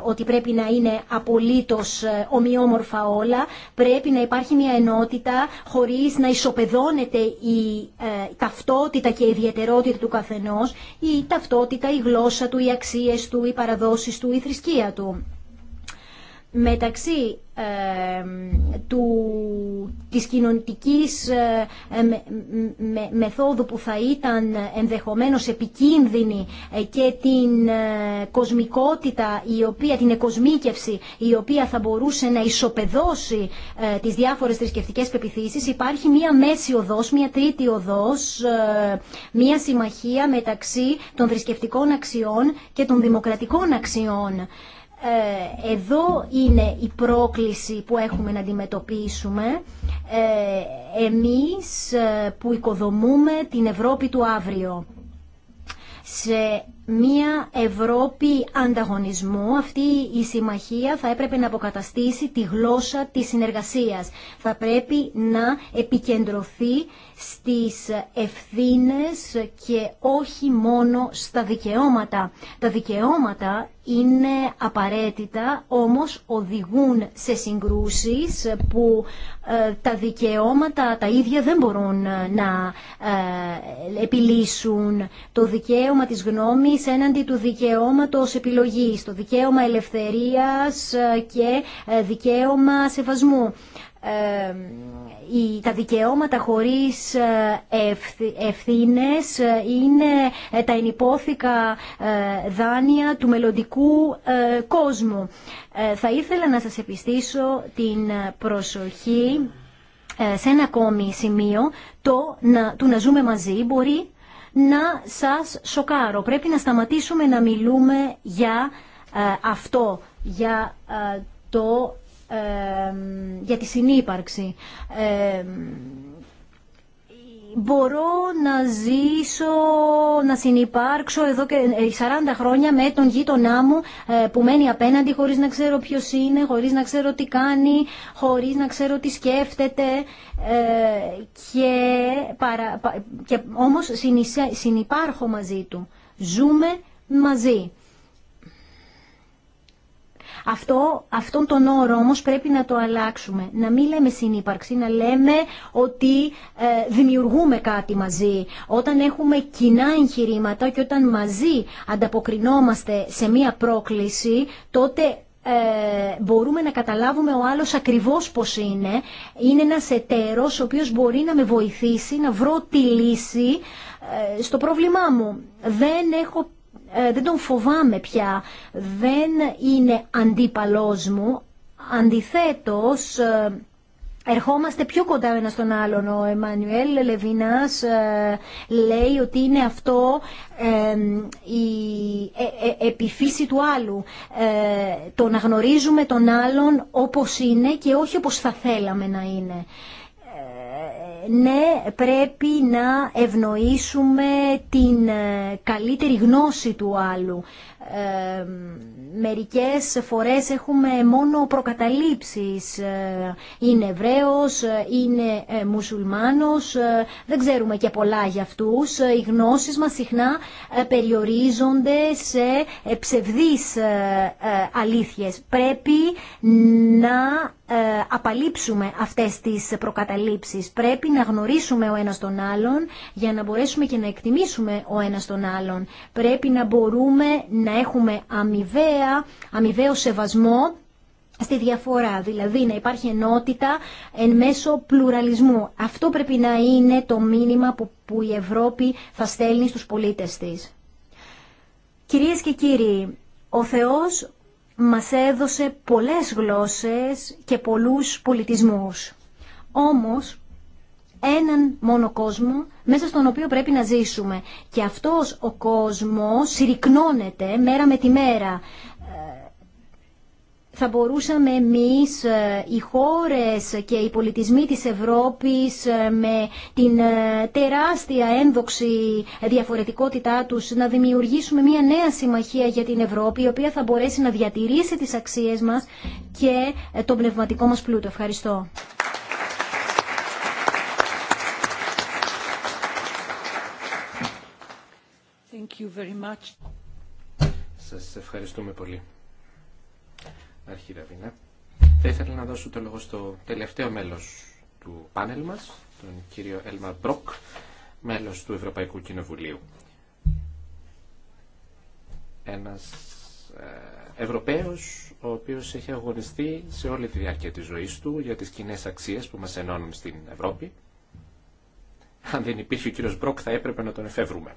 ότι πρέπει να είναι απολύτως ομοιόμορφα όλα. Πρέπει να υπάρχει μια ενότητα χωρίς να ισοπεδώνεται η ταυτότητα και η ιδιαιτερότητα του καθενός, η ταυτότητα, η γλώσσα του, οι αξίες του, οι παραδόσεις του, η θρησκεία του μεταξύ του, της κοινωνικής ε, μεθόδου που θα ήταν ενδεχομένως επικίνδυνη ε, και την ε, κοσμικότητα, η οποία, την εκοσμίκευση η οποία θα μπορούσε να ισοπεδώσει τις διάφορες θρησκευτικέ πεπιθήσεις υπάρχει μία μέση οδός, μία τρίτη οδός, μία συμμαχία μεταξύ των θρησκευτικών αξιών και των δημοκρατικών αξιών. Ε, εδώ είναι η πρόκληση που έχουμε να αντιμετωπίσουμε ε, εμείς ε, που οικοδομούμε την Ευρώπη του αύριο. Σε μια Ευρώπη ανταγωνισμού αυτή η συμμαχία θα έπρεπε να αποκαταστήσει τη γλώσσα της συνεργασίας. Θα πρέπει να επικεντρωθεί στις ευθύνες και όχι μόνο στα δικαιώματα. Τα δικαιώματα είναι απαραίτητα, όμως οδηγούν σε συγκρούσεις που ε, τα δικαιώματα τα ίδια δεν μπορούν ε, να ε, επιλύσουν. Το δικαίωμα της γνώμης έναντι του δικαιώματος επιλογής, το δικαίωμα ελευθερίας ε, και δικαίωμα σεβασμού. Ε, τα δικαιώματα χωρίς ε, ευθύνες ε, είναι τα ενυπόθηκα δάνεια του μελλοντικού κόσμου. Θα ήθελα να σας επιστήσω την προσοχή σε ένα ακόμη σημείο το να, του να ζούμε μαζί μπορεί να σας σοκάρω. Πρέπει να σταματήσουμε να μιλούμε για αυτό, για το για τη συνύπαρξη. Μπορώ να ζήσω, να συνυπάρξω εδώ και 40 ε, ε, χρόνια με τον γείτονά μου ε, που μένει απέναντι χωρίς να ξέρω ποιος είναι, χωρίς να ξέρω τι κάνει, χωρίς να ξέρω τι σκέφτεται και, παρα, και όμως συνυπάρχω μαζί του. Ζούμε μαζί. Αυτό, αυτόν τον όρο όμως πρέπει να το αλλάξουμε. Να μην λέμε συνύπαρξη, να λέμε ότι ε, δημιουργούμε κάτι μαζί. Όταν έχουμε κοινά εγχειρήματα και όταν μαζί ανταποκρινόμαστε σε μία πρόκληση, τότε ε, μπορούμε να καταλάβουμε ο άλλος ακριβώς πώς είναι. Είναι ένας εταίρος ο οποίος μπορεί να με βοηθήσει, να βρω τη λύση ε, στο πρόβλημά μου. Δεν έχω ε, δεν τον φοβάμαι πια. Δεν είναι αντίπαλός μου. Αντιθέτως, ε, Ερχόμαστε πιο κοντά ένα στον άλλον. Ο Εμμανουέλ Λεβινάς ε, λέει ότι είναι αυτό η επιφύση του άλλου. Το να γνωρίζουμε τον άλλον όπως είναι και όχι όπως θα θέλαμε να είναι ναι, πρέπει να ευνοήσουμε την ε, καλύτερη γνώση του άλλου ε, μερικές φορές έχουμε μόνο προκαταλήψεις. Ε, είναι Εβραίος, ε, είναι ε, μουσουλμάνος, δεν ξέρουμε και πολλά για αυτούς. Οι γνώσεις μας συχνά περιορίζονται σε ψευδείς αλήθειες. Πρέπει να απαλείψουμε αυτές τις προκαταλήψεις. Πρέπει να γνωρίσουμε ο ένας τον άλλον για να μπορέσουμε και να εκτιμήσουμε ο ένας τον άλλον. Πρέπει να μπορούμε να έχουμε αμοιβαία, αμοιβαίο σεβασμό στη διαφορά, δηλαδή να υπάρχει ενότητα εν μέσω πλουραλισμού. Αυτό πρέπει να είναι το μήνυμα που, που η Ευρώπη θα στέλνει στους πολίτες της. Κυρίες και κύριοι, ο Θεός μας έδωσε πολλές γλώσσες και πολλούς πολιτισμούς. Όμως, έναν μόνο κόσμο μέσα στον οποίο πρέπει να ζήσουμε. Και αυτός ο κόσμος συρρυκνώνεται μέρα με τη μέρα. Ε, θα μπορούσαμε εμείς, ε, οι χώρες και οι πολιτισμοί της Ευρώπης ε, με την τεράστια ένδοξη διαφορετικότητά τους να δημιουργήσουμε μια νέα συμμαχία για την Ευρώπη η οποία θα μπορέσει να διατηρήσει τις αξίες μας και τον πνευματικό μας πλούτο. Ευχαριστώ. Σας ευχαριστούμε πολύ. Ραβίνα Θα ήθελα να δώσω το λόγο στο τελευταίο μέλος του πάνελ μας, τον κύριο Έλμα Μπροκ, μέλος του Ευρωπαϊκού Κοινοβουλίου. Ένας ε, Ευρωπαίος, ο οποίος έχει αγωνιστεί σε όλη τη διάρκεια της ζωής του για τις κοινέ αξίες που μας ενώνουν στην Ευρώπη. Αν δεν υπήρχε ο κύριος Μπροκ θα έπρεπε να τον εφεύρουμε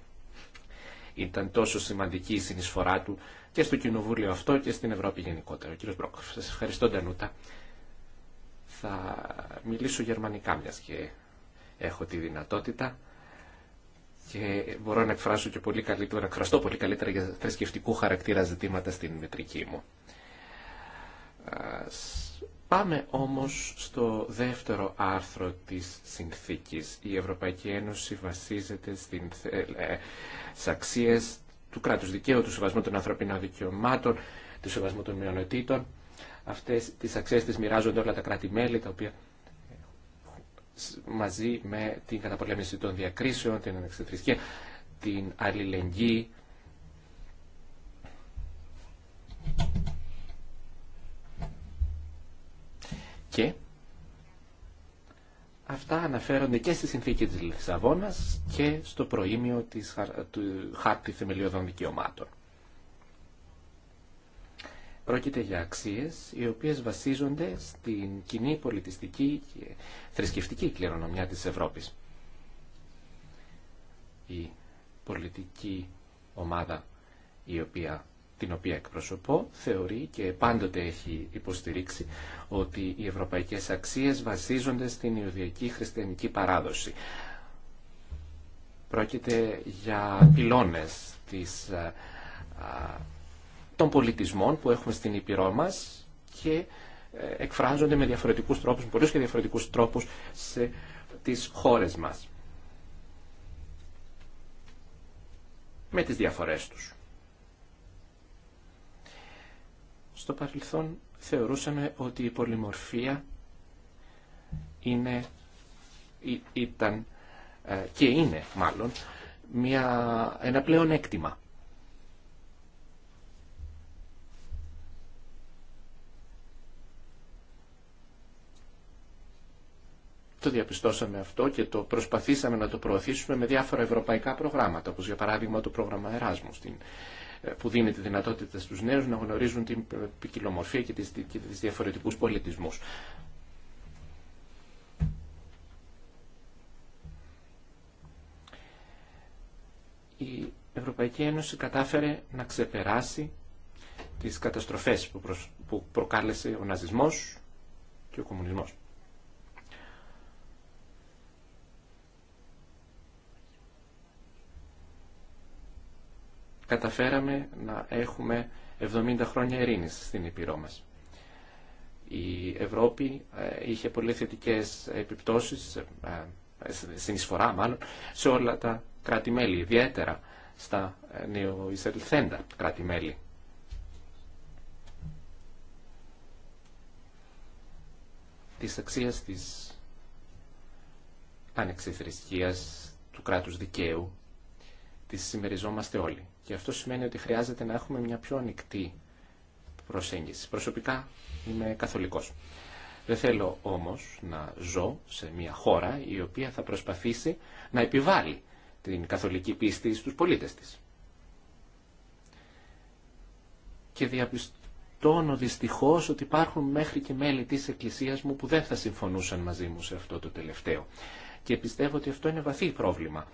ήταν τόσο σημαντική η συνεισφορά του και στο Κοινοβούλιο αυτό και στην Ευρώπη γενικότερα. Κύριε κύριος Μπρόκοφ, σας ευχαριστώ Ντανούτα. Θα μιλήσω γερμανικά μιας και έχω τη δυνατότητα και μπορώ να εκφράσω και πολύ καλύτερα, να εκφραστώ πολύ καλύτερα για θρησκευτικού χαρακτήρα ζητήματα στην μετρική μου. Πάμε όμως στο δεύτερο άρθρο της συνθήκης. Η Ευρωπαϊκή Ένωση βασίζεται στις ε, ε αξίες του κράτους δικαίου, του σεβασμού των ανθρωπίνων δικαιωμάτων, του σεβασμού των μειονοτήτων. Αυτές τις αξίες τις μοιράζονται όλα τα κράτη-μέλη, τα οποία μαζί με την καταπολέμηση των διακρίσεων, την ανεξιθρησκεία, την αλληλεγγύη Και αυτά αναφέρονται και στη συνθήκη της Λισαβόνας και στο προήμιο της, του χάρτη θεμελιωδών δικαιωμάτων. Πρόκειται για αξίες οι οποίες βασίζονται στην κοινή πολιτιστική και θρησκευτική κληρονομιά της Ευρώπης. Η πολιτική ομάδα η οποία την οποία εκπροσωπώ, θεωρεί και πάντοτε έχει υποστηρίξει ότι οι ευρωπαϊκές αξίες βασίζονται στην ιουδιακή χριστιανική παράδοση. Πρόκειται για πυλώνες της, ε, ε, των πολιτισμών που έχουμε στην Ήπειρό μας και ε, εκφράζονται με διαφορετικούς τρόπους, με πολλούς και διαφορετικούς τρόπους σε τις χώρες μας. Με τις διαφορές τους. Στο παρελθόν θεωρούσαμε ότι η πολυμορφία είναι, ήταν ε, και είναι μάλλον μια, ένα πλέον έκτημα. Το διαπιστώσαμε αυτό και το προσπαθήσαμε να το προωθήσουμε με διάφορα ευρωπαϊκά προγράμματα, όπως για παράδειγμα το πρόγραμμα Εράσμου στην ε, που δίνει τη δυνατότητα στους νέους να γνωρίζουν την ποικιλομορφία και τις, διαφορετικού τις διαφορετικούς πολιτισμούς. Η Ευρωπαϊκή Ένωση κατάφερε να ξεπεράσει τις καταστροφές που, που προκάλεσε ο ναζισμός και ο κομμουνισμός. καταφέραμε να έχουμε 70 χρόνια ειρήνης στην Ήπειρό μας. Η Ευρώπη ε, είχε πολύ θετικέ επιπτώσεις, ε, ε, συνεισφορά μάλλον, σε όλα τα κράτη-μέλη, ιδιαίτερα στα νεοεισελθέντα κράτη-μέλη. της αξίας της ανεξιθρησκείας, του κράτους δικαίου Τη συμμεριζόμαστε όλοι. Και αυτό σημαίνει ότι χρειάζεται να έχουμε μια πιο ανοιχτή προσέγγιση. Προσωπικά είμαι καθολικός. Δεν θέλω όμως να ζω σε μια χώρα η οποία θα προσπαθήσει να επιβάλλει την καθολική πίστη στους πολίτες της. Και διαπιστώνω δυστυχώς ότι υπάρχουν μέχρι και μέλη της Εκκλησίας μου που δεν θα συμφωνούσαν μαζί μου σε αυτό το τελευταίο. Και πιστεύω ότι αυτό είναι βαθύ πρόβλημα.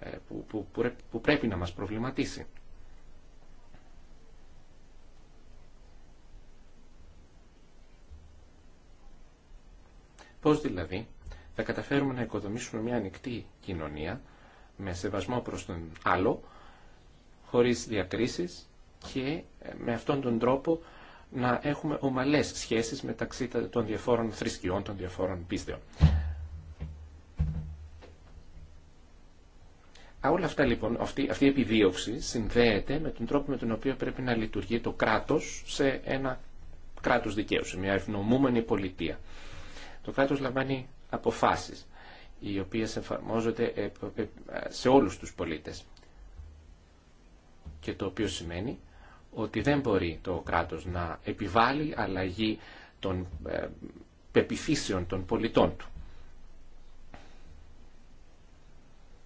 Ε, που, πρέπει να μας προβληματίσει. Πώς δηλαδή θα καταφέρουμε να οικοδομήσουμε μια ανοιχτή κοινωνία με σεβασμό προς τον άλλο, χωρίς διακρίσεις και ε, με αυτόν τον τρόπο να έχουμε ομαλές σχέσεις μεταξύ των διαφόρων θρησκειών, των διαφόρων πίστεων. Όλα αυτά λοιπόν, αυτή, η επιδίωξη συνδέεται με τον τρόπο με τον οποίο πρέπει να λειτουργεί το κράτος σε ένα κράτος δικαίου, σε μια ευνομούμενη πολιτεία. Το κράτος λαμβάνει αποφάσεις, οι οποίες εφαρμόζονται σε όλους τους πολίτες. Και το οποίο σημαίνει ότι δεν μπορεί το κράτος να επιβάλλει αλλαγή των ε, πεπιθήσεων των πολιτών του.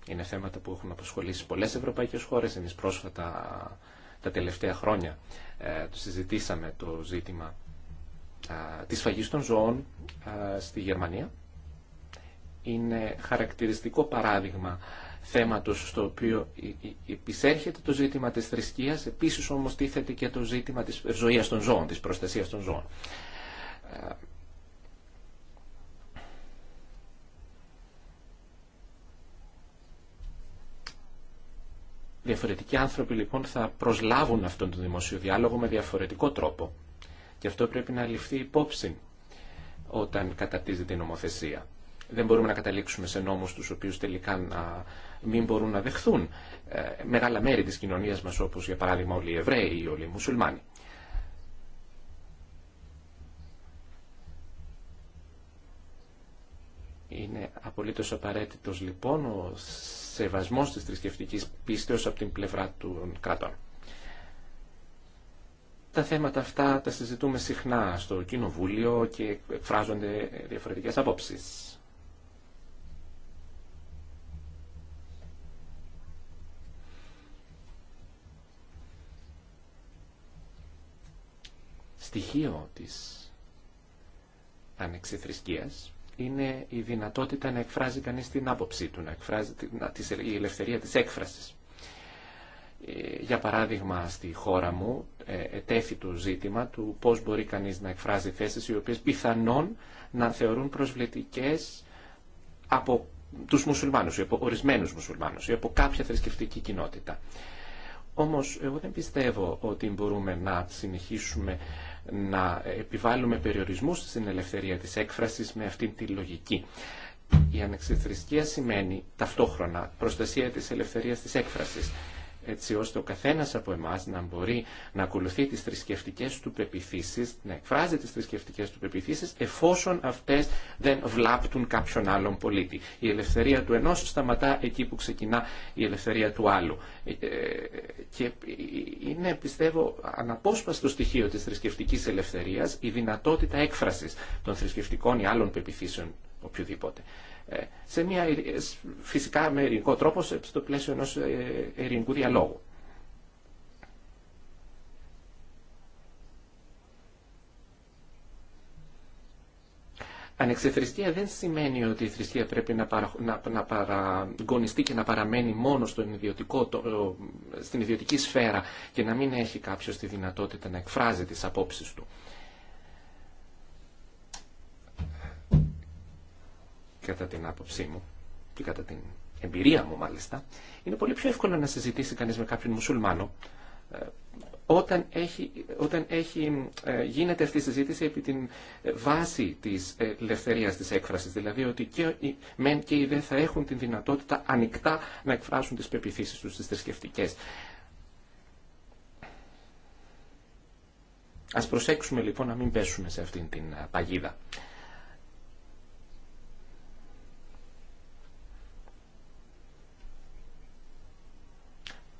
Είναι θέματα που έχουν αποσχολήσει πολλές ευρωπαϊκές χώρες. εμεί πρόσφατα τα τελευταία χρόνια ε, συζητήσαμε το ζήτημα ε, της φαγή των ζώων ε, στη Γερμανία. Είναι χαρακτηριστικό παράδειγμα θέματος στο οποίο επισέρχεται το ζήτημα της θρησκείας, επίσης όμως τίθεται και το ζήτημα της ζωής των ζώων, της προστασίας των ζώων. Διαφορετικοί άνθρωποι λοιπόν θα προσλάβουν αυτόν τον δημοσιο διάλογο με διαφορετικό τρόπο. Και αυτό πρέπει να ληφθεί υπόψη όταν κατατίζεται η νομοθεσία. Δεν μπορούμε να καταλήξουμε σε νόμους τους οποίους τελικά να μην μπορούν να δεχθούν ε, μεγάλα μέρη της κοινωνίας μας όπως για παράδειγμα όλοι οι Εβραίοι ή όλοι οι Μουσουλμάνοι. Είναι απολύτως απαραίτητος λοιπόν ο σεβασμός της θρησκευτική πίστεως από την πλευρά των κρατών. Τα θέματα αυτά τα συζητούμε συχνά στο Κοινοβούλιο και εκφράζονται διαφορετικές απόψεις. Στοιχείο της ανεξιθρησκείας είναι η δυνατότητα να εκφράζει κανείς την άποψή του, να εκφράζει η ελευθερία της έκφρασης. Ε, για παράδειγμα, στη χώρα μου ε, ετέθη το ζήτημα του πώς μπορεί κανείς να εκφράζει θέσεις οι οποίες πιθανόν να θεωρούν προσβλητικές από τους μουσουλμάνους, ή από ορισμένους μουσουλμάνους ή από κάποια θρησκευτική κοινότητα. Όμως, εγώ δεν πιστεύω ότι μπορούμε να συνεχίσουμε να επιβάλλουμε περιορισμούς στην ελευθερία της έκφρασης με αυτή τη λογική. Η ανεξιθρησκεία σημαίνει ταυτόχρονα προστασία της ελευθερίας της έκφρασης έτσι ώστε ο καθένας από εμάς να μπορεί να ακολουθεί τις θρησκευτικέ του πεπιθήσεις, να εκφράζει τις θρησκευτικέ του πεπιθήσεις, εφόσον αυτές δεν βλάπτουν κάποιον άλλον πολίτη. Η ελευθερία του ενός σταματά εκεί που ξεκινά η ελευθερία του άλλου. Ε, ε, και είναι, πιστεύω, αναπόσπαστο στοιχείο της θρησκευτική ελευθερίας η δυνατότητα έκφρασης των θρησκευτικών ή άλλων πεπιθήσεων οποιοδήποτε. Ε, σε μια, φυσικά με ειρηνικό τρόπο στο πλαίσιο ενός ε, ειρηνικού διαλόγου. Ανεξιθρησκεία δεν σημαίνει ότι η θρησκεία πρέπει να, να, παραγωνιστεί και να παραμένει μόνο στον ιδιωτικό, στην ιδιωτική σφαίρα και να μην έχει κάποιος τη δυνατότητα να εκφράζει τις απόψεις του. κατά την άποψή μου και κατά την εμπειρία μου μάλιστα, είναι πολύ πιο εύκολο να συζητήσει κανείς με κάποιον μουσουλμάνο ε, όταν, έχει, όταν έχει, ε, γίνεται αυτή η συζήτηση επί την ε, βάση της ελευθερίας της έκφρασης, δηλαδή ότι και οι μεν και οι δε θα έχουν την δυνατότητα ανοιχτά να εκφράσουν τις πεπιθήσεις τους, τις θρησκευτικέ. Ας προσέξουμε λοιπόν να μην πέσουμε σε αυτήν την παγίδα.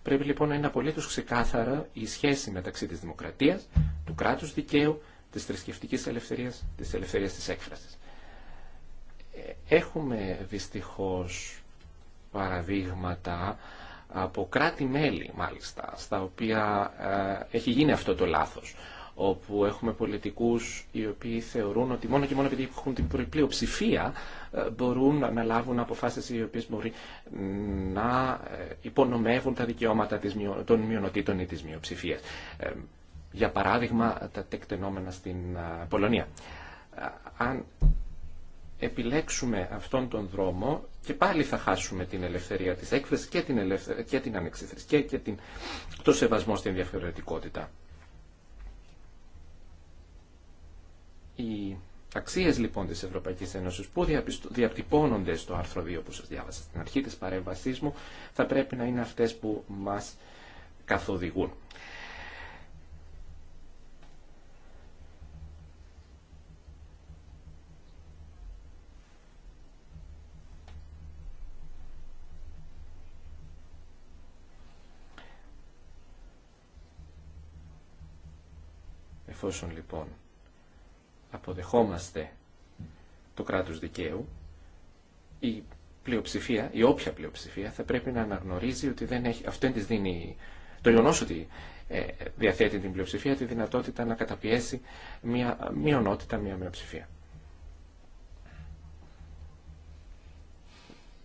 Πρέπει λοιπόν να είναι απολύτως ξεκάθαρα η σχέση μεταξύ της δημοκρατίας, του κράτους δικαίου, της θρησκευτική ελευθερίας, της ελευθερίας της έκφρασης. δυστυχώ ε, δυστυχώς παραδείγματα από κράτη-μέλη μάλιστα, στα οποία ε, έχει γίνει αυτό το λάθος όπου έχουμε πολιτικούς οι οποίοι θεωρούν ότι μόνο και μόνο επειδή έχουν την πλειοψηφία ε, μπορούν να λάβουν αποφάσεις οι οποίες μπορεί να ε, υπονομεύουν τα δικαιώματα των μειονοτήτων ή της μειοψηφίας. Ε, για παράδειγμα, τα τεκτενόμενα στην Πολωνία. Αν επιλέξουμε αυτόν τον δρόμο και πάλι θα χάσουμε την ελευθερία της έκφρασης και την, ελευθερία, και την, το σεβασμό στην διαφορετικότητα. Οι αξίες λοιπόν της Ευρωπαϊκής Ένωσης που διατυπώνονται στο άρθρο 2 που σας διάβασα στην αρχή της παρέμβασής μου θα πρέπει να είναι αυτές που μας καθοδηγούν. Εφόσον λοιπόν αποδεχόμαστε το κράτος δικαίου, η πλειοψηφία, η όποια πλειοψηφία, θα πρέπει να αναγνωρίζει ότι δεν έχει, αυτό της δίνει το γεγονό ότι ε, διαθέτει την πλειοψηφία τη δυνατότητα να καταπιέσει μια μειονότητα, μια μειοψηφία.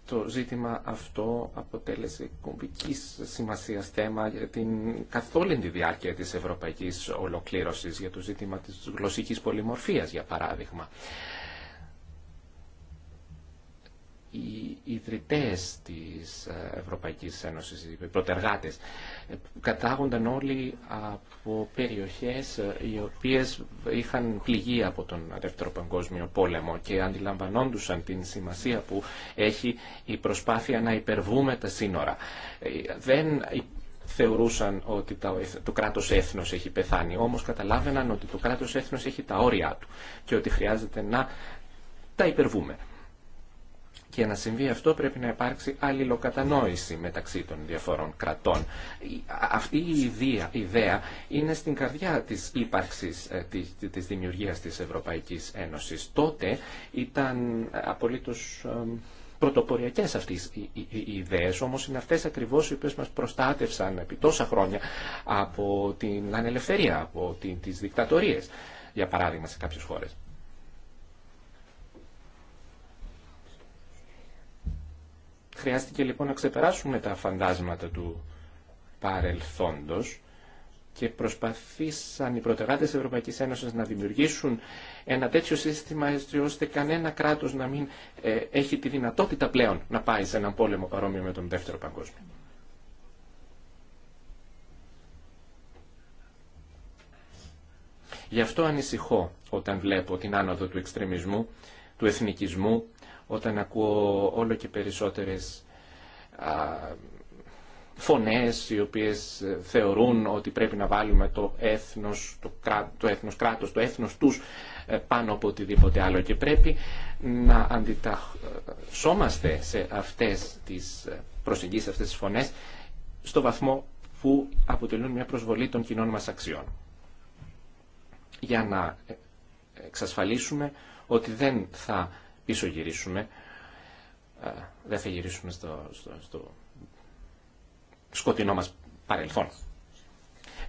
το ζήτημα αυτό αποτέλεσε κομβικής σημασία θέμα για την καθόλη τη διάρκεια της ευρωπαϊκής ολοκλήρωσης για το ζήτημα της γλωσσικής πολυμορφίας, για παράδειγμα οι ιδρυτές της ε, Ευρωπαϊκής Ένωσης, οι πρωτεργάτες, ε, κατάγονταν όλοι από περιοχές ε, οι οποίες είχαν πληγεί από τον Δεύτερο Παγκόσμιο Πόλεμο και αντιλαμβανόντουσαν την σημασία που έχει η προσπάθεια να υπερβούμε τα σύνορα. Δεν θεωρούσαν ότι το κράτος έθνος έχει πεθάνει, όμως καταλάβαιναν ότι το κράτος έθνος έχει τα όρια του και ότι χρειάζεται να τα υπερβούμε και να συμβεί αυτό πρέπει να υπάρξει αλληλοκατανόηση μεταξύ των διαφορών κρατών. Αυτή η ιδέα είναι στην καρδιά της ύπαρξης ε, της δημιουργίας της Ευρωπαϊκής Ένωσης. Τότε ήταν απολύτως πρωτοποριακές αυτές οι ιδέες, όμως είναι αυτές ακριβώς οι οποίε μα προστάτευσαν επί τόσα χρόνια από την ανελευθερία, από τις δικτατορίε, για παράδειγμα, σε κάποιε χώρες. Χρειάστηκε λοιπόν να ξεπεράσουμε τα φαντάσματα του παρελθόντος και προσπαθήσαν οι πρωτεγάτες της Ευρωπαϊκής Ένωσης να δημιουργήσουν ένα τέτοιο σύστημα ώστε κανένα κράτος να μην ε, έχει τη δυνατότητα πλέον να πάει σε έναν πόλεμο παρόμοιο με τον Δεύτερο Παγκόσμιο. Γι' αυτό ανησυχώ όταν βλέπω την άνοδο του εξτρεμισμού, του εθνικισμού όταν ακούω όλο και περισσότερες φωνές οι οποίες θεωρούν ότι πρέπει να βάλουμε το έθνος, το, το έθνος κράτος, το έθνος τους ε, πάνω από οτιδήποτε άλλο και πρέπει να αντιταχσόμαστε ε, σε αυτές τις ε, προσεγγίσεις, αυτές τις φωνές στο βαθμό που αποτελούν μια προσβολή των κοινών μας αξιών. Για να εξασφαλίσουμε ότι δεν θα πίσω γυρίσουμε. Ε, δεν θα γυρίσουμε στο, στο, στο σκοτεινό μας παρελθόν.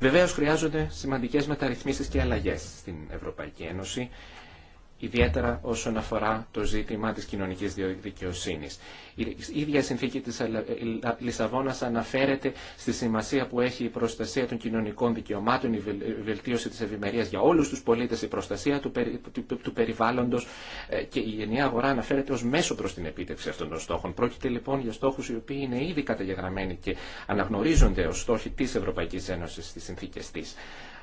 Βεβαίως χρειάζονται σημαντικές μεταρρυθμίσεις και αλλαγές στην Ευρωπαϊκή Ένωση ιδιαίτερα όσον αφορά το ζήτημα της κοινωνικής δικαιοσύνης. Η ίδια συνθήκη της Λισαβόνας αναφέρεται στη σημασία που έχει η προστασία των κοινωνικών δικαιωμάτων, η βελτίωση της ευημερία για όλους τους πολίτες, η προστασία του περιβάλλοντος ε, και η ενιαία αγορά αναφέρεται ως μέσο προς την επίτευξη αυτών των στόχων. Πρόκειται λοιπόν για στόχους οι οποίοι είναι ήδη καταγεγραμμένοι και αναγνωρίζονται ως στόχοι της Ευρωπαϊκής Ένωσης στις συνθήκες της.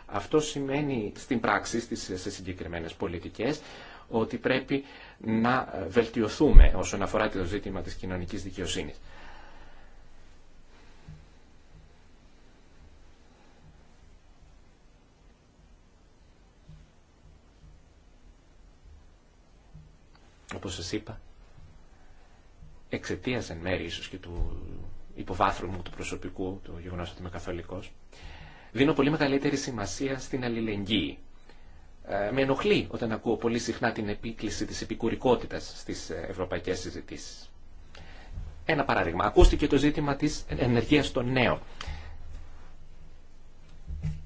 Αυτό σημαίνει στην πράξη, στις, σε συγκεκριμένες πολιτικές, ότι πρέπει να βελτιωθούμε όσον αφορά το ζήτημα της κοινωνικής δικαιοσύνης. Όπως σας είπα, εξαιτίας εν μέρη ίσως και του υποβάθρου μου του προσωπικού, του γεγονός ότι είμαι καθολικός, Δίνω πολύ μεγαλύτερη σημασία στην αλληλεγγύη. Ε, με ενοχλεί όταν ακούω πολύ συχνά την επίκληση της επικουρικότητας στις ε, ευρωπαϊκές συζητήσεις. Ένα παράδειγμα. Ακούστηκε το ζήτημα της ενεργείας των νέων.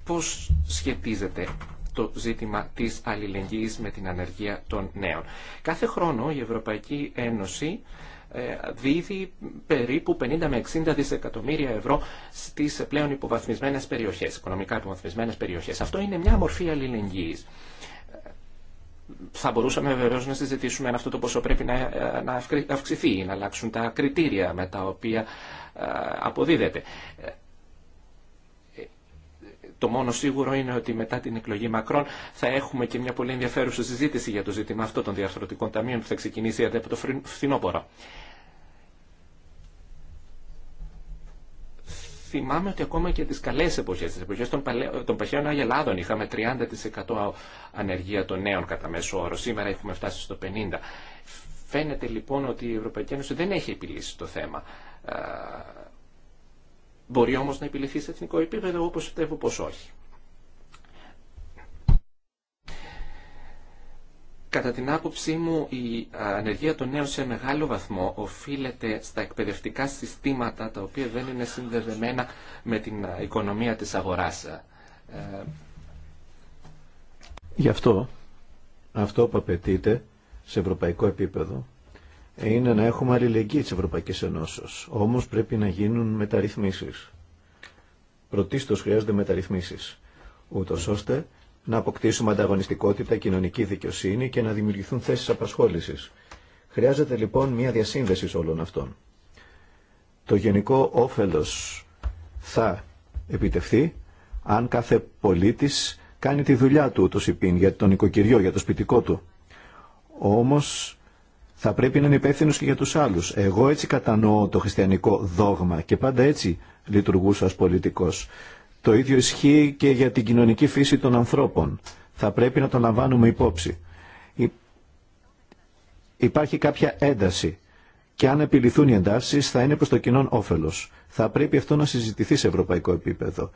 Πώς σχετίζεται το ζήτημα της αλληλεγγύης με την ανεργία των νέων. Κάθε χρόνο η Ευρωπαϊκή Ένωση ε, δίδει περίπου 50 με 60 δισεκατομμύρια ευρώ στις πλέον υποβαθμισμένε περιοχές, οικονομικά υποβαθμισμένε περιοχές. Αυτό είναι μια μορφή αλληλεγγύη. Θα μπορούσαμε βεβαίω να συζητήσουμε αν αυτό το ποσό πρέπει να, να αυξηθεί, να αλλάξουν τα κριτήρια με τα οποία ε, αποδίδεται. Το μόνο σίγουρο είναι ότι μετά την εκλογή Μακρόν θα έχουμε και μια πολύ ενδιαφέρουσα συζήτηση για το ζήτημα αυτό των διαρθρωτικών ταμείων που θα ξεκινήσει από το φθινόπωρο. θυμάμαι ότι ακόμα και τις καλές εποχές, τις εποχές των, παλαι... των παχαίων Αγελάδων είχαμε 30% ανεργία των νέων κατά μέσο όρο. Σήμερα έχουμε φτάσει στο 50%. Φαίνεται λοιπόν ότι η Ευρωπαϊκή Ένωση δεν έχει επιλύσει το θέμα. Μπορεί όμως να επιληθεί σε εθνικό επίπεδο, όπως πιστεύω πως όχι. Κατά την άποψή μου, η ανεργία των νέων σε μεγάλο βαθμό οφείλεται στα εκπαιδευτικά συστήματα τα οποία δεν είναι συνδεδεμένα με την οικονομία της αγοράς. Ε, Γι' αυτό, αυτό που απαιτείται σε ευρωπαϊκό επίπεδο είναι να έχουμε αλληλεγγύη της Ευρωπαϊκής Ενώσεως. Όμως πρέπει να γίνουν μεταρρυθμίσεις. Πρωτίστως χρειάζονται μεταρρυθμίσεις, ούτως ώστε να αποκτήσουμε ανταγωνιστικότητα, κοινωνική δικαιοσύνη και να δημιουργηθούν θέσεις απασχόλησης. Χρειάζεται λοιπόν μια διασύνδεση όλων αυτών. Το γενικό όφελος θα επιτευθεί αν κάθε πολίτης κάνει τη δουλειά του, το ΣΥΠΗΝ, για τον οικοκυριό, για το σπιτικό του. Όμως θα πρέπει να είναι υπεύθυνο και για τους άλλους. Εγώ έτσι κατανοώ το χριστιανικό δόγμα και πάντα έτσι λειτουργούσα ω πολιτικό. Το ίδιο ισχύει και για την κοινωνική φύση των ανθρώπων. Θα πρέπει να το λαμβάνουμε υπόψη. Υπάρχει κάποια ένταση και αν επιληθούν οι εντάσεις θα είναι προς το κοινό όφελος. Θα πρέπει αυτό να συζητηθεί σε ευρωπαϊκό επίπεδο.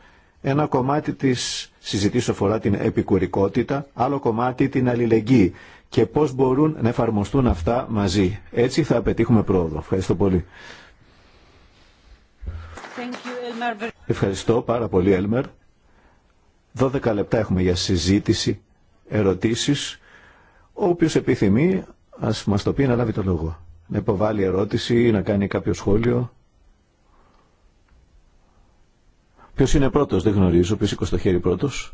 Ένα κομμάτι της συζητήσεως αφορά την επικουρικότητα, άλλο κομμάτι την αλληλεγγύη και πώς μπορούν να εφαρμοστούν αυτά μαζί. Έτσι θα πετύχουμε πρόοδο. Ευχαριστώ πολύ. Ευχαριστώ πάρα πολύ, Έλμερ. 12 λεπτά έχουμε για συζήτηση, ερωτήσεις. Όποιος επιθυμεί, ας μας το πει να λάβει το λόγο. Να υποβάλει ερώτηση ή να κάνει κάποιο σχόλιο. Ποιος είναι πρώτος, δεν γνωρίζω. Ποιος σήκωσε το χέρι πρώτος.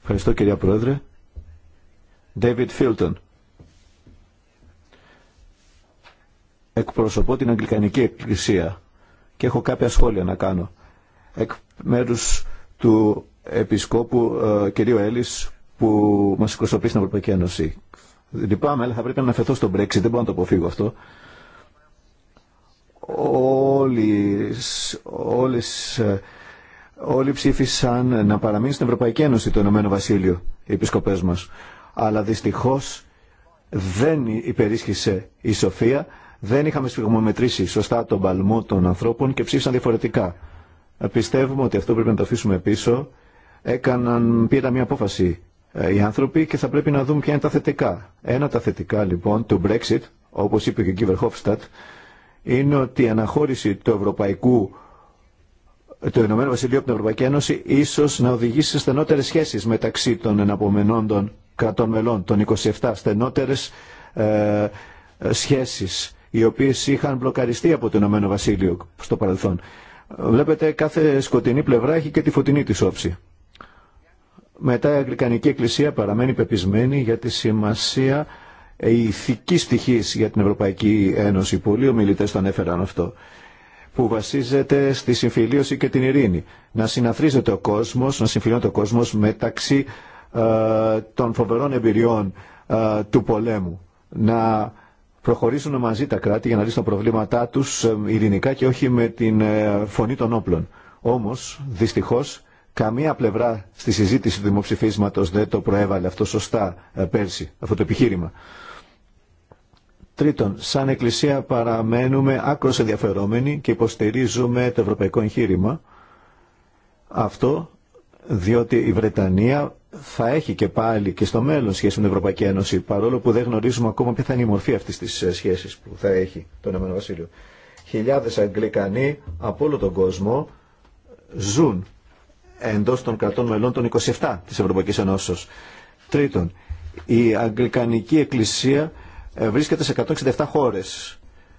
Ευχαριστώ κυρία Πρόεδρε. David Filton. Εκπροσωπώ την Αγγλικανική Εκκλησία και έχω κάποια σχόλια να κάνω. Εκ μέρους του Επισκόπου ε, κυρίου Έλλης που μας εκπροσωπεί στην Ευρωπαϊκή Ένωση. Λυπάμαι, αλλά θα πρέπει να αναφερθώ στο Brexit, δεν μπορώ να το αποφύγω αυτό όλες, όλες, όλοι ψήφισαν να παραμείνει στην Ευρωπαϊκή Ένωση το Ηνωμένο Βασίλειο, οι επισκοπές μας. Αλλά δυστυχώς δεν υπερίσχυσε η Σοφία, δεν είχαμε σφιγμομετρήσει σωστά τον παλμό των ανθρώπων και ψήφισαν διαφορετικά. Πιστεύουμε ότι αυτό πρέπει να το αφήσουμε πίσω. Έκαναν, πήραν μια απόφαση ε, οι άνθρωποι και θα πρέπει να δούμε ποια είναι τα θετικά. Ένα τα θετικά λοιπόν του Brexit, όπως είπε και ο Κίβερ Χόφστατ, είναι ότι η αναχώρηση του Ευρωπαϊκού το Ηνωμένο Βασιλείο από την Ευρωπαϊκή Ένωση ίσως να οδηγήσει σε στενότερες σχέσεις μεταξύ των εναπομενών των κρατών μελών, των 27 στενότερες ε, σχέσεις οι οποίες είχαν μπλοκαριστεί από το Ηνωμένο Βασίλειο στο παρελθόν. Βλέπετε κάθε σκοτεινή πλευρά έχει και τη φωτεινή τη όψη. Μετά η Αγγλικανική Εκκλησία παραμένει πεπισμένη για τη σημασία ε, η ηθική στοιχή για την Ευρωπαϊκή Ένωση. Πολλοί ομιλητέ το ανέφεραν αυτό. Που βασίζεται στη συμφιλίωση και την ειρήνη. Να συναθρίζεται ο κόσμο, να συμφιλιώνεται ο κόσμο μεταξύ ε, των φοβερών εμπειριών ε, του πολέμου. Να προχωρήσουν μαζί τα κράτη για να λύσουν τα προβλήματά του ειρηνικά και όχι με την φωνή των όπλων. Όμω, δυστυχώ, καμία πλευρά στη συζήτηση του δημοψηφίσματο δεν το προέβαλε αυτό σωστά πέρσι, αυτό το επιχείρημα. Τρίτον, σαν Εκκλησία παραμένουμε άκρο ενδιαφερόμενοι και υποστηρίζουμε το ευρωπαϊκό εγχείρημα. Αυτό διότι η Βρετανία θα έχει και πάλι και στο μέλλον σχέση με την Ευρωπαϊκή Ένωση, παρόλο που δεν γνωρίζουμε ακόμα ποια θα είναι η μορφή αυτή τη ε, σχέση που θα έχει το Ηνωμένο Βασίλειο. Χιλιάδε Αγγλικανοί από όλο τον κόσμο ζουν εντό των κρατών μελών των 27 τη Ευρωπαϊκή Ενώσεω. Τρίτον, η Αγγλικανική Εκκλησία ε, βρίσκεται σε 167 χώρες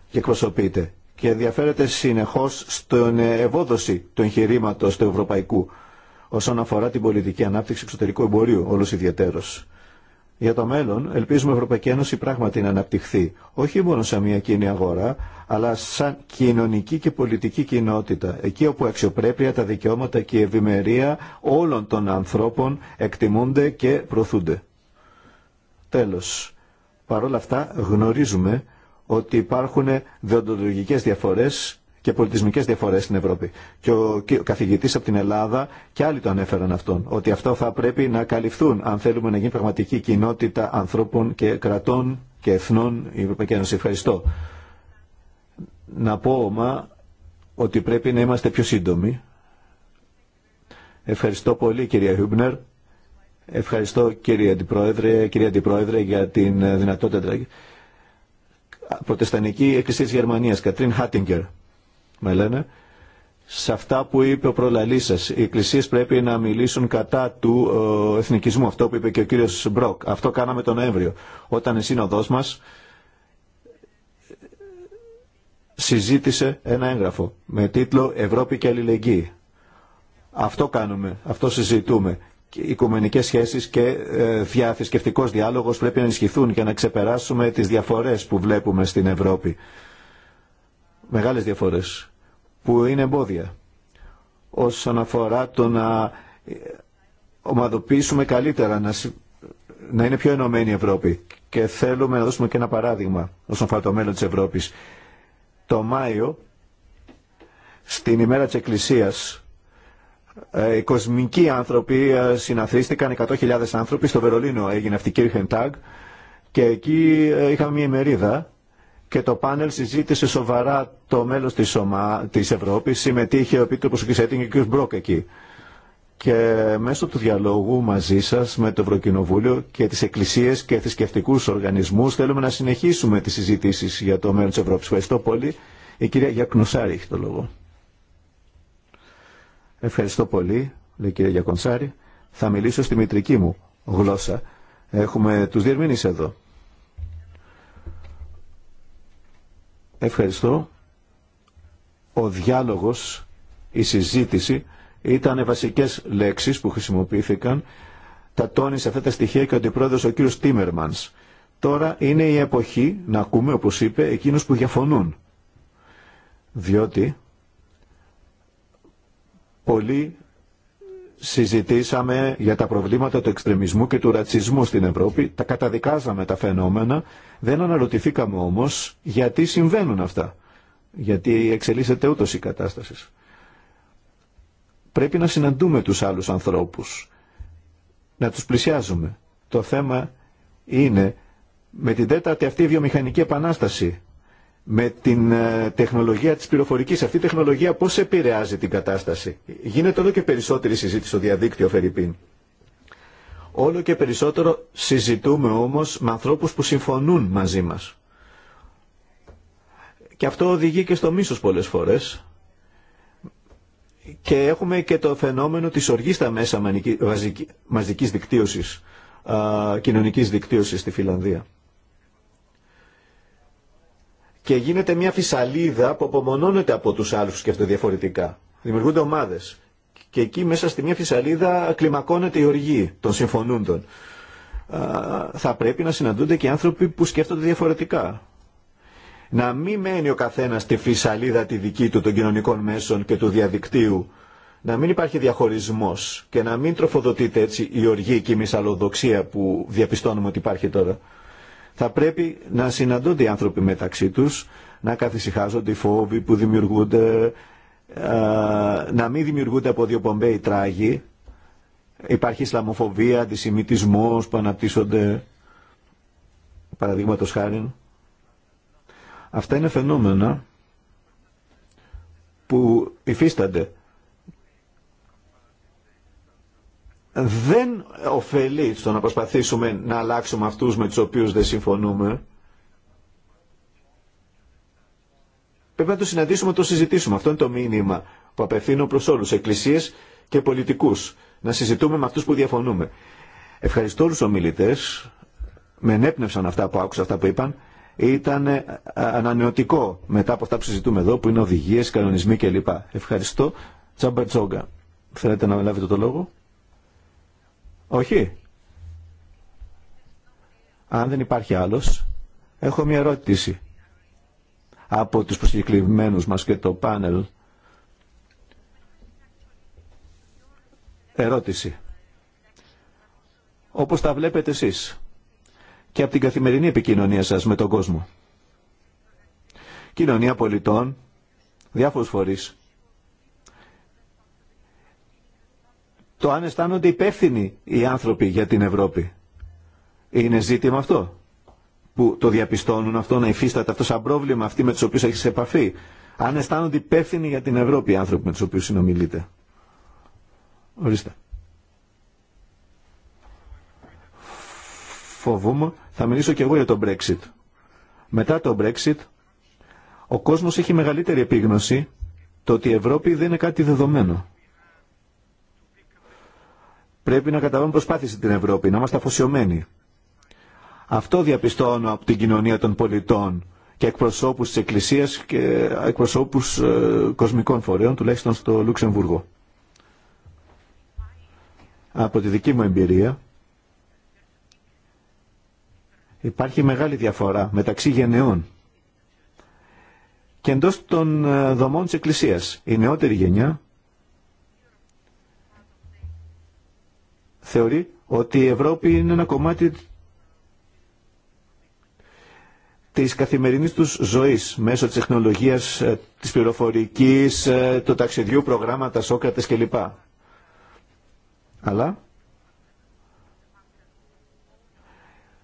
και εκπροσωπείται και ενδιαφέρεται συνεχώς στην ε, ευόδοση του εγχειρήματο του ευρωπαϊκού όσον αφορά την πολιτική ανάπτυξη εξωτερικού εμπορίου, όλος ιδιαίτερος. Για το μέλλον, ελπίζουμε η Ευρωπαϊκή Ένωση πράγματι να αναπτυχθεί, όχι μόνο σαν μια κοινή αγορά, αλλά σαν κοινωνική και πολιτική κοινότητα, εκεί όπου αξιοπρέπεια, τα δικαιώματα και η ευημερία όλων των ανθρώπων εκτιμούνται και προωθούνται. Τέλος, Παρ' όλα αυτά γνωρίζουμε ότι υπάρχουν δεοντολογικές διαφορές και πολιτισμικές διαφορές στην Ευρώπη. Και ο καθηγητής από την Ελλάδα και άλλοι το ανέφεραν αυτόν, ότι αυτό θα πρέπει να καλυφθούν αν θέλουμε να γίνει πραγματική κοινότητα ανθρώπων και κρατών και εθνών η Ευρωπαϊκή Ένωση. Ευχαριστώ. Να πω όμα ότι πρέπει να είμαστε πιο σύντομοι. Ευχαριστώ πολύ κυρία Χιούμπνερ. Ευχαριστώ κύριε Αντιπρόεδρε, κύριε Αντιπρόεδρε για την ε, δυνατότητα. Προτεστανική Εκκλησία της Γερμανίας, Κατρίν Χάτιγκερ, με λένε. Σε αυτά που είπε ο προλαλής σας, οι εκκλησίες πρέπει να μιλήσουν κατά του ε, εθνικισμού, αυτό που είπε και ο κύριος Μπροκ. Αυτό κάναμε τον Νοέμβριο, όταν η σύνοδός μας ε, συζήτησε ένα έγγραφο με τίτλο «Ευρώπη και αλληλεγγύη». Αυτό κάνουμε, αυτό συζητούμε οικουμενικές σχέσεις και ε, διαθρησκευτικός διάλογος πρέπει να ενισχυθούν για να ξεπεράσουμε τις διαφορές που βλέπουμε στην Ευρώπη. Μεγάλες διαφορές που είναι εμπόδια όσον αφορά το να ε, ομαδοποιήσουμε καλύτερα, να, να είναι πιο ενωμένη η Ευρώπη. Και θέλουμε να δώσουμε και ένα παράδειγμα όσον αφορά το μέλλον της Ευρώπης. Το Μάιο, στην ημέρα της Εκκλησίας, ε, οι κοσμικοί άνθρωποι ε, συναθρίστηκαν, 100.000 άνθρωποι στο Βερολίνο έγινε αυτή η Kirchen Tag και εκεί ε, είχαμε μια ημερίδα και το πάνελ συζήτησε σοβαρά το μέλος της, ομα... της Ευρώπης, συμμετείχε ο Επίτροπος Κισέτινγκ και ο κ. Μπρόκ εκεί. Και μέσω του διαλόγου μαζί σας με το Ευρωκοινοβούλιο και τις εκκλησίες και θρησκευτικού οργανισμούς θέλουμε να συνεχίσουμε τις συζητήσεις για το μέλλον της Ευρώπης. Ευχαριστώ πολύ. Η κυρία Γιακνουσάρη έχει το λόγο. Ευχαριστώ πολύ, λέει η κυρία Γιακονσάρη. Θα μιλήσω στη μητρική μου γλώσσα. Έχουμε τους διερμήνεις εδώ. Ευχαριστώ. Ο διάλογος, η συζήτηση ήταν βασικές λέξεις που χρησιμοποιήθηκαν. Τα τόνισε αυτά τα στοιχεία και ο αντιπρόεδρος ο κύριος Τίμερμανς. Τώρα είναι η εποχή να ακούμε, όπως είπε, εκείνους που διαφωνούν. Διότι Πολύ συζητήσαμε για τα προβλήματα του εξτρεμισμού και του ρατσισμού στην Ευρώπη, τα καταδικάζαμε τα φαινόμενα, δεν αναρωτηθήκαμε όμως γιατί συμβαίνουν αυτά, γιατί εξελίσσεται ούτως η κατάσταση. Πρέπει να συναντούμε τους άλλους ανθρώπους, να τους πλησιάζουμε. Το θέμα είναι με την τέταρτη αυτή βιομηχανική επανάσταση με την ε, τεχνολογία της πληροφορικής. Αυτή η τεχνολογία πώς επηρεάζει την κατάσταση. Γίνεται όλο και περισσότερη συζήτηση στο διαδίκτυο, Φερρυπίν. Όλο και περισσότερο συζητούμε όμως με ανθρώπους που συμφωνούν μαζί μας. Και αυτό οδηγεί και στο μίσος πολλές φορές. Και έχουμε και το φαινόμενο της οργής στα μέσα μαζικής δικτύωσης, κοινωνικής δικτύωσης στη Φιλανδία και γίνεται μια φυσαλίδα που απομονώνεται από τους άλλους που σκέφτονται διαφορετικά. Δημιουργούνται ομάδες και εκεί μέσα στη μια φυσαλίδα κλιμακώνεται η οργή των συμφωνούντων. Θα πρέπει να συναντούνται και άνθρωποι που σκέφτονται διαφορετικά. Να μην μένει ο καθένας στη φυσαλίδα τη δική του των κοινωνικών μέσων και του διαδικτύου. Να μην υπάρχει διαχωρισμός και να μην τροφοδοτείται έτσι η οργή και η μυσαλλοδοξία που διαπιστώνουμε ότι υπάρχει τώρα. Θα πρέπει να συναντούνται οι άνθρωποι μεταξύ τους, να καθησυχάζονται οι φόβοι που δημιουργούνται, να μην δημιουργούνται από δύο πομπέοι τράγοι. Υπάρχει ισλαμοφοβία, αντισημιτισμός που αναπτύσσονται, παραδείγματο χάρη. Αυτά είναι φαινόμενα που υφίστανται δεν ωφελεί στο να προσπαθήσουμε να αλλάξουμε αυτούς με τους οποίους δεν συμφωνούμε. Πρέπει να το συναντήσουμε, να το συζητήσουμε. Αυτό είναι το μήνυμα που απευθύνω προς όλους, εκκλησίες και πολιτικούς. Να συζητούμε με αυτούς που διαφωνούμε. Ευχαριστώ όλους τους ομιλητές. Με ενέπνευσαν αυτά που άκουσα, αυτά που είπαν. Ήταν ε, ανανεωτικό μετά από αυτά που συζητούμε εδώ, που είναι οδηγίες, κανονισμοί κλπ. Ευχαριστώ. Τσάμπα Τσόγκα. Θέλετε να λάβετε το λόγο. Όχι. Αν δεν υπάρχει άλλος, έχω μια ερώτηση από τους προσκεκλημένους μας και το πάνελ. Ερώτηση. Όπως τα βλέπετε εσείς και από την καθημερινή επικοινωνία σας με τον κόσμο. Κοινωνία πολιτών, διάφορους φορείς το αν αισθάνονται υπεύθυνοι οι άνθρωποι για την Ευρώπη. Είναι ζήτημα αυτό που το διαπιστώνουν αυτό να υφίσταται αυτό σαν πρόβλημα αυτοί με τους οποίους έχεις επαφή. Αν αισθάνονται υπεύθυνοι για την Ευρώπη οι άνθρωποι με τους οποίους συνομιλείτε. Ορίστε. Φοβούμαι. Θα μιλήσω και εγώ για το Brexit. Μετά το Brexit ο κόσμος έχει μεγαλύτερη επίγνωση το ότι η Ευρώπη δεν είναι κάτι δεδομένο. Πρέπει να καταβάλουμε προσπάθειες στην Ευρώπη, να είμαστε αφοσιωμένοι. Αυτό διαπιστώνω από την κοινωνία των πολιτών και εκπροσώπους της Εκκλησίας και εκπροσώπους ε, κοσμικών φορέων, τουλάχιστον στο Λουξεμβούργο. Από τη δική μου εμπειρία υπάρχει μεγάλη διαφορά μεταξύ γενεών και εντός των ε, δομών της Εκκλησίας. Η νεότερη γενιά θεωρεί ότι η Ευρώπη είναι ένα κομμάτι της καθημερινής τους ζωής μέσω της τεχνολογίας, ε, της πληροφορικής, ε, του ταξιδιού, προγράμματα, Σόκρατες κλπ. Αλλά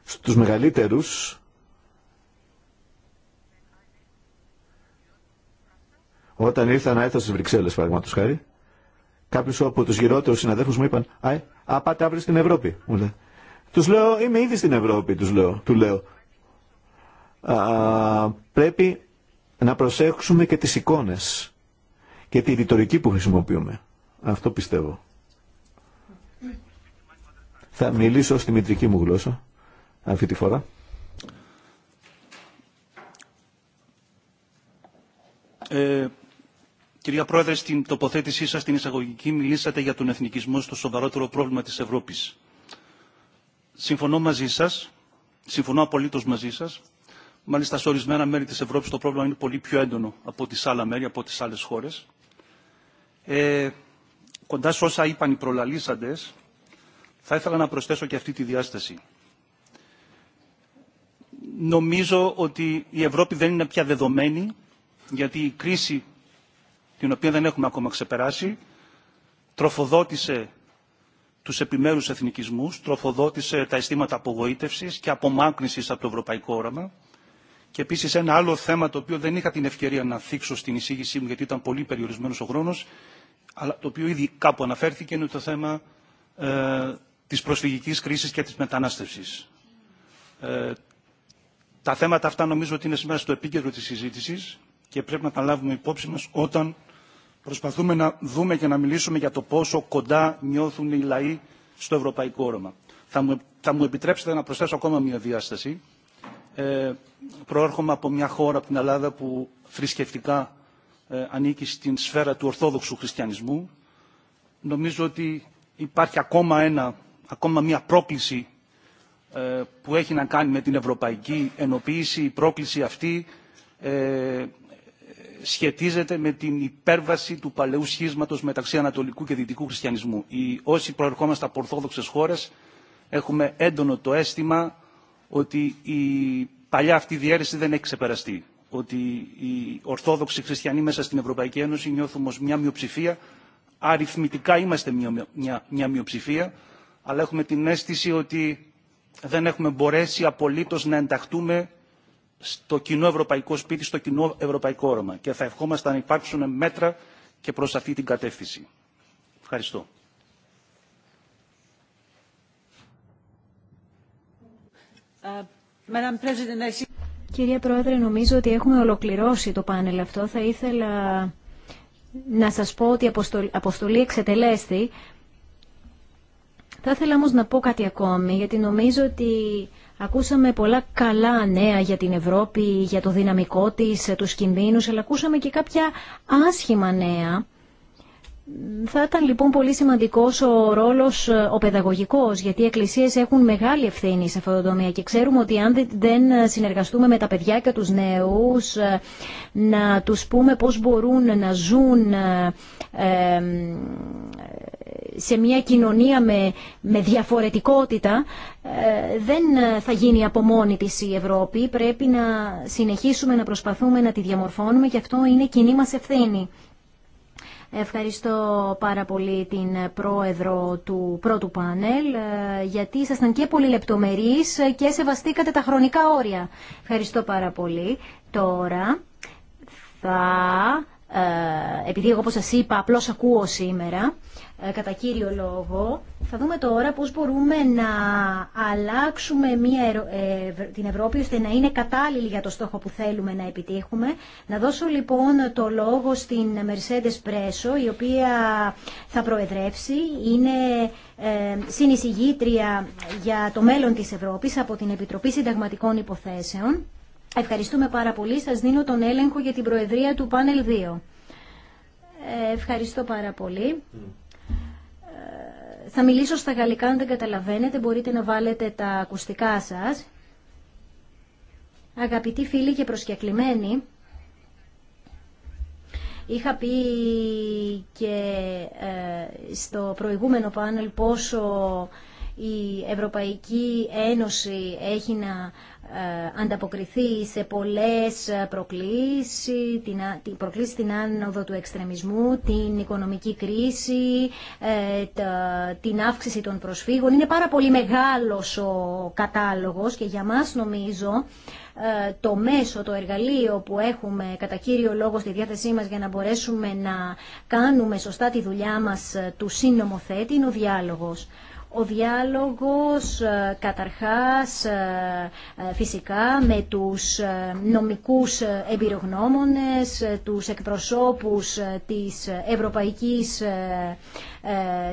στους μεγαλύτερους όταν ήρθα να έρθω στις Βρυξέλλες, χάρη, Κάποιο από του γυρότερου συναδέλφου μου είπαν Α, πάτε αύριο στην Ευρώπη. Μου λέει. Του λέω, είμαι ήδη στην Ευρώπη, τους λέω, του λέω. Α, πρέπει να προσέξουμε και τις εικόνες και τη ρητορική που χρησιμοποιούμε. Αυτό πιστεύω. Θα μιλήσω στη μητρική μου γλώσσα αυτή τη φορά. Ε, Κυρία Πρόεδρε, στην τοποθέτησή σας, στην εισαγωγική, μιλήσατε για τον εθνικισμό στο σοβαρότερο πρόβλημα της Ευρώπης. Συμφωνώ μαζί σας, συμφωνώ απολύτως μαζί σας. Μάλιστα, σε ορισμένα μέρη της Ευρώπης το πρόβλημα είναι πολύ πιο έντονο από τι άλλα μέρη, από τις άλλες χώρες. Ε, κοντά σε όσα είπαν οι προλαλήσαντε, θα ήθελα να προσθέσω και αυτή τη διάσταση. Νομίζω ότι η Ευρώπη δεν είναι πια δεδομένη, γιατί η κρίση την οποία δεν έχουμε ακόμα ξεπεράσει, τροφοδότησε τους επιμέρους εθνικισμούς, τροφοδότησε τα αισθήματα απογοήτευσης και απομάκρυνσης από το ευρωπαϊκό όραμα. Και επίση ένα άλλο θέμα το οποίο δεν είχα την ευκαιρία να θίξω στην εισήγησή μου γιατί ήταν πολύ περιορισμένος ο χρόνος, αλλά το οποίο ήδη κάπου αναφέρθηκε είναι το θέμα ε, της προσφυγικής κρίσης και της μετανάστευσης. Ε, τα θέματα αυτά νομίζω ότι είναι σήμερα στο επίκεντρο της συζήτησης και πρέπει να τα λάβουμε υπόψη μας όταν προσπαθούμε να δούμε και να μιλήσουμε για το πόσο κοντά νιώθουν οι λαοί στο ευρωπαϊκό όρομα. Θα μου, θα μου επιτρέψετε να προσθέσω ακόμα μια διάσταση. Ε, προέρχομαι από μια χώρα, από την Ελλάδα, που θρησκευτικά ε, ανήκει στην σφαίρα του Ορθόδοξου Χριστιανισμού. Νομίζω ότι υπάρχει ακόμα, ένα, ακόμα μια πρόκληση ε, που έχει να κάνει με την ευρωπαϊκή ενοποίηση. Η πρόκληση αυτή ε, σχετίζεται με την υπέρβαση του παλαιού σχίσματος μεταξύ Ανατολικού και Δυτικού Χριστιανισμού. Οι, όσοι προερχόμαστε από ορθόδοξες χώρες έχουμε έντονο το αίσθημα ότι η παλιά αυτή διαίρεση δεν έχει ξεπεραστεί. Ότι οι ορθόδοξοι χριστιανοί μέσα στην Ευρωπαϊκή Ένωση νιώθουμε ως μια μειοψηφία. Αριθμητικά είμαστε μια, μια, μειοψηφία, αλλά έχουμε την αίσθηση ότι δεν έχουμε μπορέσει απολύτως να ενταχτούμε στο κοινό ευρωπαϊκό σπίτι, στο κοινό ευρωπαϊκό όρομα. Και θα ευχόμαστε να υπάρξουν μέτρα και προς αυτή την κατεύθυνση. Ευχαριστώ. Ε, Κυρία Πρόεδρε, νομίζω ότι έχουμε ολοκληρώσει το πάνελ αυτό. Θα ήθελα να σας πω ότι η αποστολή εξετελέστη. Θα ήθελα όμως να πω κάτι ακόμη, γιατί νομίζω ότι Ακούσαμε πολλά καλά νέα για την Ευρώπη, για το δυναμικό της, τους κινδύνους, αλλά ακούσαμε και κάποια άσχημα νέα. Θα ήταν λοιπόν πολύ σημαντικός ο ρόλος ο παιδαγωγικός, γιατί οι εκκλησίες έχουν μεγάλη ευθύνη σε αυτό το τομέα και ξέρουμε ότι αν δεν συνεργαστούμε με τα παιδιά και τους νέους, να τους πούμε πώς μπορούν να ζουν ε, ε, σε μια κοινωνία με, διαφορετικότητα ε, δεν θα γίνει από μόνη της η Ευρώπη. Πρέπει να συνεχίσουμε να προσπαθούμε να τη διαμορφώνουμε και αυτό είναι κοινή μας ευθύνη. Ευχαριστώ πάρα πολύ την πρόεδρο του πρώτου πάνελ, ε, γιατί ήσασταν και πολύ λεπτομερείς και σεβαστήκατε τα χρονικά όρια. Ευχαριστώ πάρα πολύ. Τώρα θα ε, επειδή εγώ όπως σας είπα απλώς ακούω σήμερα, ε, κατά κύριο λόγο, θα δούμε τώρα πώς μπορούμε να αλλάξουμε μια, ε, την Ευρώπη ώστε να είναι κατάλληλη για το στόχο που θέλουμε να επιτύχουμε. Να δώσω λοιπόν το λόγο στην Mercedes Presso, η οποία θα προεδρεύσει. Είναι ε, για το μέλλον της Ευρώπης από την Επιτροπή Συνταγματικών Υποθέσεων. Ευχαριστούμε πάρα πολύ. Σας δίνω τον έλεγχο για την Προεδρία του Πάνελ 2. Ε, ευχαριστώ πάρα πολύ. Ε, θα μιλήσω στα γαλλικά, αν δεν καταλαβαίνετε, μπορείτε να βάλετε τα ακουστικά σας. Αγαπητοί φίλοι και προσκεκλημένοι, είχα πει και ε, στο προηγούμενο πάνελ πόσο η Ευρωπαϊκή Ένωση έχει να ε, ανταποκριθεί σε πολλές ε, προκλήσεις, την προκλήσεις την άνοδο του εξτρεμισμού, την οικονομική κρίση, ε, την αύξηση των προσφύγων. Είναι πάρα πολύ μεγάλος ο κατάλογος και για μας νομίζω το μέσο, το εργαλείο που έχουμε κατά κύριο λόγο στη διάθεσή μας για να μπορέσουμε να κάνουμε σωστά τη δουλειά μας του συνομοθέτη είναι ο διάλογος. Ο διάλογος ε, καταρχάς ε, ε, φυσικά με τους νομικούς εμπειρογνώμονες, τους εκπροσώπους της Ευρωπαϊκής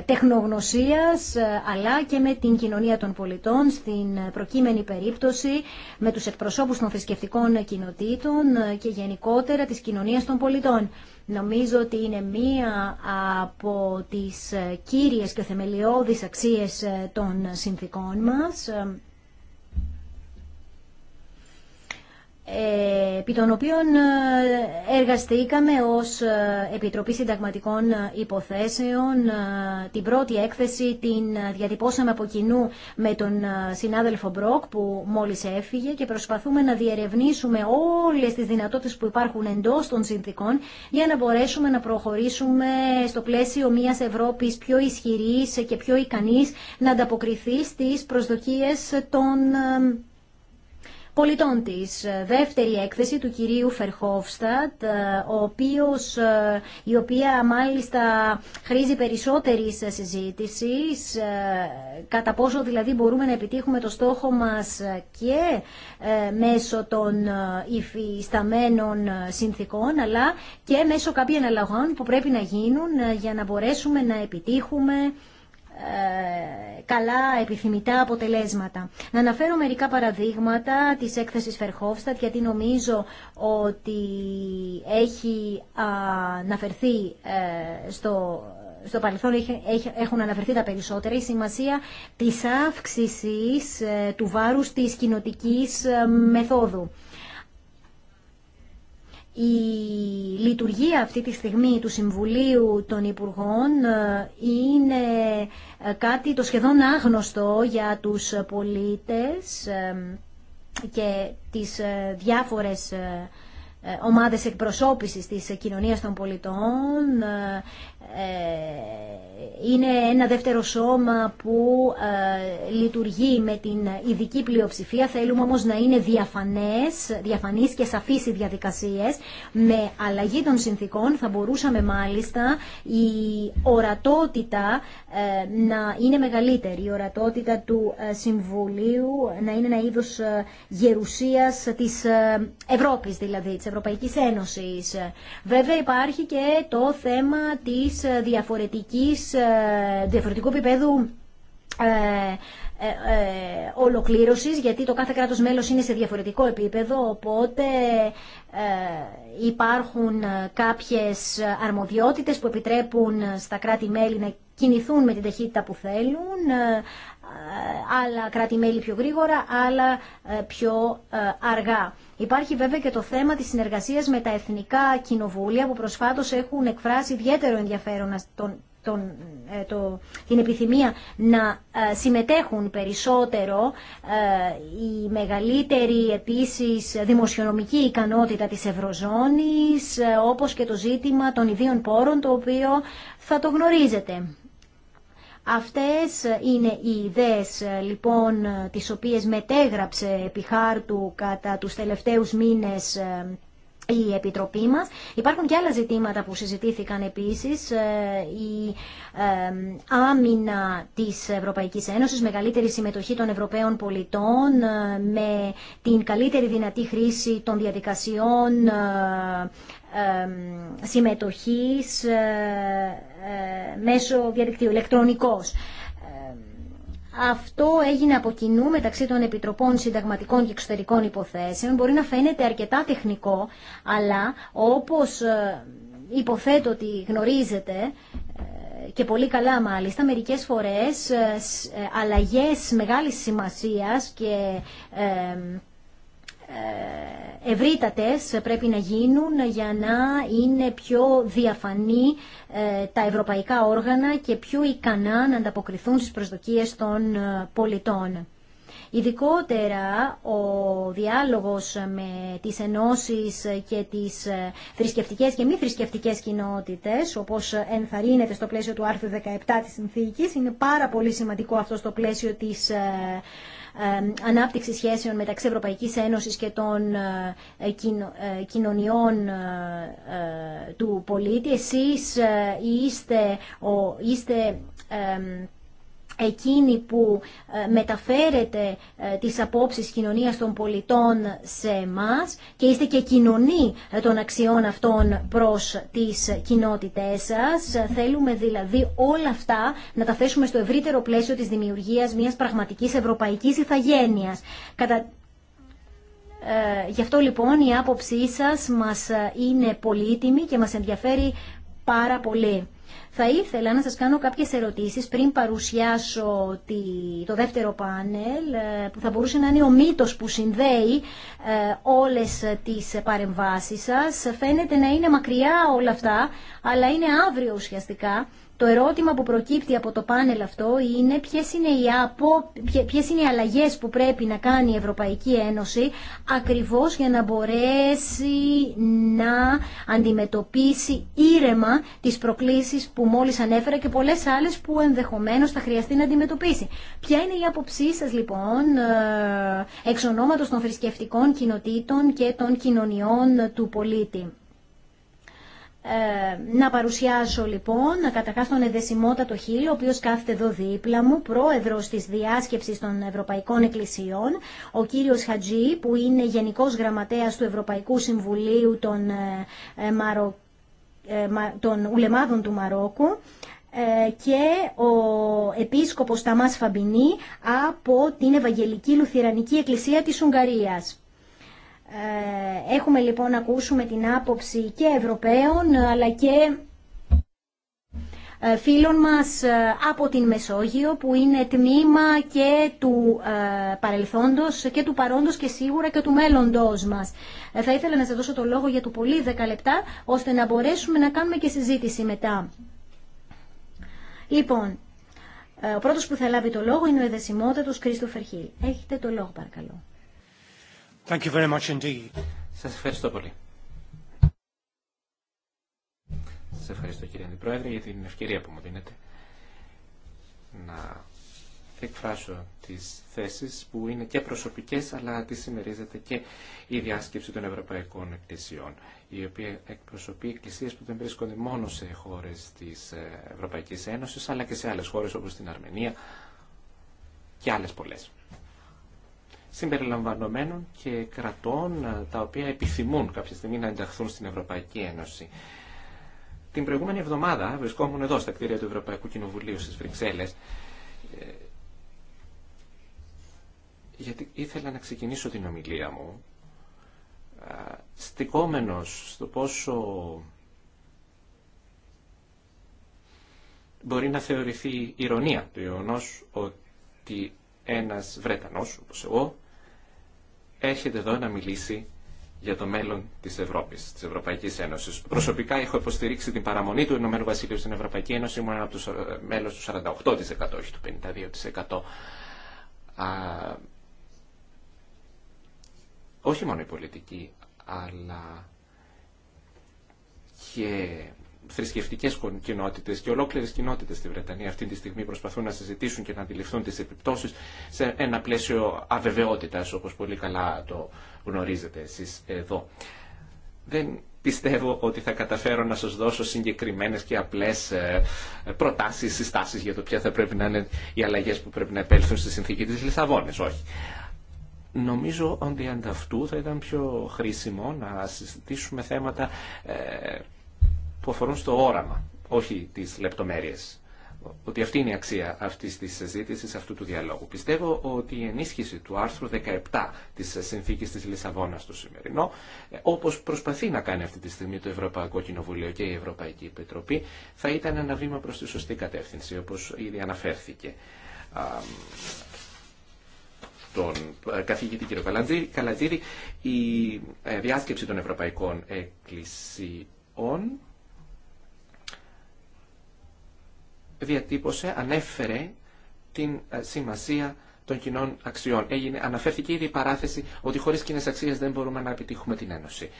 τεχνογνωσίας αλλά και με την κοινωνία των πολιτών στην προκείμενη περίπτωση με τους εκπροσώπους των θρησκευτικών κοινοτήτων και γενικότερα της κοινωνίας των πολιτών. Νομίζω ότι είναι μία από τις κύριες και θεμελιώδεις αξίες ε, των συνθήκων μας επί των οποίων ε, εργαστήκαμε ως ε, Επιτροπή Συνταγματικών Υποθέσεων. Ε, την πρώτη έκθεση την διατυπώσαμε από κοινού με τον συνάδελφο Μπρόκ που μόλις έφυγε και προσπαθούμε να διερευνήσουμε όλες τις δυνατότητες που υπάρχουν εντός των συνθήκων για να μπορέσουμε να προχωρήσουμε στο πλαίσιο μιας Ευρώπης πιο ισχυρής και πιο ικανής να ανταποκριθεί στις προσδοκίες των πολιτών Δεύτερη έκθεση του κυρίου Φερχόφστατ, ε, ο οποίος, ε, η οποία μάλιστα χρήζει περισσότερη συζήτηση ε, κατά πόσο δηλαδή μπορούμε να επιτύχουμε το στόχο μας και μέσω των υφισταμένων συνθήκων, αλλά και μέσω κάποιων αλλαγών που πρέπει να γίνουν για να μπορέσουμε να επιτύχουμε ε, καλά επιθυμητά αποτελέσματα. Να αναφέρω μερικά παραδείγματα της έκθεσης Φερχόφστατ γιατί νομίζω ότι έχει αναφερθεί ε, στο στο παρελθόν έχουν αναφερθεί τα περισσότερα, η σημασία της αύξησης ε, του βάρους της κοινοτικής μεθόδου. Η λειτουργία αυτή τη στιγμή του Συμβουλίου των Υπουργών ε, είναι ε, κάτι το σχεδόν άγνωστο για τους πολίτες ε, και τις διάφορες ομάδες εκπροσώπησης της κοινωνίας των πολιτών. Ε, είναι ένα δεύτερο σώμα που ε, λειτουργεί με την ειδική πλειοψηφία. Θέλουμε όμως να είναι διαφανές, διαφανείς και σαφείς οι διαδικασίες. Με αλλαγή των συνθήκων θα μπορούσαμε μάλιστα η ορατότητα ε, να είναι μεγαλύτερη. Η ορατότητα του Συμβουλίου να είναι ένα είδος γερουσίας της Ευρώπης δηλαδή, της Ευρωπαϊκής Ένωσης. Βέβαια υπάρχει και το θέμα της ε, διαφορετικής, ε, διαφορετικού επίπεδου ε, ολοκλήρωσης, γιατί το κάθε κράτος μέλος είναι σε διαφορετικό επίπεδο, οπότε υπάρχουν κάποιες αρμοδιότητες που επιτρέπουν στα κράτη-μέλη να κινηθούν με την ταχύτητα που θέλουν, άλλα κράτη-μέλη πιο γρήγορα, άλλα πιο αργά. Υπάρχει βέβαια και το θέμα της συνεργασίας με τα εθνικά κοινοβούλια που προσφάτως έχουν εκφράσει ιδιαίτερο ενδιαφέρον τον, ε, το, την επιθυμία να ε, συμμετέχουν περισσότερο η ε, μεγαλύτερη επίσης δημοσιονομική ικανότητα της Ευρωζώνης όπως και το ζήτημα των ιδίων πόρων το οποίο θα το γνωρίζετε. Αυτές είναι οι ιδέες λοιπόν τις οποίες μετέγραψε επί χάρτου κατά τους τελευταίους μήνες ε, η Επιτροπή μας. Υπάρχουν και άλλα ζητήματα που συζητήθηκαν επίσης. Ε, η ε, άμυνα της Ευρωπαϊκής Ένωσης, μεγαλύτερη συμμετοχή των Ευρωπαίων πολιτών, με την καλύτερη δυνατή χρήση των διαδικασιών συμμετοχής ε, ε, μέσω διαδικτύου, ηλεκτρονικός. Αυτό έγινε από κοινού μεταξύ των Επιτροπών Συνταγματικών και Εξωτερικών Υποθέσεων. Μπορεί να φαίνεται αρκετά τεχνικό, αλλά όπως ε, υποθέτω ότι γνωρίζετε, και πολύ καλά μάλιστα, μερικές φορές αλλαγές μεγάλης σημασίας και ε, ευρύτατες πρέπει να γίνουν για να είναι πιο διαφανή ε, τα ευρωπαϊκά όργανα και πιο ικανά να ανταποκριθούν στις προσδοκίες των ε, πολιτών. Ειδικότερα ο διάλογος με τις ενώσεις και τις θρησκευτικές και μη θρησκευτικές κοινότητες, όπως ενθαρρύνεται στο πλαίσιο του άρθρου 17 της συνθήκης, είναι πάρα πολύ σημαντικό αυτό στο πλαίσιο της ανάπτυξη σχέσεων μεταξύ Ευρωπαϊκής Ένωσης και των ε, ε, κοινωνιών ε, του πολίτη. Εσείς είστε, είστε εκείνη που ε, μεταφέρετε ε, τις απόψεις κοινωνίας των πολιτών σε εμάς και είστε και κοινωνοί ε, των αξιών αυτών προς τις κοινότητές σας. Θέλουμε δηλαδή όλα αυτά να τα θέσουμε στο ευρύτερο πλαίσιο της δημιουργίας μιας πραγματικής ευρωπαϊκής ηθαγένειας. Κατα... γι' αυτό λοιπόν η άποψή σας μας είναι πολύτιμη και μας ενδιαφέρει πάρα πολύ. Θα ήθελα να σας κάνω κάποιες ερωτήσεις πριν παρουσιάσω το δεύτερο πάνελ ε, που θα μπορούσε να είναι ο μύτος που συνδέει ε, όλες τις παρεμβάσεις σας. Φαίνεται να είναι μακριά όλα αυτά, αλλά είναι αύριο ουσιαστικά το ερώτημα που προκύπτει από το πάνελ αυτό είναι ποιες είναι οι, απο, ποιες είναι οι αλλαγές που πρέπει να κάνει η Ευρωπαϊκή Ένωση ακριβώς για να μπορέσει να αντιμετωπίσει ήρεμα τις προκλήσεις που μόλις ανέφερα και πολλές άλλες που ενδεχομένως θα χρειαστεί να αντιμετωπίσει. Ποια είναι η άποψή σας λοιπόν ε, εξ ονόματος των θρησκευτικών κοινοτήτων και των κοινωνιών του πολίτη. Ε, να παρουσιάσω λοιπόν καταρχάς τον Εδεσιμότατο Χίλ, ο οποίος κάθεται εδώ δίπλα μου, πρόεδρος της Διάσκεψης των Ευρωπαϊκών Εκκλησιών, ο κύριος Χατζή, που είναι Γενικός Γραμματέας του Ευρωπαϊκού Συμβουλίου των, ε, ε, Ουλεμάδων του Μαρόκου, και ο επίσκοπος Ταμάς Φαμπινή από την Ευαγγελική Λουθυρανική Εκκλησία της Ουγγαρίας. Ε, έχουμε λοιπόν να ακούσουμε την άποψη και Ευρωπαίων αλλά και ε, φίλων μας ε, από την Μεσόγειο που είναι τμήμα και του παρελθόντος και του παρόντος και σίγουρα και του μέλλοντός μας. Θα ήθελα να σας δώσω το λόγο για του πολύ 10 λεπτά ώστε να μπορέσουμε να κάνουμε και συζήτηση μετά. Λοιπόν, ο πρώτος που θα λάβει το λόγο είναι ο εδεσιμότατος Κρίστοφερ Χίλ. Έχετε το λόγο παρακαλώ. Thank you very much indeed. Σας ευχαριστώ πολύ. Σας ευχαριστώ κύριε Αντιπρόεδρε για την ευκαιρία που μου δίνετε να εκφράσω τις θέσεις που είναι και προσωπικές αλλά τι συμμερίζεται και η διάσκεψη των Ευρωπαϊκών Εκκλησιών η οποία εκπροσωπεί εκκλησίες που δεν βρίσκονται μόνο σε χώρες της ε, Ευρωπαϊκής Ένωσης αλλά και σε άλλες χώρες όπως την Αρμενία και άλλες πολλές συμπεριλαμβανομένων και κρατών ε, τα οποία επιθυμούν κάποια στιγμή να ενταχθούν στην Ευρωπαϊκή Ένωση. Την προηγούμενη εβδομάδα βρισκόμουν εδώ στα κτίρια του Ευρωπαϊκού Κοινοβουλίου στις Βρυξέλλες ε, γιατί ήθελα να ξεκινήσω την ομιλία μου ε, στικόμενος στο πόσο μπορεί να θεωρηθεί ηρωνία του γεγονό ότι ένας Βρετανός, όπως εγώ, έρχεται εδώ να μιλήσει για το μέλλον της Ευρώπης, της Ευρωπαϊκής Ένωσης. Προσωπικά έχω υποστηρίξει την παραμονή του Ηνωμένου Βασιλείου στην Ευρωπαϊκή Ένωση, ήμουν από ε, του μέλου του 48%, όχι του 52%. Α, όχι μόνο η πολιτική, αλλά και θρησκευτικέ κοινότητε και ολόκληρε κοινότητε στη Βρετανία αυτή τη στιγμή προσπαθούν να συζητήσουν και να αντιληφθούν τι επιπτώσει σε ένα πλαίσιο αβεβαιότητα, όπω πολύ καλά το γνωρίζετε εσεί εδώ. Δεν πιστεύω ότι θα καταφέρω να σας δώσω συγκεκριμένες και απλές ε, προτάσεις, συστάσεις για το ποια θα πρέπει να είναι οι αλλαγές που πρέπει να επέλθουν στη συνθήκη της Λισαβόνης. Όχι. Νομίζω ότι ανταυτού θα ήταν πιο χρήσιμο να συζητήσουμε θέματα ε, που αφορούν στο όραμα, όχι τι λεπτομέρειε, Ότι αυτή είναι η αξία αυτή τη συζήτηση, αυτού του διαλόγου. Πιστεύω ότι η ενίσχυση του άρθρου 17 της συνθήκης της Λισαβόνας στο σημερινό, όπως προσπαθεί να κάνει αυτή τη στιγμή το Ευρωπαϊκό Κοινοβουλίο και η Ευρωπαϊκή Επιτροπή, θα ήταν ένα βήμα προ τη σωστή κατεύθυνση, όπω ήδη αναφέρθηκε τον ε, καθηγητή κ. Καλατζήρη, η ε, διάσκεψη των Ευρωπαϊκών Εκκλησιών διατύπωσε ανέφερε την ε, σημασία των κοινών αξιών. Έγινε, αναφέρθηκε ήδη η παράθεση ότι χωρίς κοινέ αξίες δεν μπορούμε να επιτύχουμε την Ένωση.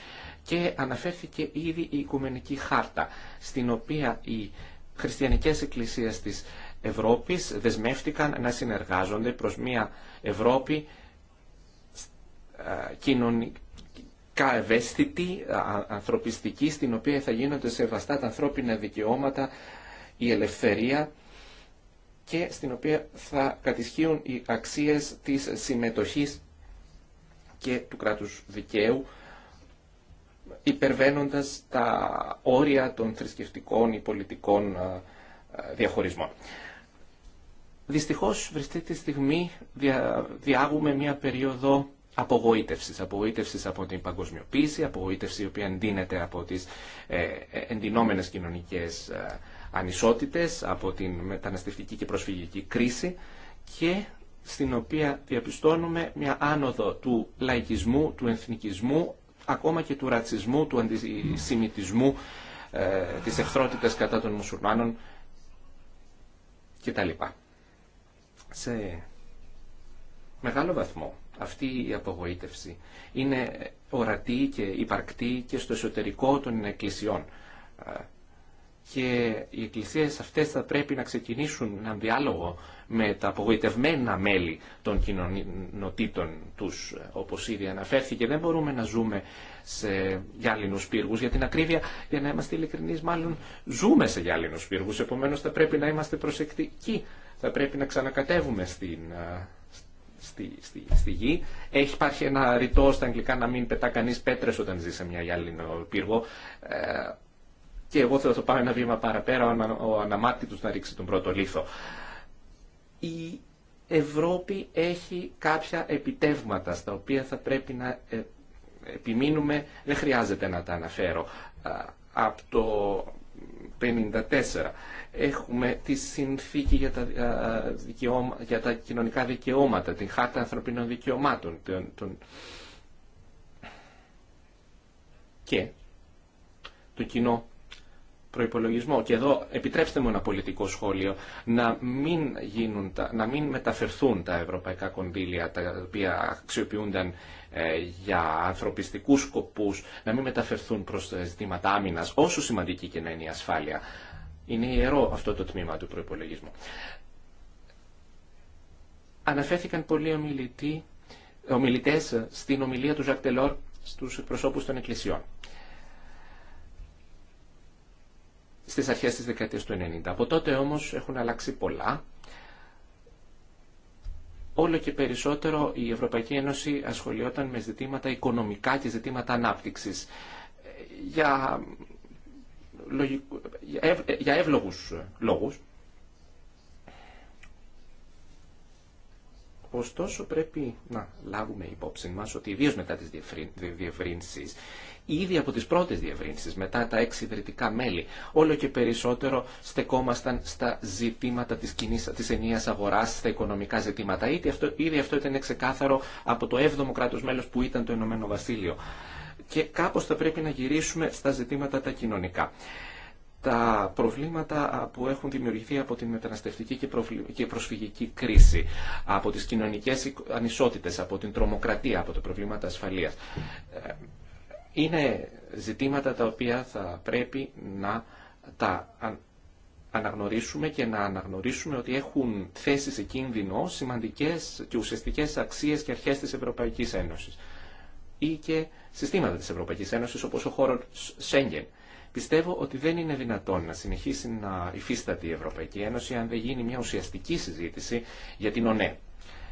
Και αναφέρθηκε ήδη η Οικουμενική Χάρτα, στην οποία οι χριστιανικές εκκλησίες της Ευρώπης δεσμεύτηκαν να συνεργάζονται προς μια Ευρώπη ε, κοινωνικά ευαίσθητη, ανθρωπιστική, στην οποία θα γίνονται σεβαστά τα ανθρώπινα δικαιώματα, η ελευθερία και στην οποία θα κατησχύουν οι αξίες της συμμετοχής και του κράτους δικαίου, υπερβαίνοντας τα όρια των θρησκευτικών ή πολιτικών διαχωρισμών. Δυστυχώς, αυτή τη στιγμή διάγουμε μια περίοδο απογοήτευσης. Απογοήτευσης από την παγκοσμιοποίηση, απογοήτευση η πολιτικων διαχωρισμων δυστυχως βρισκει τη στιγμη διαγουμε εντείνεται από τις ε, ε, εντυνόμενες κοινωνικές ε, ανισότητες από την μεταναστευτική και προσφυγική κρίση και στην οποία διαπιστώνουμε μια άνοδο του λαϊκισμού, του εθνικισμού, ακόμα και του ρατσισμού, του αντισημιτισμού, ε, της εχθρότητας κατά των μουσουλμάνων κτλ. Σε μεγάλο βαθμό αυτή η απογοήτευση είναι ορατή και υπαρκτή και στο εσωτερικό των εκκλησιών. Ε, και οι εκκλησίες αυτές θα πρέπει να ξεκινήσουν έναν διάλογο με τα απογοητευμένα μέλη των κοινωνοτήτων τους, όπως ήδη αναφέρθηκε. Δεν μπορούμε να ζούμε σε γυάλινους πύργους. Για την ακρίβεια, για να είμαστε ειλικρινείς, μάλλον ζούμε σε γυάλινους πύργους. Επομένως, θα πρέπει να είμαστε προσεκτικοί. Θα πρέπει να ξανακατεύουμε στην, στη, στη, στη γη. Έχει υπάρχει ένα ρητό στα αγγλικά να μην πετά κανείς πέτρες όταν ζει σε μια γυάλινο πύργο. Ε, και εγώ θέλω να το πάω ένα βήμα παραπέρα, ο αναμάρτητος να ρίξει τον πρώτο λίθο. Η Ευρώπη έχει κάποια επιτεύγματα στα οποία θα πρέπει να ε, επιμείνουμε, δεν χρειάζεται να τα αναφέρω. Από το 54 έχουμε τη συνθήκη για τα, κοινωνικά δικαιώματα, την χάρτα ανθρωπίνων δικαιωμάτων. Και το κοινό προϋπολογισμό. Και εδώ επιτρέψτε μου ένα πολιτικό σχόλιο να μην, γίνουν, να μην μεταφερθούν τα ευρωπαϊκά κονδύλια τα οποία αξιοποιούνταν ε, για ανθρωπιστικούς σκοπούς, να μην μεταφερθούν προς ζητήματα άμυνα, όσο σημαντική και να είναι η ασφάλεια. Είναι ιερό αυτό το τμήμα του προϋπολογισμού. Αναφέρθηκαν πολλοί ομιλητέ ομιλητές στην ομιλία του Ζακ Τελόρ στους προσώπους των εκκλησιών. στις αρχές της δεκαετίας του 90. Από τότε όμως έχουν αλλάξει πολλά. Όλο και περισσότερο η Ευρωπαϊκή Ένωση ασχολιόταν με ζητήματα οικονομικά και ζητήματα ανάπτυξης. Για, για εύλογους λόγους. Ωστόσο πρέπει να λάβουμε υπόψη μας ότι ιδίω μετά τις διευρύνσεις ήδη από τις πρώτες διευρύνσεις, μετά τα έξι μέλη, όλο και περισσότερο στεκόμασταν στα ζητήματα της, κοινής, της ενίας αγοράς, στα οικονομικά ζητήματα. Ήδη αυτό, ήδη αυτό ήταν ξεκάθαρο από το 7ο κράτος μέλος που ήταν το Ηνωμένο Βασίλειο. Και κάπως θα πρέπει να γυρίσουμε στα ζητήματα τα κοινωνικά τα προβλήματα που έχουν δημιουργηθεί από την μεταναστευτική και προσφυγική κρίση, από τις κοινωνικές ανισότητες, από την τρομοκρατία, από τα προβλήματα ασφαλείας. Ε, είναι ζητήματα τα οποία θα πρέπει να τα αναγνωρίσουμε και να αναγνωρίσουμε ότι έχουν θέσει σε κίνδυνο σημαντικές και ουσιαστικές αξίες και αρχές της Ευρωπαϊκής Ένωσης ή και συστήματα της Ευρωπαϊκής Ένωσης όπως ο χώρος Σέγγεν. Πιστεύω ότι δεν είναι δυνατόν να συνεχίσει να υφίσταται η Ευρωπαϊκή Ένωση αν δεν γίνει μια ουσιαστική συζήτηση για την ΟΝΕ,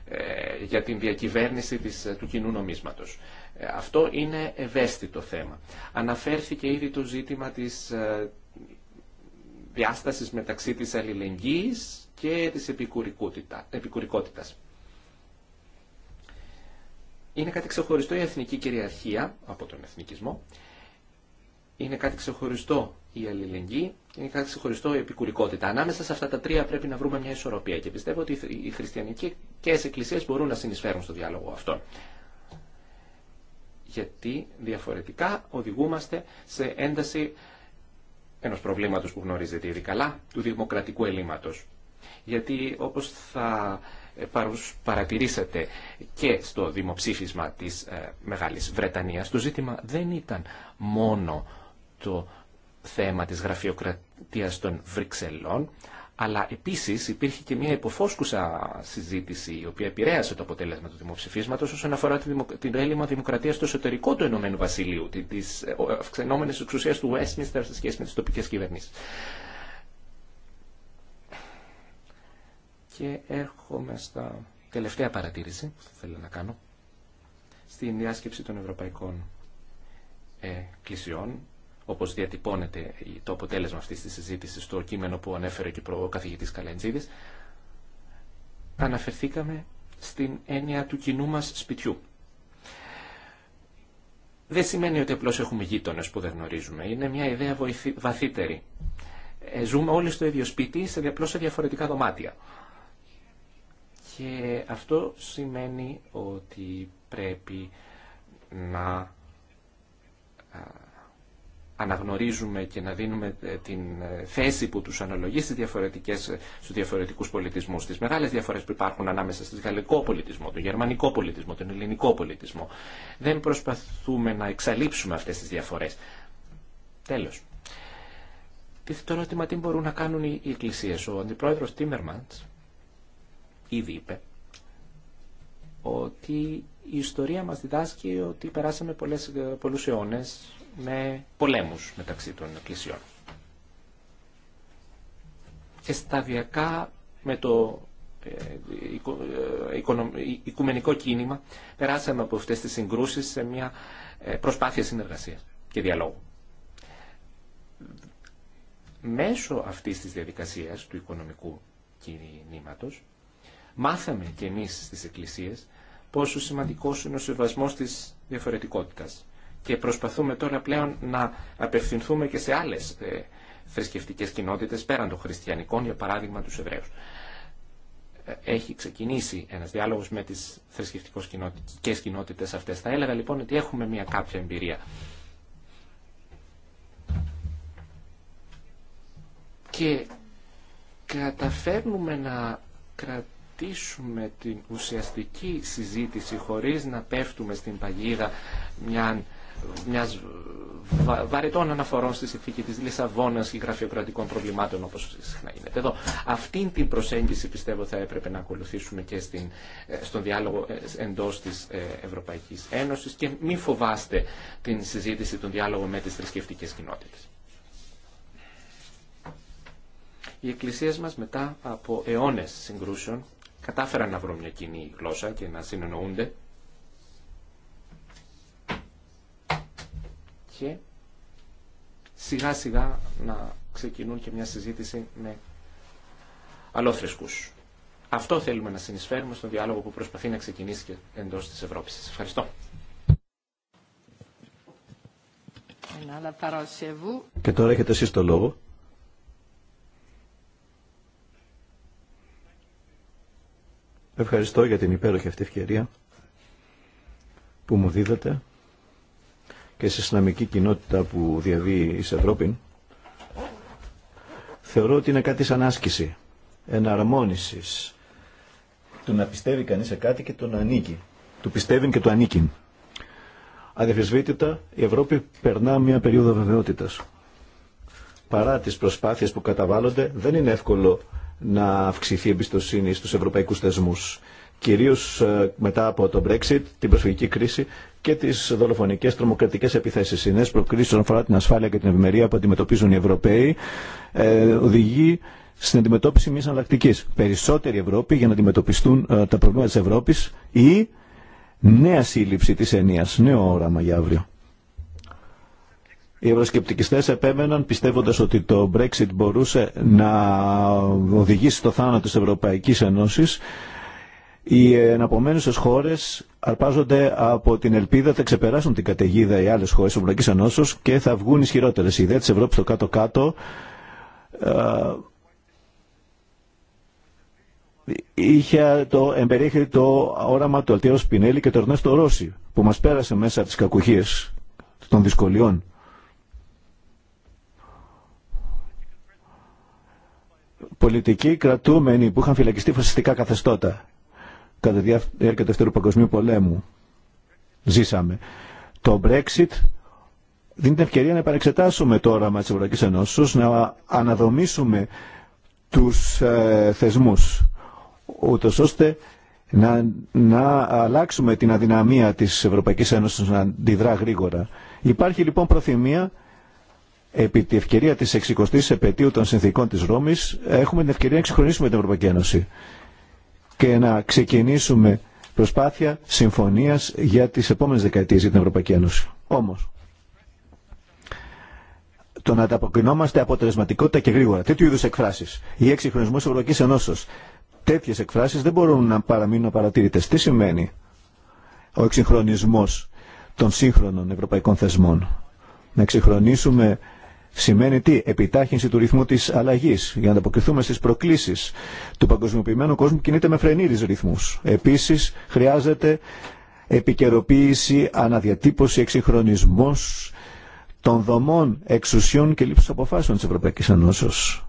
ε, για την διακυβέρνηση του κοινού νομίσματος. Ε, αυτό είναι ευαίσθητο θέμα. Αναφέρθηκε ήδη το ζήτημα της ε, διάστασης μεταξύ της αλληλεγγύης και της επικουρικότητας. Είναι κάτι ξεχωριστό η εθνική κυριαρχία από τον εθνικισμό. Είναι κάτι ξεχωριστό η αλληλεγγύη. Είναι κάτι ξεχωριστό η επικουρικότητα. Ανάμεσα σε αυτά τα τρία πρέπει να βρούμε μια ισορροπία και πιστεύω ότι οι χριστιανικές εκκλησίες μπορούν να συνεισφέρουν στο διάλογο αυτό γιατί διαφορετικά οδηγούμαστε σε ένταση ενό προβλήματος που γνωρίζετε ήδη καλά, του δημοκρατικού ελλείμματο. Γιατί όπως θα ε, παρατηρήσατε και στο δημοψήφισμα της ε, Μεγάλης Βρετανίας, το ζήτημα δεν ήταν μόνο το θέμα της γραφειοκρατίας των Βρυξελών, αλλά επίση υπήρχε και μια υποφόσκουσα συζήτηση η οποία επηρέασε το αποτέλεσμα του δημοψηφίσματος όσον αφορά την έλλειμμα δημοκρατία στο εσωτερικό του Ενωμένου Βασιλείου, της ε, αυξανόμενης εξουσία του Westminster σε σχέση με τι τοπικές κυβερνήσεις. Και έρχομαι στα τελευταία παρατήρηση που θα θέλω να κάνω στην διάσκεψη των Ευρωπαϊκών Εκκλησιών Όπω διατυπώνεται το αποτέλεσμα αυτή τη συζήτηση στο κείμενο που ανέφερε και ο καθηγητή Καλεντζίδης, αναφερθήκαμε στην έννοια του κοινού μα σπιτιού. Δεν σημαίνει ότι απλώ έχουμε γείτονε που δεν γνωρίζουμε. Είναι μια ιδέα βαθύτερη. Ε, ζούμε όλοι στο ίδιο σπίτι, σε, απλώς σε διαφορετικά δωμάτια. Και αυτό σημαίνει ότι πρέπει να αναγνωρίζουμε και να δίνουμε ε, την ε, θέση που τους αναλογεί στις διαφορετικές, ε, στους διαφορετικούς πολιτισμούς, στις μεγάλες διαφορές που υπάρχουν ανάμεσα στον γαλλικό πολιτισμό, τον γερμανικό πολιτισμό, τον ελληνικό πολιτισμό. Δεν προσπαθούμε να εξαλείψουμε αυτές τις διαφορές. Τέλος. το ερώτημα τι μπορούν να κάνουν οι εκκλησίες. Ο αντιπρόεδρος Τίμερμαντς ήδη είπε ότι η ιστορία μας διδάσκει ότι περάσαμε πολλές, πολλούς αιώνες με πολέμους μεταξύ των εκκλησιών. Και σταδιακά με το ε, ε, οικουμενικό κίνημα περάσαμε από αυτές τις συγκρούσεις σε μια ε, προσπάθεια συνεργασίας και διαλόγου. Μέσω αυτής της διαδικασίας του οικονομικού κινήματος μάθαμε και εμείς στις εκκλησίες πόσο σημαντικός είναι ο σεβασμός της διαφορετικότητας και προσπαθούμε τώρα πλέον να απευθυνθούμε και σε άλλες ε, θρησκευτικέ κοινότητες πέραν των χριστιανικών, για παράδειγμα τους Εβραίους. Ε, έχει ξεκινήσει ένας διάλογος με τις θρησκευτικές κοινότητες αυτές. Θα έλεγα λοιπόν ότι έχουμε μια κάποια εμπειρία. Και καταφέρνουμε να κρατήσουμε την ουσιαστική συζήτηση χωρίς να πέφτουμε στην παγίδα μιαν μιας βαρετών αναφορών στη συνθήκη της Λισαβόνας και γραφειοκρατικών προβλημάτων όπως συχνά γίνεται εδώ. Αυτή την προσέγγιση πιστεύω θα έπρεπε να ακολουθήσουμε και ε, στον διάλογο ε, εντός της ε, Ευρωπαϊκής Ένωσης και μη φοβάστε την συζήτηση, τον διάλογο με τις θρησκευτικέ κοινότητες. Οι εκκλησίες μας μετά από αιώνες συγκρούσεων κατάφεραν να βρουν μια κοινή γλώσσα και να συνεννοούνται και σιγά σιγά να ξεκινούν και μια συζήτηση με αλόθρησκους. Αυτό θέλουμε να συνεισφέρουμε στον διάλογο που προσπαθεί να ξεκινήσει και εντός της Ευρώπης. Σας ευχαριστώ. Και τώρα έχετε εσείς το λόγο. Ευχαριστώ για την υπέροχη αυτή ευκαιρία που μου δίδεται και σε συναμική κοινότητα που διαβεί σε Ευρώπη, θεωρώ ότι είναι κάτι σαν άσκηση, εναρμόνισης. του να πιστεύει κανείς σε κάτι και το να ανήκει. Του πιστεύει και το ανήκει. Αδιαφεσβήτητα, η Ευρώπη περνά μια περίοδο βεβαιότητας. Παρά τις προσπάθειες που καταβάλλονται, δεν είναι εύκολο να αυξηθεί η εμπιστοσύνη στους ευρωπαϊκούς θεσμούς κυρίως ε, μετά από το Brexit, την προσφυγική κρίση και τις δολοφονικές τρομοκρατικές επιθέσεις. Οι νέες προκρίσεις όσον αφορά την ασφάλεια και την ευημερία που αντιμετωπίζουν οι Ευρωπαίοι ε, οδηγεί στην αντιμετώπιση μιας αναλλακτική. Περισσότερη Ευρώπη για να αντιμετωπιστούν ε, τα προβλήματα της Ευρώπης ή νέα σύλληψη της ενίας, νέο όραμα για αύριο. Οι ευρωσκεπτικιστές επέμεναν πιστεύοντας ότι το Brexit μπορούσε να οδηγήσει στο θάνατο της Ευρωπαϊκής Ένωσης οι εναπομένουσε χώρε αρπάζονται από την ελπίδα θα ξεπεράσουν την καταιγίδα οι άλλε χώρε τη Ευρωπαϊκή Ενώσεω και θα βγουν ισχυρότερε. Η ιδέα τη Ευρώπη στο κάτω-κάτω ε, είχε το, εμπεριέχει το όραμα του Αλτιέρο Σπινέλη και το Ερνέστο Ρώση που μας πέρασε μέσα από τις κακουχίες των δυσκολιών. Πολιτικοί κρατούμενοι που είχαν φυλακιστεί φασιστικά καθεστώτα κατά τη διάρκεια Δευτέρου Παγκοσμίου Πολέμου ζήσαμε. Το Brexit δίνει την ευκαιρία να επανεξετάσουμε το όραμα της Ευρωπαϊκής Ενώσης, να αναδομήσουμε τους ε, θεσμούς, ούτως ώστε να, να αλλάξουμε την αδυναμία της Ευρωπαϊκής Ένωσης να αντιδρά γρήγορα. Υπάρχει λοιπόν προθυμία επί τη ευκαιρία της 60ης επαιτίου των συνθήκων της Ρώμης έχουμε την ευκαιρία να εξυγχρονίσουμε την Ευρωπαϊκή Ένωση και να ξεκινήσουμε προσπάθεια συμφωνίας για τις επόμενες δεκαετίες για την Ευρωπαϊκή Ένωση. Όμως, το να ανταποκρινόμαστε αποτελεσματικότητα και γρήγορα. Τέτοιου είδου εκφράσει. Η εξυγχρονισμό της Ευρωπαϊκής Ένωσης, Τέτοιε εκφράσεις δεν μπορούν να παραμείνουν παρατήρητες. Τι σημαίνει ο εξυγχρονισμός των σύγχρονων ευρωπαϊκών θεσμών. Να εξυγχρονίσουμε Σημαίνει τι, επιτάχυνση του ρυθμού της αλλαγής για να ανταποκριθούμε στις προκλήσεις του παγκοσμιοποιημένου κόσμου κινείται με φρενήρις ρυθμούς. Επίσης χρειάζεται επικαιροποίηση, αναδιατύπωση, εξυγχρονισμός των δομών εξουσιών και λήψης αποφάσεων της Ευρωπαϊκής Ανώσεως.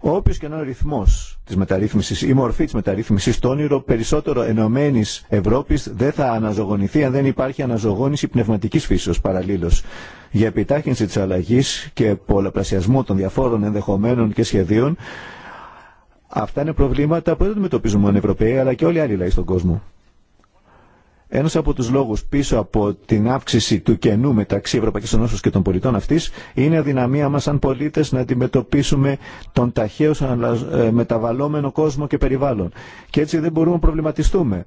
Όποιο και να ο ρυθμό τη μεταρρύθμιση, η μορφή τη μεταρρύθμιση, το όνειρο περισσότερο ενωμένη Ευρώπη δεν θα αναζωογονηθεί αν δεν υπάρχει αναζωογόνηση πνευματική φύσεω παραλίλω. Για επιτάχυνση τη αλλαγή και πολλαπλασιασμό των διαφόρων ενδεχομένων και σχεδίων, αυτά είναι προβλήματα που δεν αντιμετωπίζουμε μόνο οι Ευρωπαίοι αλλά και όλοι οι άλλοι λαοί στον κόσμο. Ένα από του λόγου πίσω από την αύξηση του κενού μεταξύ Ευρωπαϊκή Ένωση και των πολιτών αυτή είναι η αδυναμία μας σαν πολίτες να αντιμετωπίσουμε τον ταχαίως ε, μεταβαλλόμενο κόσμο και περιβάλλον. Και έτσι δεν μπορούμε να προβληματιστούμε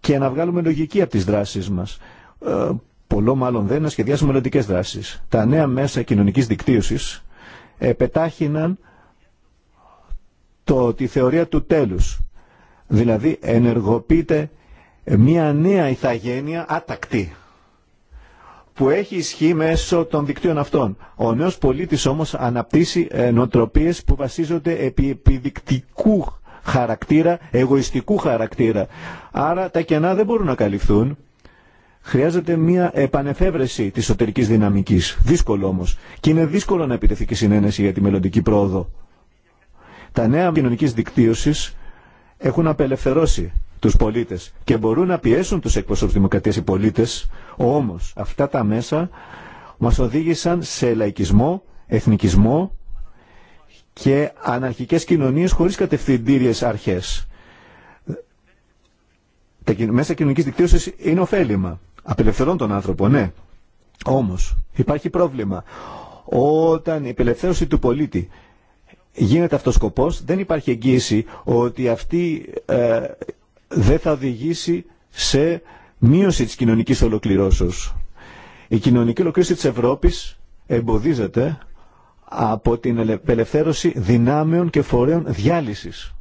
και να βγάλουμε λογική από τις δράσεις μας. Ε, πολλό μάλλον δεν να σχεδιάσουμε μελλοντικέ δράσει. Τα νέα μέσα κοινωνικής δικτύωσης επετάχυναν το, τη θεωρία του τέλου, Δηλαδή ενεργοποιείται ε, μια νέα ηθαγένεια άτακτη που έχει ισχύ μέσω των δικτύων αυτών. Ο νέος πολίτης όμως αναπτύσσει ε, νοοτροπίες που βασίζονται επί επιδικτικού χαρακτήρα, εγωιστικού χαρακτήρα. Άρα τα κενά δεν μπορούν να καλυφθούν. Χρειάζεται μια επανεφεύρεση της εσωτερική δυναμικής. Δύσκολο όμως. Και είναι δύσκολο να επιτεθεί και συνένεση για τη μελλοντική πρόοδο. Τα νέα κοινωνικής δικτύωσης έχουν απελευθερώσει τους πολίτες και μπορούν να πιέσουν τους εκπροσώπους δημοκρατία οι πολίτες, όμως αυτά τα μέσα μας οδήγησαν σε λαϊκισμό, εθνικισμό και αναρχικέ κοινωνίες χωρίς κατευθυντήριες αρχές. Τα μέσα κοινωνική δικτύωση είναι ωφέλιμα. Απελευθερών τον άνθρωπο, ναι. Όμως υπάρχει πρόβλημα. Όταν η απελευθέρωση του πολίτη γίνεται αυτός σκοπός, δεν υπάρχει εγγύηση ότι αυτή ε, δεν θα οδηγήσει σε μείωση της κοινωνικής ολοκληρώσεως. Η κοινωνική ολοκλήρωση της Ευρώπης εμποδίζεται από την απελευθέρωση δυνάμεων και φορέων διάλυσης.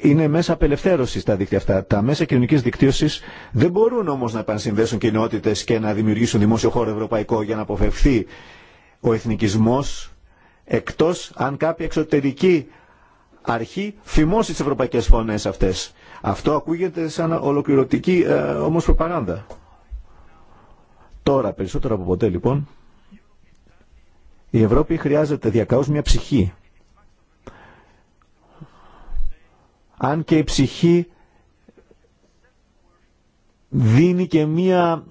Είναι μέσα απελευθέρωση τα δίκτυα αυτά. Τα μέσα κοινωνική δικτύωση δεν μπορούν όμω να επανσυνδέσουν κοινότητε και να δημιουργήσουν δημόσιο χώρο ευρωπαϊκό για να αποφευθεί ο εθνικισμό εκτό αν κάποια εξωτερική αρχή φημώσει τι ευρωπαϊκέ φωνέ αυτές. Αυτό ακούγεται σαν ολοκληρωτική ε, όμως προπαγάνδα. Τώρα περισσότερο από ποτέ λοιπόν η Ευρώπη χρειάζεται διακαώ μια ψυχή. Αν και η ψυχή δίνει και μία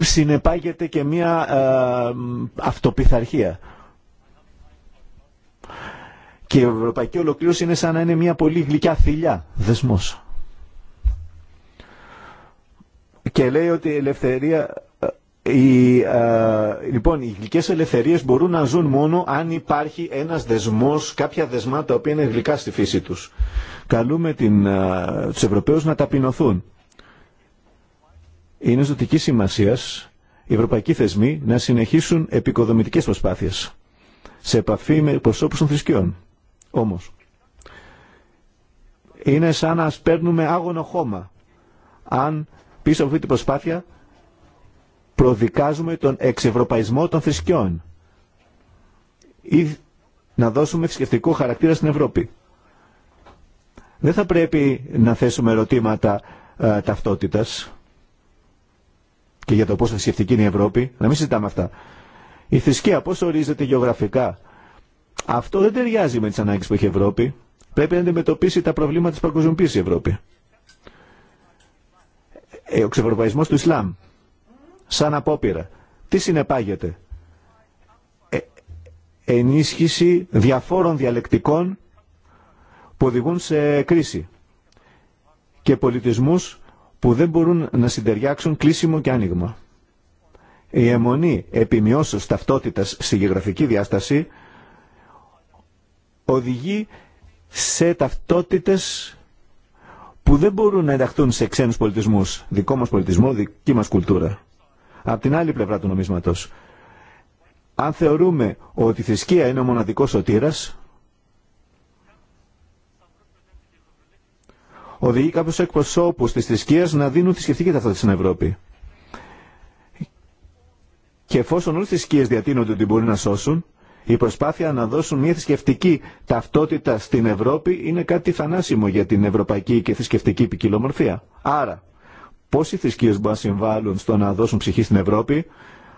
συνεπάγεται και μία ε, αυτοπιθαρχία. Και η ευρωπαϊκή ολοκλήρωση είναι σαν να είναι μια πολύ γλυκιά θηλιά, δεσμός. Και λέει ότι η ελευθερία... Ε, η, ε, λοιπόν, οι γλυκές ελευθερίες μπορούν να ζουν μόνο αν υπάρχει ένας δεσμός, κάποια δεσμά τα οποία είναι γλυκά στη φύση τους. Καλούμε την, Ευρωπαίου τους Ευρωπαίους να ταπεινωθούν. Είναι ζωτική σημασία οι ευρωπαϊκοί θεσμοί να συνεχίσουν επικοδομητικές προσπάθειες σε επαφή με προσώπους των θρησκειών. Όμως, είναι σαν να σπέρνουμε άγωνο χώμα. Αν πίσω από αυτή την προσπάθεια προδικάζουμε τον εξευρωπαϊσμό των θρησκειών ή να δώσουμε θρησκευτικό χαρακτήρα στην Ευρώπη. Δεν θα πρέπει να θέσουμε ερωτήματα ε, ταυτότητας και για το πόσο θρησκευτική είναι η Ευρώπη, να μην συζητάμε αυτά. Η θρησκεία πώς ορίζεται γεωγραφικά, αυτό δεν ταιριάζει με τι ανάγκε που έχει η Ευρώπη. Πρέπει να αντιμετωπίσει τα προβλήματα της παγκοσμιοποίηση η Ευρώπη. Ε, ο ξεφορβαισμός του Ισλάμ, σαν απόπειρα, τι συνεπάγεται. Ε, ενίσχυση διαφόρων διαλεκτικών που οδηγούν σε κρίση και πολιτισμούς που δεν μπορούν να συντεριάξουν κλείσιμο και άνοιγμα. Η αιμονή επιμειώσεως ταυτότητας στη γεωγραφική διάσταση οδηγεί σε ταυτότητες που δεν μπορούν να ενταχθούν σε ξένους πολιτισμούς, δικό μας πολιτισμό, δική μας κουλτούρα. Απ' την άλλη πλευρά του νομίσματος, αν θεωρούμε ότι η θρησκεία είναι ο μοναδικός σωτήρας, οδηγεί κάποιους εκπροσώπους της θρησκείας να δίνουν θρησκευτική ταυτότητα στην Ευρώπη. Και εφόσον όλες τις θρησκείες διατείνονται ότι μπορούν να σώσουν, η προσπάθεια να δώσουν μια θρησκευτική ταυτότητα στην Ευρώπη είναι κάτι θανάσιμο για την ευρωπαϊκή και θρησκευτική ποικιλομορφία. Άρα, πόσοι οι θρησκείες μπορούν να συμβάλλουν στο να δώσουν ψυχή στην Ευρώπη,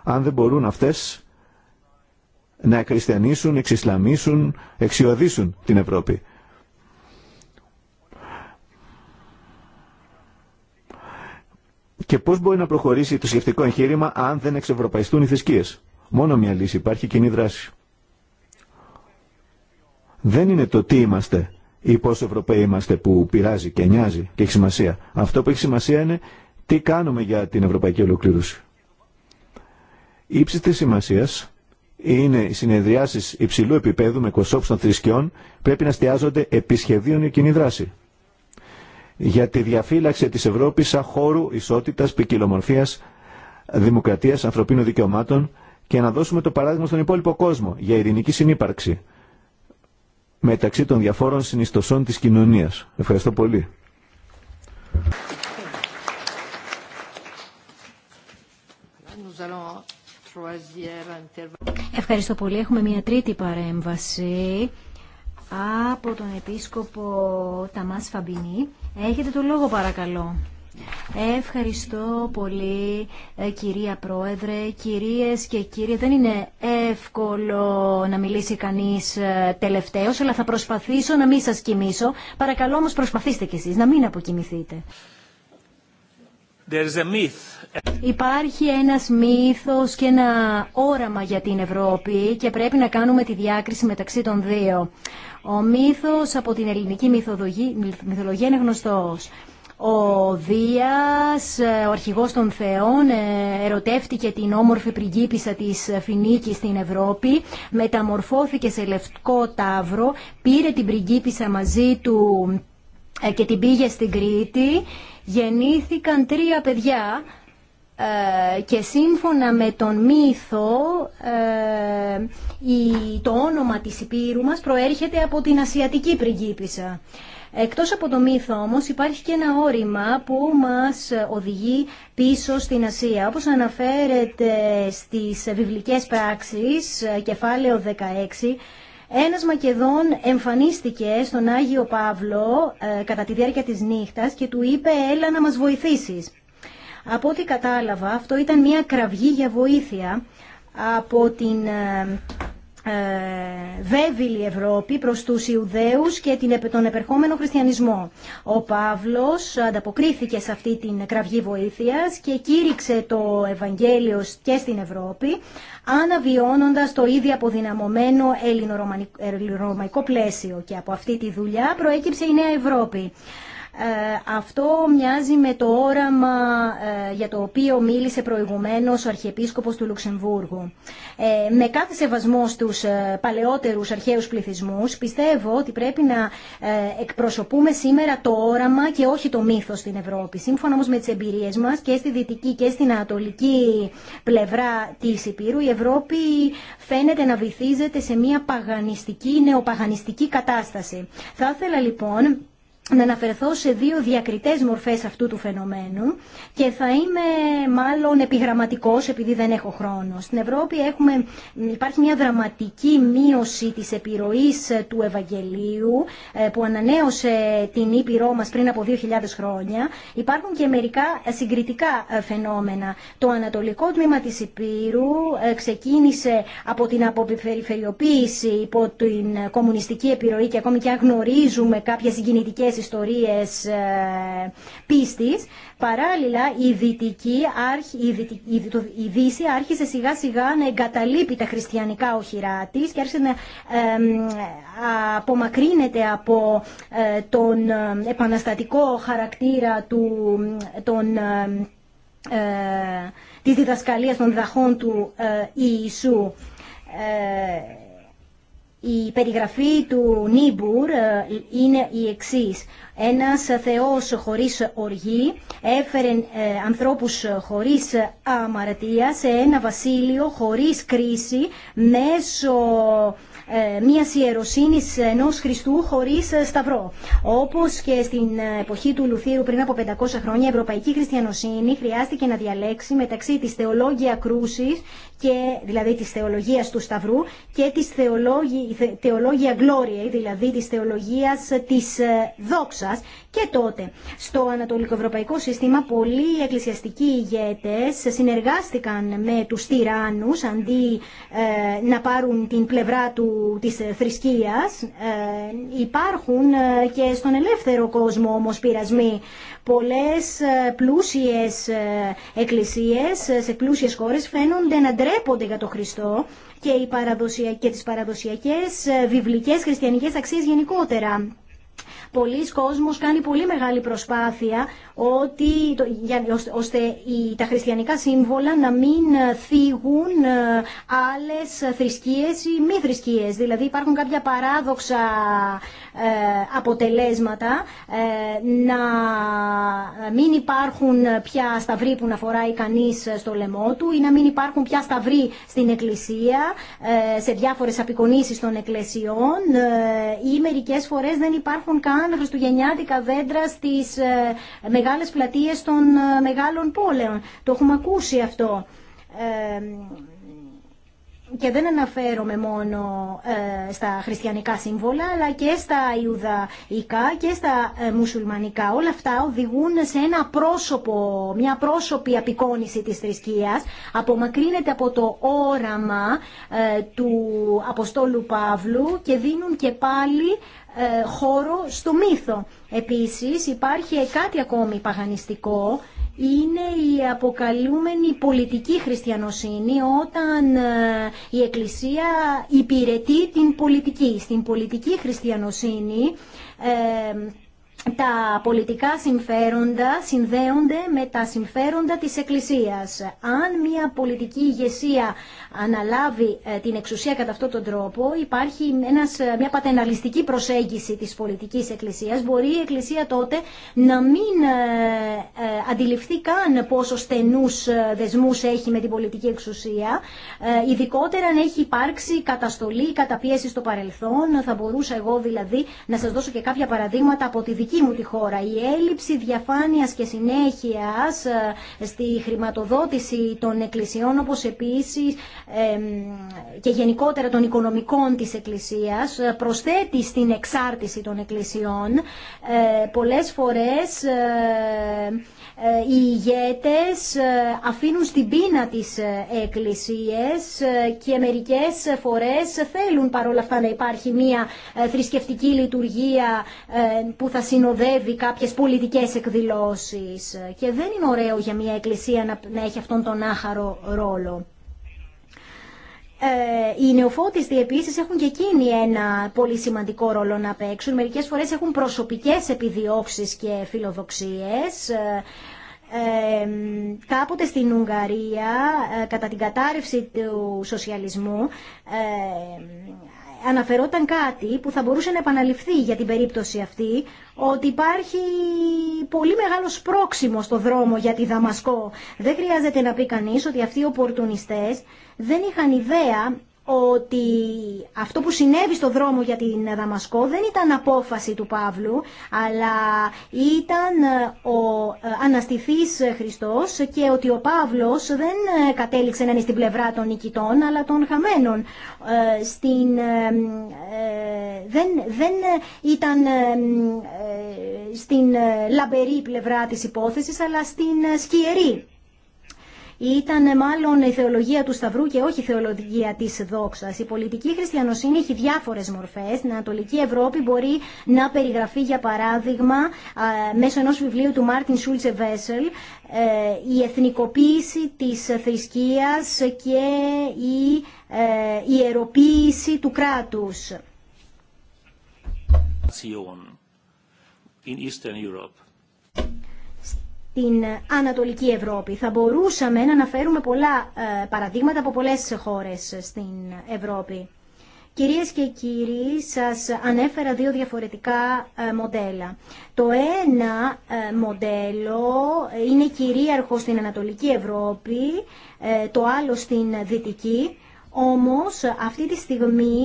αν δεν μπορούν αυτές να εκχριστιανίσουν, εξισλαμίσουν, εξιοδίσουν την Ευρώπη. Και πώς μπορεί να προχωρήσει το σκεφτικό εγχείρημα αν δεν εξευρωπαϊστούν οι θρησκείες. Μόνο μια λύση υπάρχει κοινή δράση δεν είναι το τι είμαστε ή πόσο Ευρωπαίοι είμαστε που πειράζει και νοιάζει και έχει σημασία. Αυτό που έχει σημασία είναι τι κάνουμε για την ευρωπαϊκή ολοκλήρωση. Η ύψη της σημασίας είναι οι συνεδριάσει υψηλού επίπεδου με κοσόπου των θρησκειών πρέπει να στιάζονται επί σχεδίων η κοινή δράση. Για τη διαφύλαξη της Ευρώπης σαν χώρου ισότητας, ποικιλομορφίας, δημοκρατίας, ανθρωπίνων δικαιωμάτων και να δώσουμε το παράδειγμα στον υπόλοιπο κόσμο για ειρηνική συνύπαρξη μεταξύ των διαφόρων συνιστοσών της κοινωνίας. Ευχαριστώ πολύ. Ευχαριστώ πολύ. Έχουμε μια τρίτη παρέμβαση από τον επίσκοπο Ταμάς Φαμπινή. Έχετε το λόγο παρακαλώ. Ευχαριστώ πολύ ε, κυρία Πρόεδρε, κυρίες και κύριοι. Δεν είναι εύκολο να μιλήσει κανείς ε, τελευταίος, αλλά θα προσπαθήσω να μην σας κοιμήσω. Παρακαλώ όμως προσπαθήστε κι εσείς να μην αποκοιμηθείτε. Υπάρχει ένας μύθος και ένα όραμα για την Ευρώπη και πρέπει να κάνουμε τη διάκριση μεταξύ των δύο. Ο μύθος από την ελληνική μυθολογία είναι γνωστός. Ο Δίας, ε, ο αρχηγός των θεών, ε, ερωτεύτηκε την όμορφη πριγκίπισσα της Φινίκης στην Ευρώπη, μεταμορφώθηκε σε λευκό τάβρο, πήρε την πριγκίπισσα μαζί του ε, και την πήγε στην Κρήτη. Γεννήθηκαν τρία παιδιά και σύμφωνα με τον μύθο το όνομα της Υπήρου μας προέρχεται από την Ασιατική πριγκίπισσα. Εκτός από το μύθο όμως υπάρχει και ένα όρημα που μας οδηγεί πίσω στην Ασία. Όπως αναφέρεται στις βιβλικές πράξεις, κεφάλαιο 16, ένας Μακεδόν εμφανίστηκε στον Άγιο Παύλο ε, κατά τη διάρκεια της νύχτας και του είπε «Έλα να μας βοηθήσεις». Από ό,τι κατάλαβα, αυτό ήταν μια κραυγή για βοήθεια από την ε, ε, βέβηλη Ευρώπη προς τους Ιουδαίους και τον επερχόμενο χριστιανισμό. Ο Παύλος ανταποκρίθηκε σε αυτή την κραυγή βοήθειας και κήρυξε το Ευαγγέλιο και στην Ευρώπη, αναβιώνοντας το ήδη αποδυναμωμένο ελληνορωμαϊκό πλαίσιο. Και από αυτή τη δουλειά προέκυψε η Νέα Ευρώπη. Ε, αυτό μοιάζει με το όραμα ε, για το οποίο μίλησε προηγουμένως ο Αρχιεπίσκοπος του Λουξεμβούργου. Ε, με κάθε σεβασμό στους παλαιότερους αρχαίους πληθυσμούς, πιστεύω ότι πρέπει να εκπροσωπούμε σήμερα το όραμα και όχι το μύθο στην Ευρώπη. Σύμφωνα όμως με τις εμπειρίες μας και στη δυτική και στην ανατολική πλευρά της Υπήρου, η Ευρώπη φαίνεται να βυθίζεται σε μια παγανιστική, νεοπαγανιστική κατάσταση. Θα ήθελα λοιπόν να αναφερθώ σε δύο διακριτές μορφές αυτού του φαινομένου και θα είμαι μάλλον επιγραμματικός επειδή δεν έχω χρόνο. Στην Ευρώπη έχουμε, υπάρχει μια δραματική μείωση της επιρροής ε, του Ευαγγελίου ε, που ανανέωσε την Ήπειρό μας πριν από 2.000 χρόνια. Υπάρχουν και μερικά ε, συγκριτικά φαινόμενα. Το ανατολικό τμήμα της Ήπειρου ξεκίνησε από την αποπεριφερειοποίηση υπό την κομμουνιστική επιρροή και ακόμη και αν κάποιες ιστορίες ε, πίστης. Παράλληλα, η Δυτική, η Δύση άρχισε σιγά σιγά να εγκαταλείπει τα χριστιανικά οχυρά της και άρχισε να απομακρύνεται από ε, τον ε, επαναστατικό χαρακτήρα του, των της διδασκαλίας των διδαχών του Ιησού. Η περιγραφή του Νίμπουρ ε, είναι η εξής. Ένας θεός χωρίς οργή έφερε ε, ανθρώπους χωρίς αμαρτία σε ένα βασίλειο χωρίς κρίση μέσω ε, Μια ιεροσύνη ενό Χριστού χωρί ε, σταυρό. Όπω και στην ε, εποχή του Λουθύρου πριν από 500 χρόνια, η Ευρωπαϊκή Χριστιανοσύνη χρειάστηκε να διαλέξει μεταξύ τη θεολόγια κρούση, δηλαδή τη θεολογία του Σταυρού, και τη θεολόγια, Γλώρια, δηλαδή τη θεολογία τη δόξα. Και τότε, στο ευρωπαϊκό σύστημα, πολλοί εκκλησιαστικοί ηγέτε συνεργάστηκαν με του τυράννου αντί ε, να πάρουν την πλευρά του της ε, θρησκείας. Ε, υπάρχουν ε, και στον ελεύθερο κόσμο όμως πειρασμοί. Πολλές πλούσιες εκκλησίες σε πλούσιες χώρες φαίνονται να ντρέπονται για το Χριστό και, οι παραδοσια... και τις παραδοσιακές βιβλικές χριστιανικές αξίες γενικότερα πολλοί κόσμος κάνει πολύ μεγάλη προσπάθεια ότι, ώστε τα χριστιανικά σύμβολα να μην θίγουν ε, άλλες θρησκείες ή μη θρησκείες. Δηλαδή υπάρχουν κάποια παράδοξα ε, αποτελέσματα ε, να μην υπάρχουν πια σταυροί που να φοράει κανείς στο λαιμό του ή να μην υπάρχουν πια σταυροί στην εκκλησία σε διάφορες απεικονίσεις των εκκλησιών ή μερικές φορές δεν υπάρχουν καν σαν χριστουγεννιάτικα δέντρα στις ε, μεγάλες πλατείες των ε, μεγάλων πόλεων. Το έχουμε ακούσει αυτό. Ε, και δεν αναφέρομαι μόνο ε, στα χριστιανικά σύμβολα αλλά και στα Ιουδαϊκά και στα ε, μουσουλμανικά. Όλα αυτά οδηγούν σε ένα πρόσωπο, μια πρόσωπη απεικόνηση της θρησκείας. Απομακρύνεται από το όραμα ε, του Αποστόλου Παύλου και δίνουν και πάλι χώρο στο μύθο. Επίσης υπάρχει κάτι ακόμη παγανιστικό είναι η αποκαλούμενη πολιτική χριστιανοσύνη όταν ε, η Εκκλησία υπηρετεί την πολιτική. Στην πολιτική χριστιανοσύνη ε, τα πολιτικά συμφέροντα συνδέονται με τα συμφέροντα της Εκκλησίας. Αν μια πολιτική ηγεσία αναλάβει ε, την εξουσία κατά αυτόν τον τρόπο, υπάρχει ένας, ε, μια πατεναλιστική προσέγγιση της πολιτικής Εκκλησίας. Μπορεί η Εκκλησία τότε να μην ε, αντιληφθεί καν πόσο στενούς δεσμούς έχει με την πολιτική εξουσία, ειδικότερα αν έχει υπάρξει καταστολή ή καταπίεση στο παρελθόν. Θα μπορούσα εγώ δηλαδή να σας δώσω και κάποια παραδείγματα από τη δική δική μου Η έλλειψη διαφάνειας και συνέχειας ε, στη χρηματοδότηση των εκκλησιών όπως επίσης και γενικότερα των οικονομικών της εκκλησίας ε, προσθέτει στην εξάρτηση των εκκλησιών ε, πολλές φορές ε, οι ηγέτες ε, αφήνουν στην πείνα τις ε, εκκλησίες και μερικές φορές θέλουν παρόλα αυτά να υπάρχει μια θρησκευτική λειτουργία που θα συνοδεύει κάποιες πολιτικές εκδηλώσεις και δεν είναι ωραίο για μια εκκλησία να έχει αυτόν τον άχαρο ρόλο. Ε, οι νεοφώτιστοι επίση έχουν και εκείνοι ένα πολύ σημαντικό ρόλο να παίξουν. Μερικές φορές έχουν προσωπικές επιδιώξει και φιλοδοξίες. Ε, κάποτε στην Ουγγαρία, ε, κατά την κατάρρευση του σοσιαλισμού, ε, αναφερόταν κάτι που θα μπορούσε να επαναληφθεί για την περίπτωση αυτή, ότι υπάρχει πολύ μεγάλο πρόξιμο στο δρόμο για τη Δαμασκό. Δεν χρειάζεται να πει κανεί ότι αυτοί οι οπορτουνιστέ δεν είχαν ιδέα ότι αυτό που συνέβη στο δρόμο για την Δαμασκό δεν ήταν απόφαση του Παύλου, αλλά ήταν ε, ο ε, αναστηθής Χριστός και ότι ο Παύλος δεν ε, κατέληξε να είναι στην πλευρά των νικητών, αλλά των χαμένων. Στην, δεν, δεν ήταν στην λαμπερή πλευρά της υπόθεσης, αλλά στην σκιερή ήταν μάλλον η θεολογία του Σταυρού και όχι η θεολογία της δόξα. Η πολιτική χριστιανοσύνη έχει διάφορες μορφές. Στην Ανατολική Ευρώπη μπορεί να περιγραφεί για παράδειγμα μέσω ενός βιβλίου του Μάρτιν Σούλτσε Βέσελ ε, η εθνικοποίηση τη θρησκείας και ε, η ιεροποίηση του κράτους. In Eastern Europe την ε, Ανατολική Ευρώπη. Θα μπορούσαμε να αναφέρουμε πολλά ε, παραδείγματα από πολλές χώρες ε, στην Ευρώπη. Κυρίες και κύριοι, σας ανέφερα δύο διαφορετικά μοντέλα. Το ένα μοντέλο είναι κυρίαρχο στην Ανατολική Ευρώπη, το άλλο στην Δυτική όμως αυτή τη στιγμή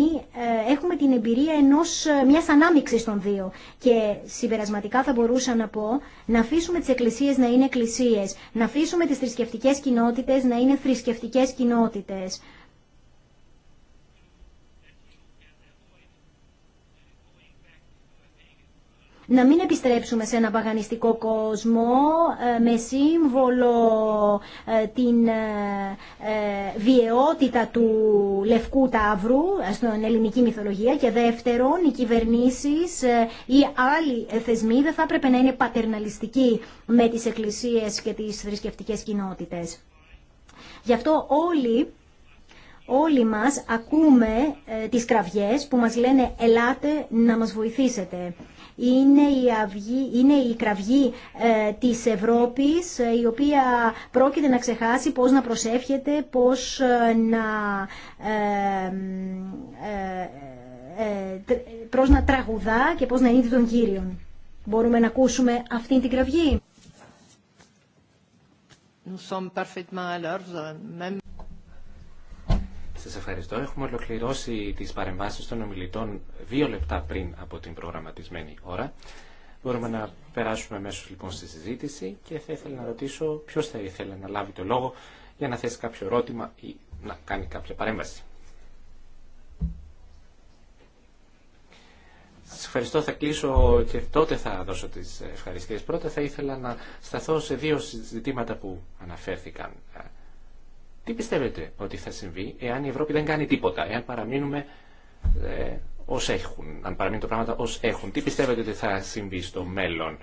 ε, έχουμε την εμπειρία ενός, ε, μιας ανάμειξης των δύο και συμπερασματικά θα μπορούσα να πω να αφήσουμε τις εκκλησίες να είναι εκκλησίες, να αφήσουμε τις θρησκευτικές κοινότητες να είναι θρησκευτικές κοινότητες. να μην επιστρέψουμε σε ένα παγανιστικό κόσμο ε, με σύμβολο ε, την ε, βιαιότητα του Λευκού Ταύρου στην ελληνική μυθολογία και δεύτερον οι κυβερνήσεις ή άλλοι θεσμοί δεν θα έπρεπε να είναι πατερναλιστικοί με τις εκκλησίες και τις θρησκευτικέ κοινότητες. Γι' αυτό όλοι όλοι μας ακούμε ε, τις κραυγές που μας λένε «Ελάτε να μας βοηθήσετε» είναι η, αυγή, είναι η κραυγή ε, της Ευρώπης ε, η οποία πρόκειται να ξεχάσει πώς να προσεύχεται, πώς ε, να... προς να τραγουδά και πώς να είναι των Κύριων. Μπορούμε να ακούσουμε αυτή την κραυγή. Σας ευχαριστώ. Έχουμε ολοκληρώσει τις παρεμβάσεις των ομιλητών δύο λεπτά πριν από την προγραμματισμένη ώρα. Μπορούμε να περάσουμε μέσω λοιπόν στη συζήτηση και θα ήθελα να ρωτήσω ποιος θα ήθελε να λάβει το λόγο για να θέσει κάποιο ερώτημα ή να κάνει κάποια παρέμβαση. Σας ευχαριστώ, θα κλείσω και τότε θα δώσω τις ευχαριστίες. Πρώτα θα ήθελα να σταθώ σε δύο συζητήματα που αναφέρθηκαν ε, τι πιστεύετε ότι θα συμβεί εάν η Ευρώπη δεν κάνει τίποτα, εάν παραμείνουμε ε, ως έχουν, αν παραμείνουν τα πράγματα ως έχουν. Τι πιστεύετε ότι θα συμβεί στο μέλλον.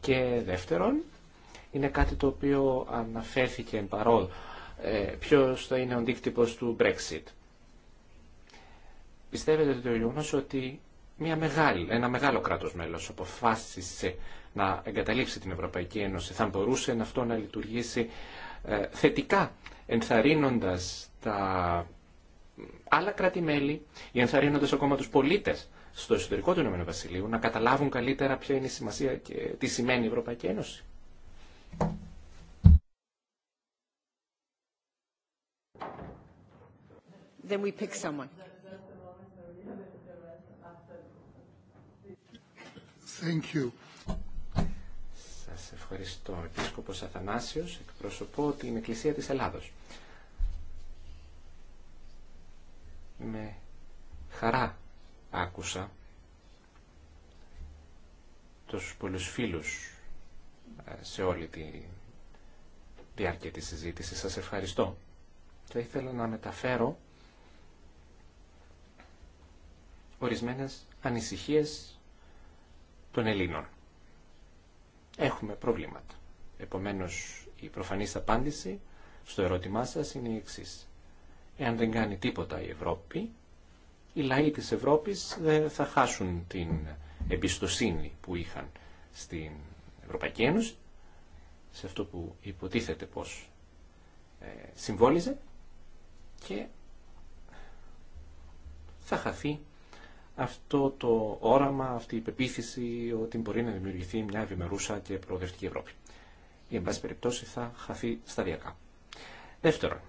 Και δεύτερον, είναι κάτι το οποίο αναφέρθηκε εν παρόλ, ε, θα είναι ο αντίκτυπο του Brexit. Πιστεύετε ότι το γεγονό ότι μια μεγάλη, ένα μεγάλο κράτος μέλος αποφάσισε να εγκαταλείψει την Ευρωπαϊκή Ένωση θα μπορούσε αυτό να λειτουργήσει ε, θετικά ενθαρρύνοντας τα άλλα κράτη-μέλη ή ενθαρρύνοντας ακόμα τους πολίτες στο εσωτερικό του Ηνωμένου Βασιλείου να καταλάβουν καλύτερα ποια είναι η σημασία και τι σημαίνει η Ευρωπαϊκή Ένωση. Thank you. Σε ευχαριστώ. Επίσκοπος Αθανάσιος, εκπροσωπώ την Εκκλησία της Ελλάδος. Με χαρά άκουσα τους πολλούς φίλους ε, σε όλη τη διάρκεια της συζήτησης. Σας ευχαριστώ. Θα ήθελα να μεταφέρω ορισμένες ανησυχίες των Ελλήνων έχουμε προβλήματα. Επομένως, η προφανής απάντηση στο ερώτημά σας είναι η εξής. Εάν δεν κάνει τίποτα η Ευρώπη, οι λαοί της Ευρώπης δεν θα χάσουν την εμπιστοσύνη που είχαν στην Ευρωπαϊκή Ένωση, σε αυτό που υποτίθεται πως ε, συμβόλιζε και θα χαθεί αυτό το όραμα, αυτή η πεποίθηση ότι μπορεί να δημιουργηθεί μια ευημερούσα και προοδευτική Ευρώπη. Η εν πάση περιπτώσει θα χαθεί σταδιακά. Δεύτερον,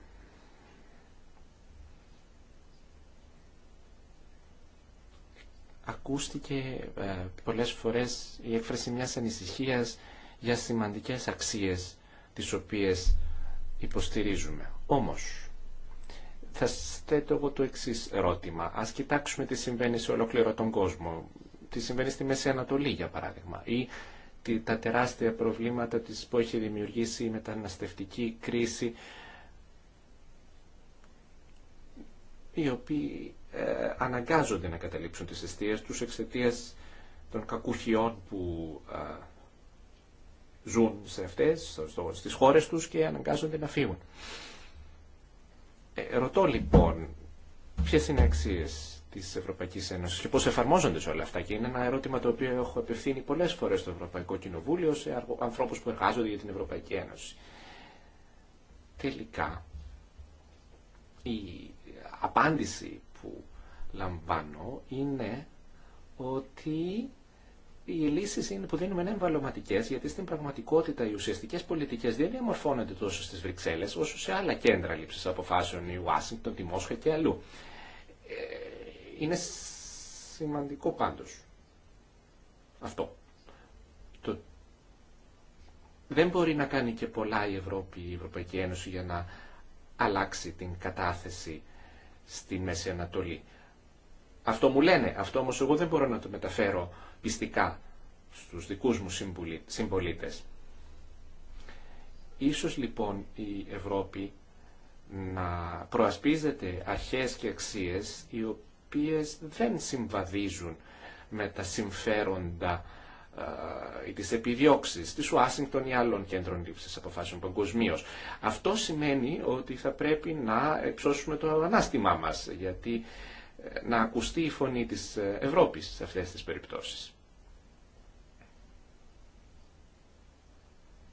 ακούστηκε ε, πολλές φορές η έκφραση μιας ανησυχίας για σημαντικές αξίες τις οποίες υποστηρίζουμε. Όμως, θα θέτω εγώ το εξή ερώτημα. Α κοιτάξουμε τι συμβαίνει σε ολόκληρο τον κόσμο. Τι συμβαίνει στη Μέση Ανατολή, για παράδειγμα, ή τα τεράστια προβλήματα της που έχει δημιουργήσει η μεταναστευτική κρίση, οι οποίοι ε, αναγκάζονται να καταλήψουν τις αιστείες τους εξαιτία των κακουχιών που ε, ζουν σε αυτές, στις χώρες τους και αναγκάζονται να φύγουν. Ε, ρωτώ λοιπόν, ποιε είναι οι αξίε τη Ευρωπαϊκή Ένωση και πώς εφαρμόζονται σε όλα αυτά. Και είναι ένα ερώτημα το οποίο έχω απευθύνει πολλές φορές στο Ευρωπαϊκό Κοινοβούλιο σε ανθρώπου που εργάζονται για την Ευρωπαϊκή Ένωση. Τελικά, η απάντηση που λαμβάνω είναι ότι οι λύσει που δίνουμε είναι εμβαλωματικέ, γιατί στην πραγματικότητα οι ουσιαστικέ πολιτικέ δεν διαμορφώνονται τόσο στι Βρυξέλλε, όσο σε άλλα κέντρα λήψη αποφάσεων, η Ουάσιγκτον, τη Μόσχα και αλλού. Ε, είναι σημαντικό πάντω. Αυτό. Δεν μπορεί να κάνει και πολλά η Ευρώπη, η Ευρωπαϊκή Ένωση για να αλλάξει την κατάθεση στη Μέση Ανατολή. Αυτό μου λένε, αυτό όμως εγώ δεν μπορώ να το μεταφέρω πιστικά στους δικούς μου συμπολίτες. Ίσως λοιπόν η Ευρώπη να προασπίζεται αρχές και αξίες οι οποίες δεν συμβαδίζουν με τα συμφέροντα ή τις επιδιώξεις της Ουάσιγκτον ή άλλων κέντρων λήψης αποφάσεων παγκοσμίω. Αυτό σημαίνει ότι θα πρέπει να εξώσουμε το ανάστημά μας, γιατί να ακουστεί η φωνή της ε, Ευρώπης σε αυτές τις περιπτώσεις.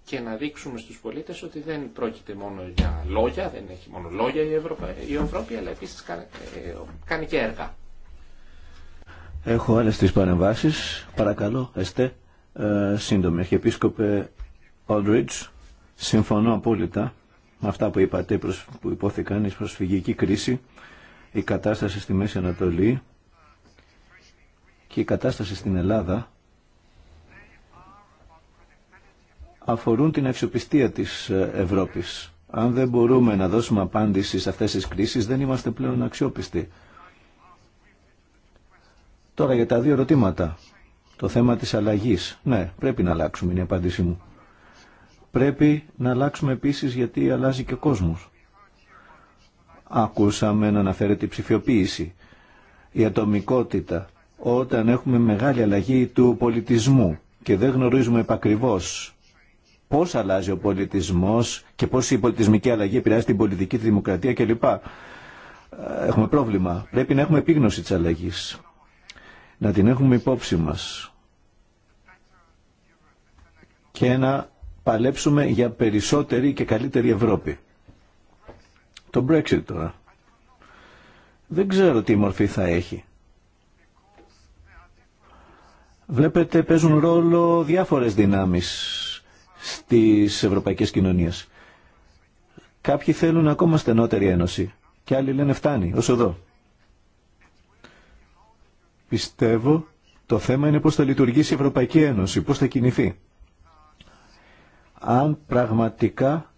Και να δείξουμε στους πολίτες ότι δεν πρόκειται μόνο για λόγια, δεν έχει μόνο λόγια η Ευρώπη, η Ευρώπη αλλά επίσης ε, κάνει και έργα. Έχω άλλες τις παρεμβάσεις. Παρακαλώ, εστέ ε, σύντομη. Έχει επίσκοπε Συμφωνώ απόλυτα με αυτά που είπατε, που υπόθηκαν, η προσφυγική κρίση η κατάσταση στη Μέση Ανατολή και η κατάσταση στην Ελλάδα αφορούν την αξιοπιστία της Ευρώπης. Αν δεν μπορούμε να δώσουμε απάντηση σε αυτές τις κρίσεις, δεν είμαστε πλέον αξιόπιστοι. Τώρα για τα δύο ερωτήματα. Το θέμα της αλλαγής. Ναι, πρέπει να αλλάξουμε, είναι η απάντησή μου. Πρέπει να αλλάξουμε επίσης γιατί αλλάζει και ο κόσμος. Ακούσαμε να αναφέρεται η ψηφιοποίηση, η ατομικότητα, όταν έχουμε μεγάλη αλλαγή του πολιτισμού και δεν γνωρίζουμε επακριβώς πώς αλλάζει ο πολιτισμός και πώς η πολιτισμική αλλαγή επηρεάζει την πολιτική, τη δημοκρατία κλπ. Ε, έχουμε πρόβλημα. Πρέπει να έχουμε επίγνωση της αλλαγής. Να την έχουμε υπόψη μας. Και να παλέψουμε για περισσότερη και καλύτερη Ευρώπη. Το Brexit τώρα. Δεν ξέρω τι μορφή θα έχει. Βλέπετε παίζουν ρόλο διάφορες δυνάμεις στις ευρωπαϊκές κοινωνίες. Κάποιοι θέλουν ακόμα στενότερη ένωση και άλλοι λένε φτάνει, ως εδώ. Πιστεύω το θέμα είναι πώς θα λειτουργήσει η Ευρωπαϊκή Ένωση, πώς θα κινηθεί. Αν πραγματικά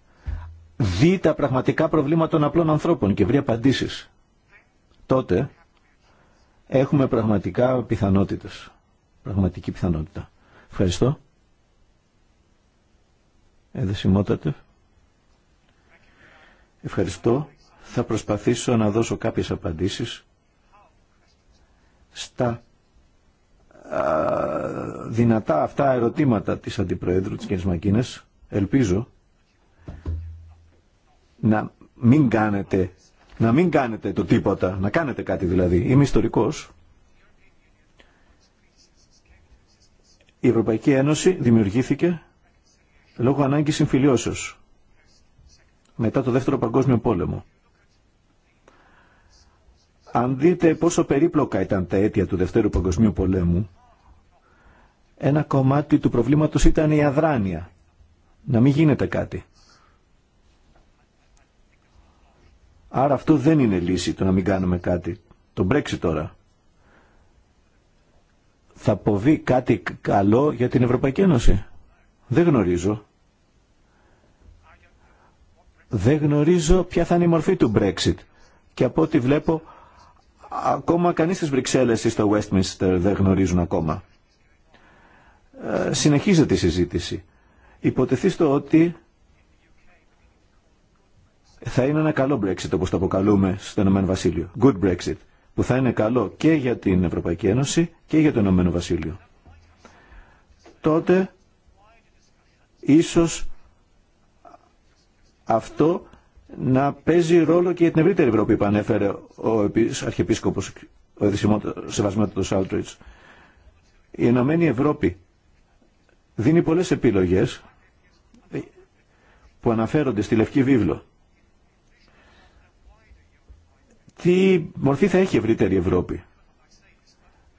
δει τα πραγματικά προβλήματα των απλών ανθρώπων και βρει απαντήσεις. Τότε έχουμε πραγματικά πιθανότητες. Πραγματική πιθανότητα. Ευχαριστώ. Εδεσιμότατε. Ευχαριστώ. Θα προσπαθήσω να δώσω κάποιες απαντήσεις στα δυνατά αυτά ερωτήματα της Αντιπροέδρου της κ. Μακίνες. Ελπίζω να μην κάνετε, να μην κάνετε το τίποτα, να κάνετε κάτι δηλαδή. Είμαι ιστορικός. Η Ευρωπαϊκή Ένωση δημιουργήθηκε λόγω ανάγκης συμφιλιώσεως μετά το Δεύτερο Παγκόσμιο Πόλεμο. Αν δείτε πόσο περίπλοκα ήταν τα αίτια του Δευτέρου Παγκοσμίου Πολέμου, ένα κομμάτι του προβλήματος ήταν η αδράνεια. Να μην γίνεται κάτι. Άρα αυτό δεν είναι λύση το να μην κάνουμε κάτι. Το Brexit τώρα θα αποβεί κάτι καλό για την Ευρωπαϊκή Ένωση. Δεν γνωρίζω. Δεν γνωρίζω ποια θα είναι η μορφή του Brexit. Και από ό,τι βλέπω, ακόμα κανείς στις Βρυξέλλες ή στο Westminster δεν γνωρίζουν ακόμα. Ε, συνεχίζεται η συζήτηση. Υποτεθεί το ότι θα είναι ένα καλό Brexit όπως το αποκαλούμε στο Ηνωμένο Βασίλειο. Good Brexit. Που θα είναι καλό και για την Ευρωπαϊκή Ένωση και για το Ηνωμένο Βασίλειο. Τότε ίσως αυτό να παίζει ρόλο και για την ευρύτερη Ευρώπη που ανέφερε ο Αρχιεπίσκοπος ο Σεβασμιότητος Άλτριτς. Η Ενωμένη Ευρώπη δίνει πολλές επιλογές που αναφέρονται στη Λευκή Βίβλο τι μορφή θα έχει ευρύτερη Ευρώπη.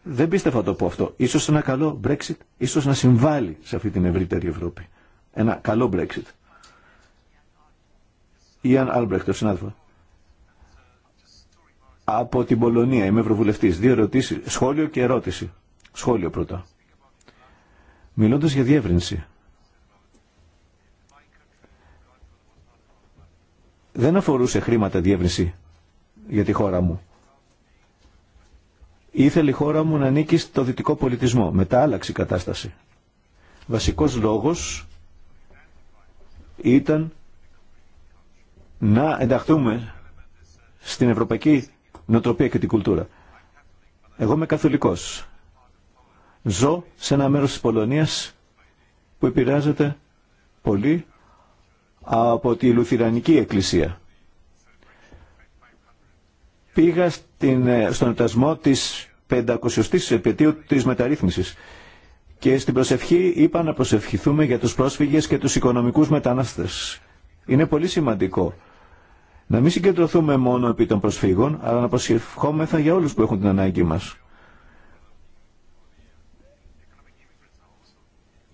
Δεν πίστευα να το πω αυτό. Ίσως ένα καλό Brexit, ίσως να συμβάλλει σε αυτή την ευρύτερη Ευρώπη. Ένα καλό Brexit. Ιαν Άλμπρεχτ, το συνάδελφο. Από την Πολωνία, είμαι ευρωβουλευτή, Δύο ερωτήσει. σχόλιο και ερώτηση. Σχόλιο πρώτα. Μιλώντα για διεύρυνση. Δεν αφορούσε χρήματα διεύρυνση για τη χώρα μου. Ήθελε η χώρα μου να ανήκει στο δυτικό πολιτισμό. Μετά άλλαξε η κατάσταση. Βασικός λόγος ήταν να ενταχθούμε στην ευρωπαϊκή νοοτροπία και την κουλτούρα. Εγώ είμαι καθολικός. Ζω σε ένα μέρος της Πολωνίας που επηρεάζεται πολύ από τη Λουθυρανική Εκκλησία πήγα ε, στον ετασμό της 500ης επαιτίου της μεταρρύθμισης και στην προσευχή είπα να προσευχηθούμε για τους πρόσφυγες και τους οικονομικούς μετανάστες. Είναι πολύ σημαντικό να μην συγκεντρωθούμε μόνο επί των προσφύγων, αλλά να προσευχόμεθα για όλους που έχουν την ανάγκη μας.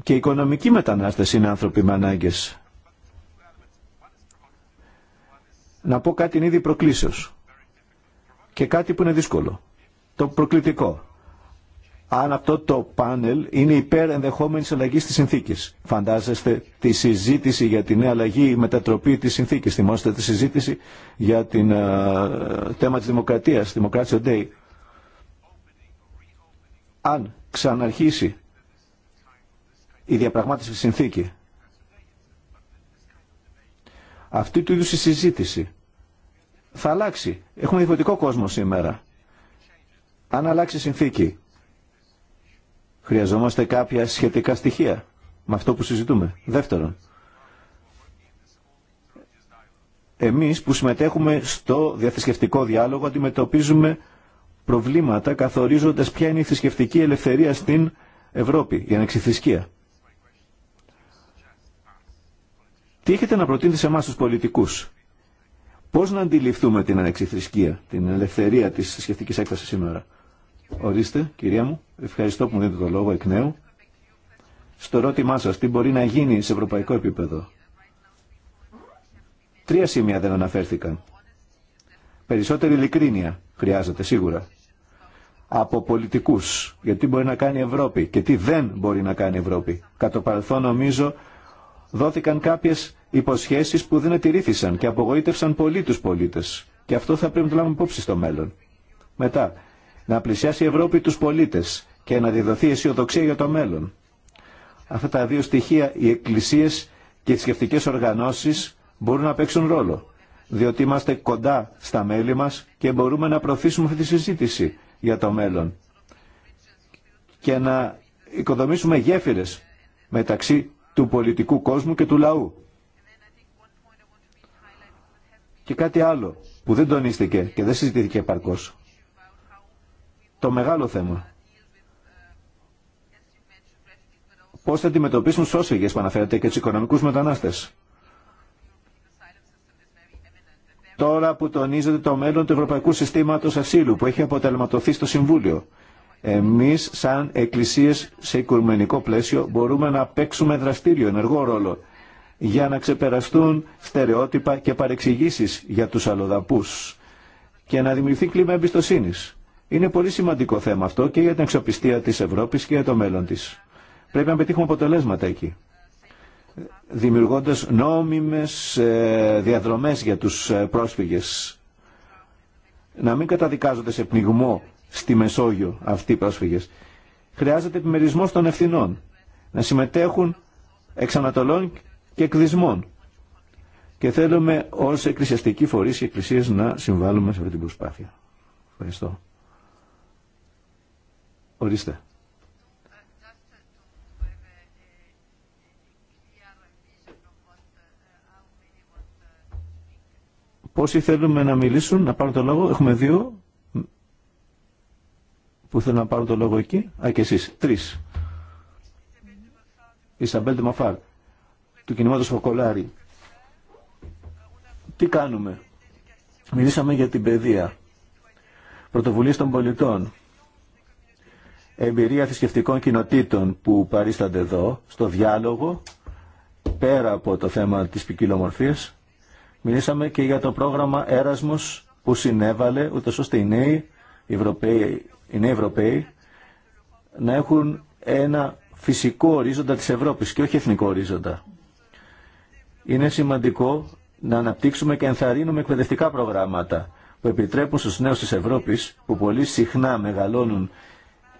Και οι οικονομικοί μετανάστες είναι άνθρωποι με ανάγκες. Να πω κάτι είναι ήδη προκλήσεως. Και κάτι που είναι δύσκολο. Το προκλητικό. Αν αυτό το πάνελ είναι υπέρ ενδεχόμενης αλλαγής της συνθήκης. Φαντάζεστε τη συζήτηση για την νέα αλλαγή, η μετατροπή της συνθήκης. Θυμόστε τη συζήτηση για την ε, θέμα της δημοκρατίας, Democracy Day. Αν ξαναρχίσει η διαπραγμάτευση συνθήκη, αυτή του είδους η συζήτηση θα αλλάξει. Έχουμε διαφορετικό κόσμο σήμερα. Αν αλλάξει συνθήκη, χρειαζόμαστε κάποια σχετικά στοιχεία με αυτό που συζητούμε. Δεύτερον, εμείς που συμμετέχουμε στο διαθρησκευτικό διάλογο αντιμετωπίζουμε προβλήματα καθορίζοντας ποια είναι η θρησκευτική ελευθερία στην Ευρώπη, η ανεξιθρησκεία. Τι έχετε να προτείνετε σε εμάς τους πολιτικούς Πώς να αντιληφθούμε την ανεξιθρησκεία, την ελευθερία της σχετικής έκταση σήμερα. Ορίστε, κυρία μου, ευχαριστώ που μου δίνετε το λόγο εκ νέου. Στο ερώτημά σας, τι μπορεί να γίνει σε ευρωπαϊκό επίπεδο. Τρία σημεία δεν αναφέρθηκαν. Περισσότερη ειλικρίνεια χρειάζεται σίγουρα από πολιτικού. Γιατί μπορεί να κάνει η Ευρώπη και τι δεν μπορεί να κάνει η Ευρώπη. Κατά παρελθόν νομίζω δόθηκαν κάποιες υποσχέσεις που δεν ετηρήθησαν και απογοήτευσαν πολύ τους πολίτες. Και αυτό θα πρέπει να το λάβουμε υπόψη στο μέλλον. Μετά, να πλησιάσει η Ευρώπη τους πολίτες και να διδοθεί αισιοδοξία για το μέλλον. Αυτά τα δύο στοιχεία, οι εκκλησίες και οι θρησκευτικέ οργανώσεις μπορούν να παίξουν ρόλο. Διότι είμαστε κοντά στα μέλη μας και μπορούμε να προωθήσουμε αυτή τη συζήτηση για το μέλλον. Και να οικοδομήσουμε γέφυρες μεταξύ του πολιτικού κόσμου και του λαού. Και κάτι άλλο που δεν τονίστηκε και δεν συζητήθηκε επαρκώς. Το μεγάλο θέμα. Πώς θα αντιμετωπίσουν τους όσφυγες που αναφέρεται και τους οικονομικούς μετανάστες. Τώρα που τονίζεται το μέλλον του Ευρωπαϊκού Συστήματος Ασύλου που έχει αποτελματωθεί στο Συμβούλιο. Εμείς σαν εκκλησίες σε οικουμενικό πλαίσιο μπορούμε να παίξουμε δραστήριο ενεργό ρόλο για να ξεπεραστούν στερεότυπα και παρεξηγήσεις για τους αλλοδαπούς και να δημιουργηθεί κλίμα εμπιστοσύνης. Είναι πολύ σημαντικό θέμα αυτό και για την αξιοπιστία της Ευρώπης και για το μέλλον της. Πρέπει να πετύχουμε αποτελέσματα εκεί, δημιουργώντας νόμιμες ε, διαδρομές για τους ε, πρόσφυγες. Να μην καταδικάζονται σε πνιγμό στη Μεσόγειο αυτοί οι πρόσφυγες. Χρειάζεται επιμερισμός των ευθυνών. Να συμμετέχουν εξανατολών και εκδισμών. Και θέλουμε ως εκκλησιαστικοί φορείς και εκκλησίες να συμβάλλουμε σε αυτή την προσπάθεια. Ευχαριστώ. Ορίστε. Πόσοι θέλουμε να μιλήσουν, να πάρουν το λόγο. Έχουμε δύο που θέλουν να πάρουν το λόγο εκεί. Α, και εσείς. Τρεις. Ισαμπέλ Μαφάρ του κινήματος Φοκολάρη. Τι κάνουμε. Μιλήσαμε για την παιδεία, πρωτοβουλίες των πολιτών, εμπειρία θρησκευτικών κοινοτήτων που παρίστανται εδώ, στο διάλογο, πέρα από το θέμα της ποικιλομορφία. Μιλήσαμε και για το πρόγραμμα Έρασμος που συνέβαλε ούτω ώστε οι νέοι οι Ευρωπαίοι, νέοι Ευρωπαίοι να έχουν ένα φυσικό ορίζοντα της Ευρώπης και όχι εθνικό ορίζοντα. Είναι σημαντικό να αναπτύξουμε και ενθαρρύνουμε εκπαιδευτικά προγράμματα που επιτρέπουν στους νέους της Ευρώπης που πολύ συχνά μεγαλώνουν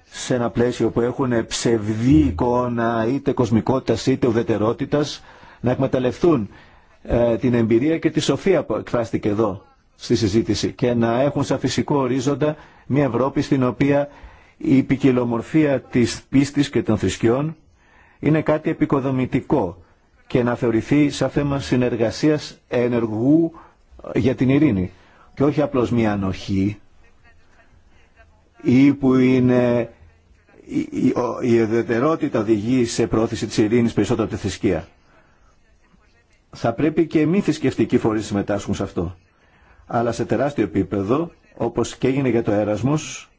σε ένα πλαίσιο που έχουν ψευδή εικόνα είτε κοσμικότητας είτε ουδετερότητας να εκμεταλλευτούν ε, την εμπειρία και τη σοφία που εκφράστηκε εδώ στη συζήτηση και να έχουν σαν φυσικό ορίζοντα μια Ευρώπη στην οποία η ποικιλομορφία της πίστης και των θρησκειών είναι κάτι επικοδομητικό και να θεωρηθεί σαν θέμα συνεργασίας ενεργού ε, για την ειρήνη και όχι απλώς μια ανοχή ή που είναι η ιδιαιτερότητα οδηγεί σε πρόθεση της ειρήνης περισσότερο από τη θρησκεία. Θα πρέπει και μη θρησκευτικοί φορείς συμμετάσχουν σε αυτό. Αλλά σε τεράστιο επίπεδο, όπως και έγινε για το Έρασμος,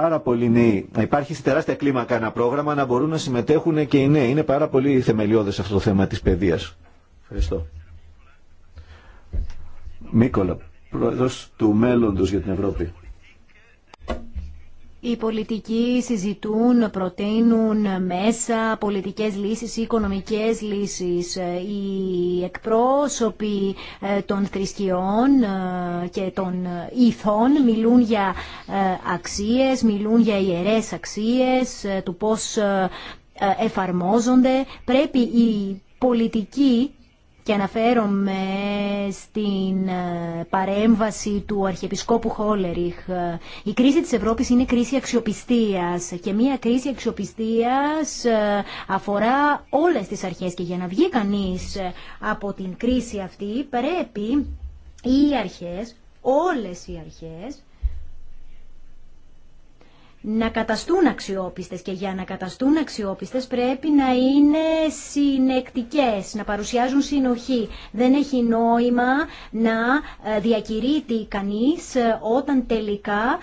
πάρα πολλοί νέοι, να υπάρχει σε τεράστια κλίμακα ένα πρόγραμμα, να μπορούν να συμμετέχουν και οι νέοι. Είναι πάρα πολύ θεμελιώδε αυτό το θέμα της παιδεία. Ευχαριστώ. Μίκολα, πρόεδρος του μέλλοντο για την Ευρώπη οι πολιτικοί συζητούν, προτείνουν μέσα πολιτικές λύσεις ή οικονομικές λύσεις. Οι εκπρόσωποι ε, των θρησκειών ε, και των ε, ηθών μιλούν για αξίες, μιλούν για ιερές αξίες, του πώς εφαρμόζονται. Πρέπει οι πολιτικοί και αναφέρομαι στην ε, παρέμβαση του Αρχιεπισκόπου Χόλεριχ. Η κρίση της Ευρώπης είναι κρίση αξιοπιστίας και μια κρίση αξιοπιστίας ε, αφορά όλες τις αρχές και για να βγει κανείς ε, από την κρίση αυτή πρέπει οι αρχές, όλες οι αρχές να καταστούν αξιόπιστες και για να καταστούν αξιόπιστες πρέπει να είναι συνεκτικές, να παρουσιάζουν συνοχή. Δεν έχει νόημα να ε, διακηρύττει κανείς ε, όταν τελικά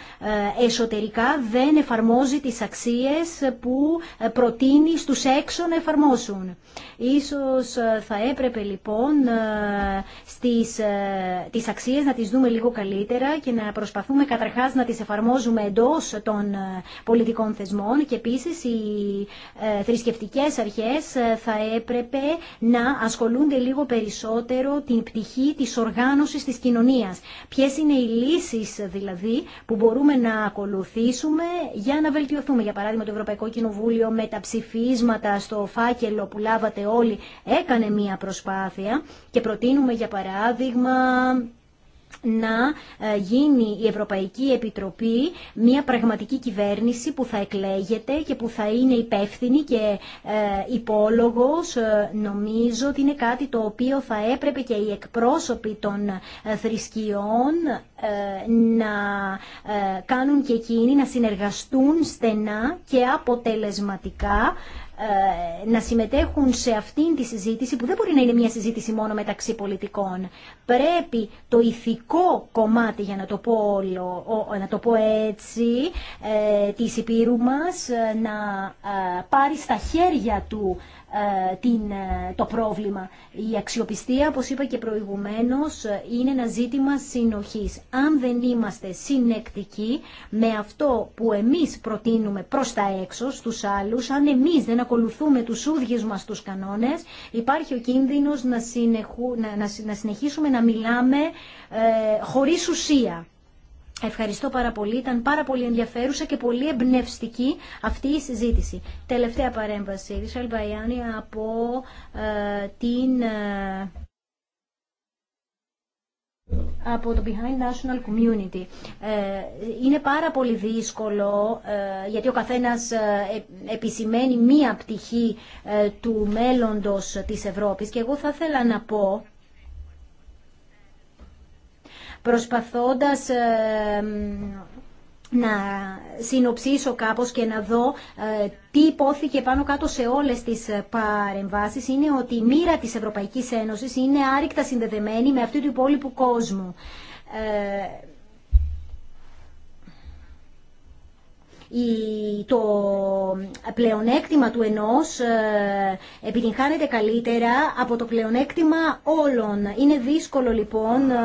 ε, εσωτερικά δεν εφαρμόζει τις αξίες που προτείνει στους έξω να εφαρμόσουν. Ίσως θα έπρεπε λοιπόν στις, τις αξίες να τις δούμε λίγο καλύτερα και να προσπαθούμε καταρχάς να τις εφαρμόζουμε εντός των πολιτικών θεσμών και επίσης οι ε, θρησκευτικές αρχές ε, θα έπρεπε να ασχολούνται λίγο περισσότερο την πτυχή της οργάνωσης της κοινωνίας. Ποιες είναι οι λύσεις δηλαδή που μπορούμε να ακολουθήσουμε για να βελτιωθούμε. Για παράδειγμα το Ευρωπαϊκό Κοινοβούλιο με τα ψηφίσματα στο φάκελο που λάβατε όλοι έκανε μία προσπάθεια και προτείνουμε για παράδειγμα να ε, γίνει η Ευρωπαϊκή Επιτροπή μια πραγματική κυβέρνηση που θα εκλέγεται και που θα είναι υπεύθυνη και ε, υπόλογος. Ε, νομίζω ότι είναι κάτι το οποίο θα έπρεπε και οι εκπρόσωποι των θρησκειών να κάνουν και εκείνοι να συνεργαστούν στενά και αποτελεσματικά ε, να συμμετέχουν σε αυτήν τη συζήτηση που δεν μπορεί να είναι μια συζήτηση μόνο μεταξύ πολιτικών. Πρέπει το ηθικό κομμάτι, για να το πω, να το πω έτσι, ε, της Υπήρου μας ε, να πάρει στα χέρια του ε, ε, το πρόβλημα. Η αξιοπιστία, όπως είπα και προηγουμένως, είναι ένα ζήτημα συνοχής. Αν δεν είμαστε συνεκτικοί με αυτό που εμείς προτείνουμε προς τα έξω, στους άλλους, αν εμείς δεν ακολουθούμε τους ίδιους μας τους κανόνες, υπάρχει ο κίνδυνος να, συνεχίσουμε να μιλάμε ε, χωρίς ουσία. Ευχαριστώ πάρα πολύ. Ήταν πάρα πολύ ενδιαφέρουσα και πολύ εμπνευστική αυτή η συζήτηση. Τελευταία παρέμβαση. Ρισελ Μπαϊάννη από ε, την... Ε, από το Behind National Community. Ε, είναι πάρα πολύ δύσκολο, γιατί ο καθένας επισημαίνει μία πτυχή του μέλλοντος της Ευρώπης και εγώ θα ήθελα να πω προσπαθώντας ε, να συνοψίσω κάπως και να δω ε, τι υπόθηκε πάνω κάτω σε όλες τις ε, παρεμβάσεις είναι ότι η μοίρα της Ευρωπαϊκής Ένωσης είναι άρρηκτα συνδεδεμένη με αυτή του υπόλοιπου κόσμου. το πλεονέκτημα του ενός ε, επιτυγχάνεται καλύτερα από το πλεονέκτημα όλων. Είναι δύσκολο λοιπόν ε,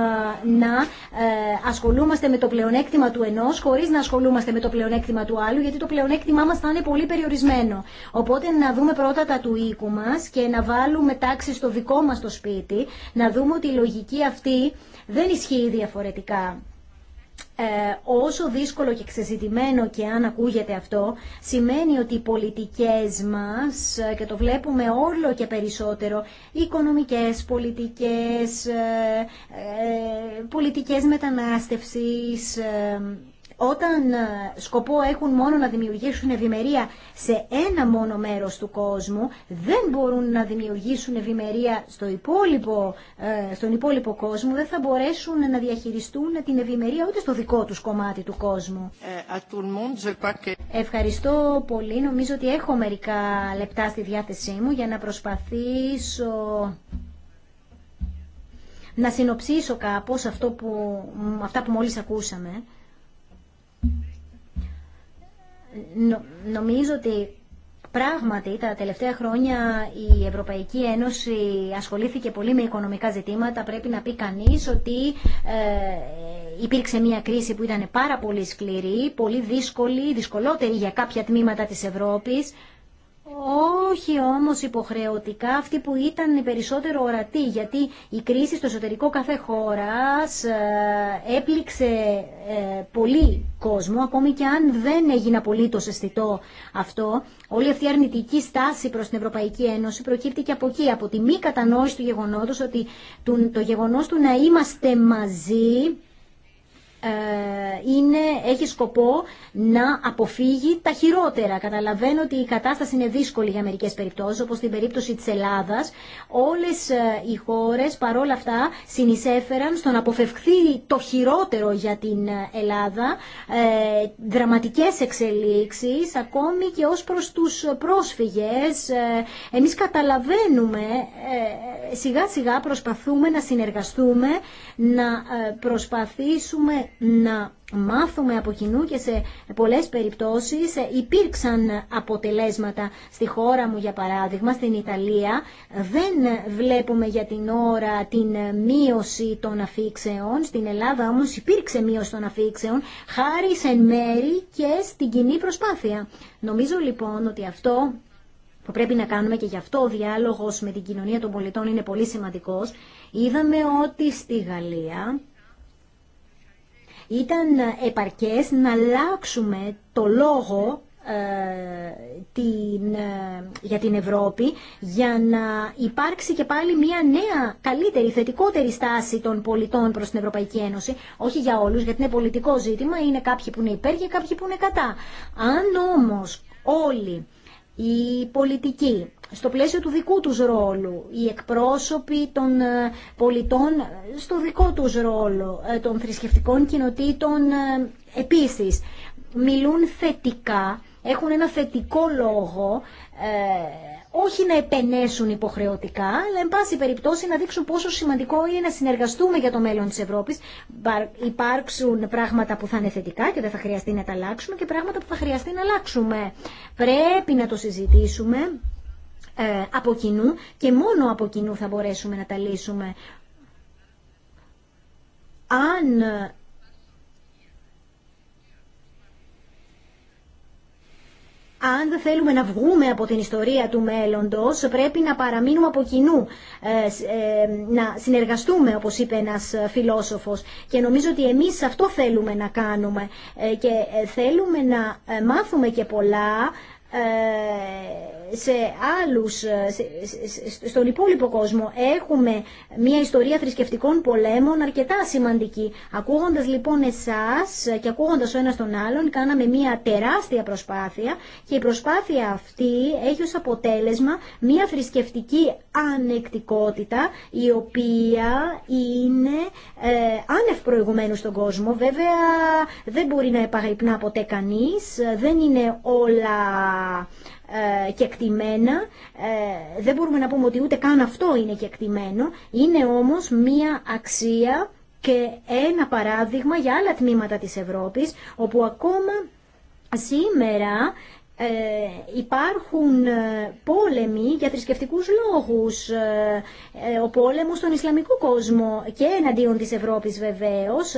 να ε, ασχολούμαστε με το πλεονέκτημα του ενός χωρίς να ασχολούμαστε με το πλεονέκτημα του άλλου γιατί το πλεονέκτημά μας θα είναι πολύ περιορισμένο. Οπότε να δούμε πρώτα τα του οίκου μας και να βάλουμε τάξη στο δικό μας το σπίτι, να δούμε ότι η λογική αυτή δεν ισχύει διαφορετικά. Ε, όσο δύσκολο και ξεζητημένο και αν ακούγεται αυτό, σημαίνει ότι οι πολιτικές μας, ε, και το βλέπουμε όλο και περισσότερο, οι οικονομικές πολιτικές, ε, πολιτικές μετανάστευσης, όταν ε, σκοπό έχουν μόνο να δημιουργήσουν ευημερία σε ένα μόνο μέρος του κόσμου, δεν μπορούν να δημιουργήσουν ευημερία στο υπόλοιπο, ε, στον υπόλοιπο κόσμο, δεν θα μπορέσουν να διαχειριστούν την ευημερία ούτε στο δικό τους κομμάτι του κόσμου. Ε, Ευχαριστώ πολύ. Νομίζω ότι έχω μερικά λεπτά στη διάθεσή μου για να προσπαθήσω να συνοψίσω κάπως αυτό που, αυτά που μόλις ακούσαμε νομίζω ότι Πράγματι, τα τελευταία χρόνια η Ευρωπαϊκή Ένωση ασχολήθηκε πολύ με οικονομικά ζητήματα. Πρέπει να πει κανείς ότι ε, υπήρξε μια κρίση που ήταν πάρα πολύ σκληρή, πολύ δύσκολη, δυσκολότερη για κάποια τμήματα της Ευρώπης όχι όμως υποχρεωτικά αυτοί που ήταν η περισσότερο ορατοί, γιατί η κρίση στο εσωτερικό κάθε χώρας ε, έπληξε ε, πολύ κόσμο, ακόμη και αν δεν έγινε απολύτω αισθητό αυτό. Όλη αυτή η αρνητική στάση προς την Ευρωπαϊκή Ένωση προκύπτει και από εκεί, από τη μη κατανόηση του γεγονότος ότι το γεγονό του να είμαστε μαζί ε, είναι, έχει σκοπό να αποφύγει τα χειρότερα. Καταλαβαίνω ότι η κατάσταση είναι δύσκολη για μερικές περιπτώσεις, όπως στην περίπτωση της Ελλάδας. Όλες ε, οι χώρες παρόλα αυτά συνεισέφεραν στο να αποφευχθεί το χειρότερο για την ε, Ελλάδα, ε, δραματικές εξελίξεις, ακόμη και ως προς τους πρόσφυγες. Εμείς καταλαβαίνουμε, σιγά σιγά προσπαθούμε να συνεργαστούμε, να προσπαθήσουμε να μάθουμε από κοινού και σε πολλές περιπτώσεις ε, υπήρξαν αποτελέσματα στη χώρα μου για παράδειγμα, στην Ιταλία δεν βλέπουμε για την ώρα την μείωση των αφήξεων στην Ελλάδα όμως υπήρξε μείωση των αφήξεων χάρη σε μέρη και στην κοινή προσπάθεια νομίζω λοιπόν ότι αυτό που πρέπει να κάνουμε και γι' αυτό ο διάλογος με την κοινωνία των πολιτών είναι πολύ σημαντικός είδαμε ότι στη Γαλλία ήταν επαρκές να αλλάξουμε το λόγο ε, την, ε, για την Ευρώπη για να υπάρξει και πάλι μια νέα, καλύτερη, θετικότερη στάση των πολιτών προς την Ευρωπαϊκή Ένωση. Όχι για όλους, γιατί είναι πολιτικό ζήτημα, είναι κάποιοι που είναι υπέρ και κάποιοι που είναι κατά. Αν όμως όλοι οι πολιτικοί, στο πλαίσιο του δικού τους ρόλου, οι εκπρόσωποι των ε, πολιτών ε, στο δικό τους ρόλο, ε, των θρησκευτικών κοινοτήτων επίσης, μιλούν θετικά, έχουν ένα θετικό λόγο όχι να επενέσουν υποχρεωτικά, αλλά εν πάση περιπτώσει να δείξουν πόσο σημαντικό είναι να συνεργαστούμε για το μέλλον της Ευρώπης, υπάρξουν πράγματα που θα είναι θετικά και δεν θα χρειαστεί να τα αλλάξουμε και πράγματα που θα χρειαστεί να αλλάξουμε. Πρέπει να το συζητήσουμε ε, από κοινού και μόνο από κοινού θα μπορέσουμε να τα λύσουμε. Αν αν δεν θέλουμε να βγούμε από την ιστορία του μέλλοντος, πρέπει να παραμείνουμε από κοινού, ε, ε, να συνεργαστούμε, όπως είπε ένας φιλόσοφος. Και νομίζω ότι εμείς αυτό θέλουμε να κάνουμε ε, και θέλουμε να μάθουμε και πολλά σε άλλους, ε, στον υπόλοιπο κόσμο έχουμε μια ιστορία θρησκευτικών πολέμων αρκετά σημαντική. Ακούγοντας λοιπόν εσάς και ακούγοντας ο ένας τον άλλον κάναμε μια τεράστια προσπάθεια και η προσπάθεια αυτή έχει ως αποτέλεσμα μια θρησκευτική ανεκτικότητα η οποία είναι ε, άνευ προηγουμένου στον κόσμο. Βέβαια δεν μπορεί να επαγρυπνά ποτέ κανείς, δεν είναι όλα ε, και εκτιμένα ε, Δεν μπορούμε να πούμε ότι ούτε καν αυτό είναι και εκτιμένο Είναι όμως μία αξία και ένα παράδειγμα για άλλα τμήματα της Ευρώπης, όπου ακόμα σήμερα ε, υπάρχουν πόλεμοι για θρησκευτικούς λόγους. Ο πόλεμος στον Ισλαμικό κόσμο και εναντίον της Ευρώπης βεβαίως,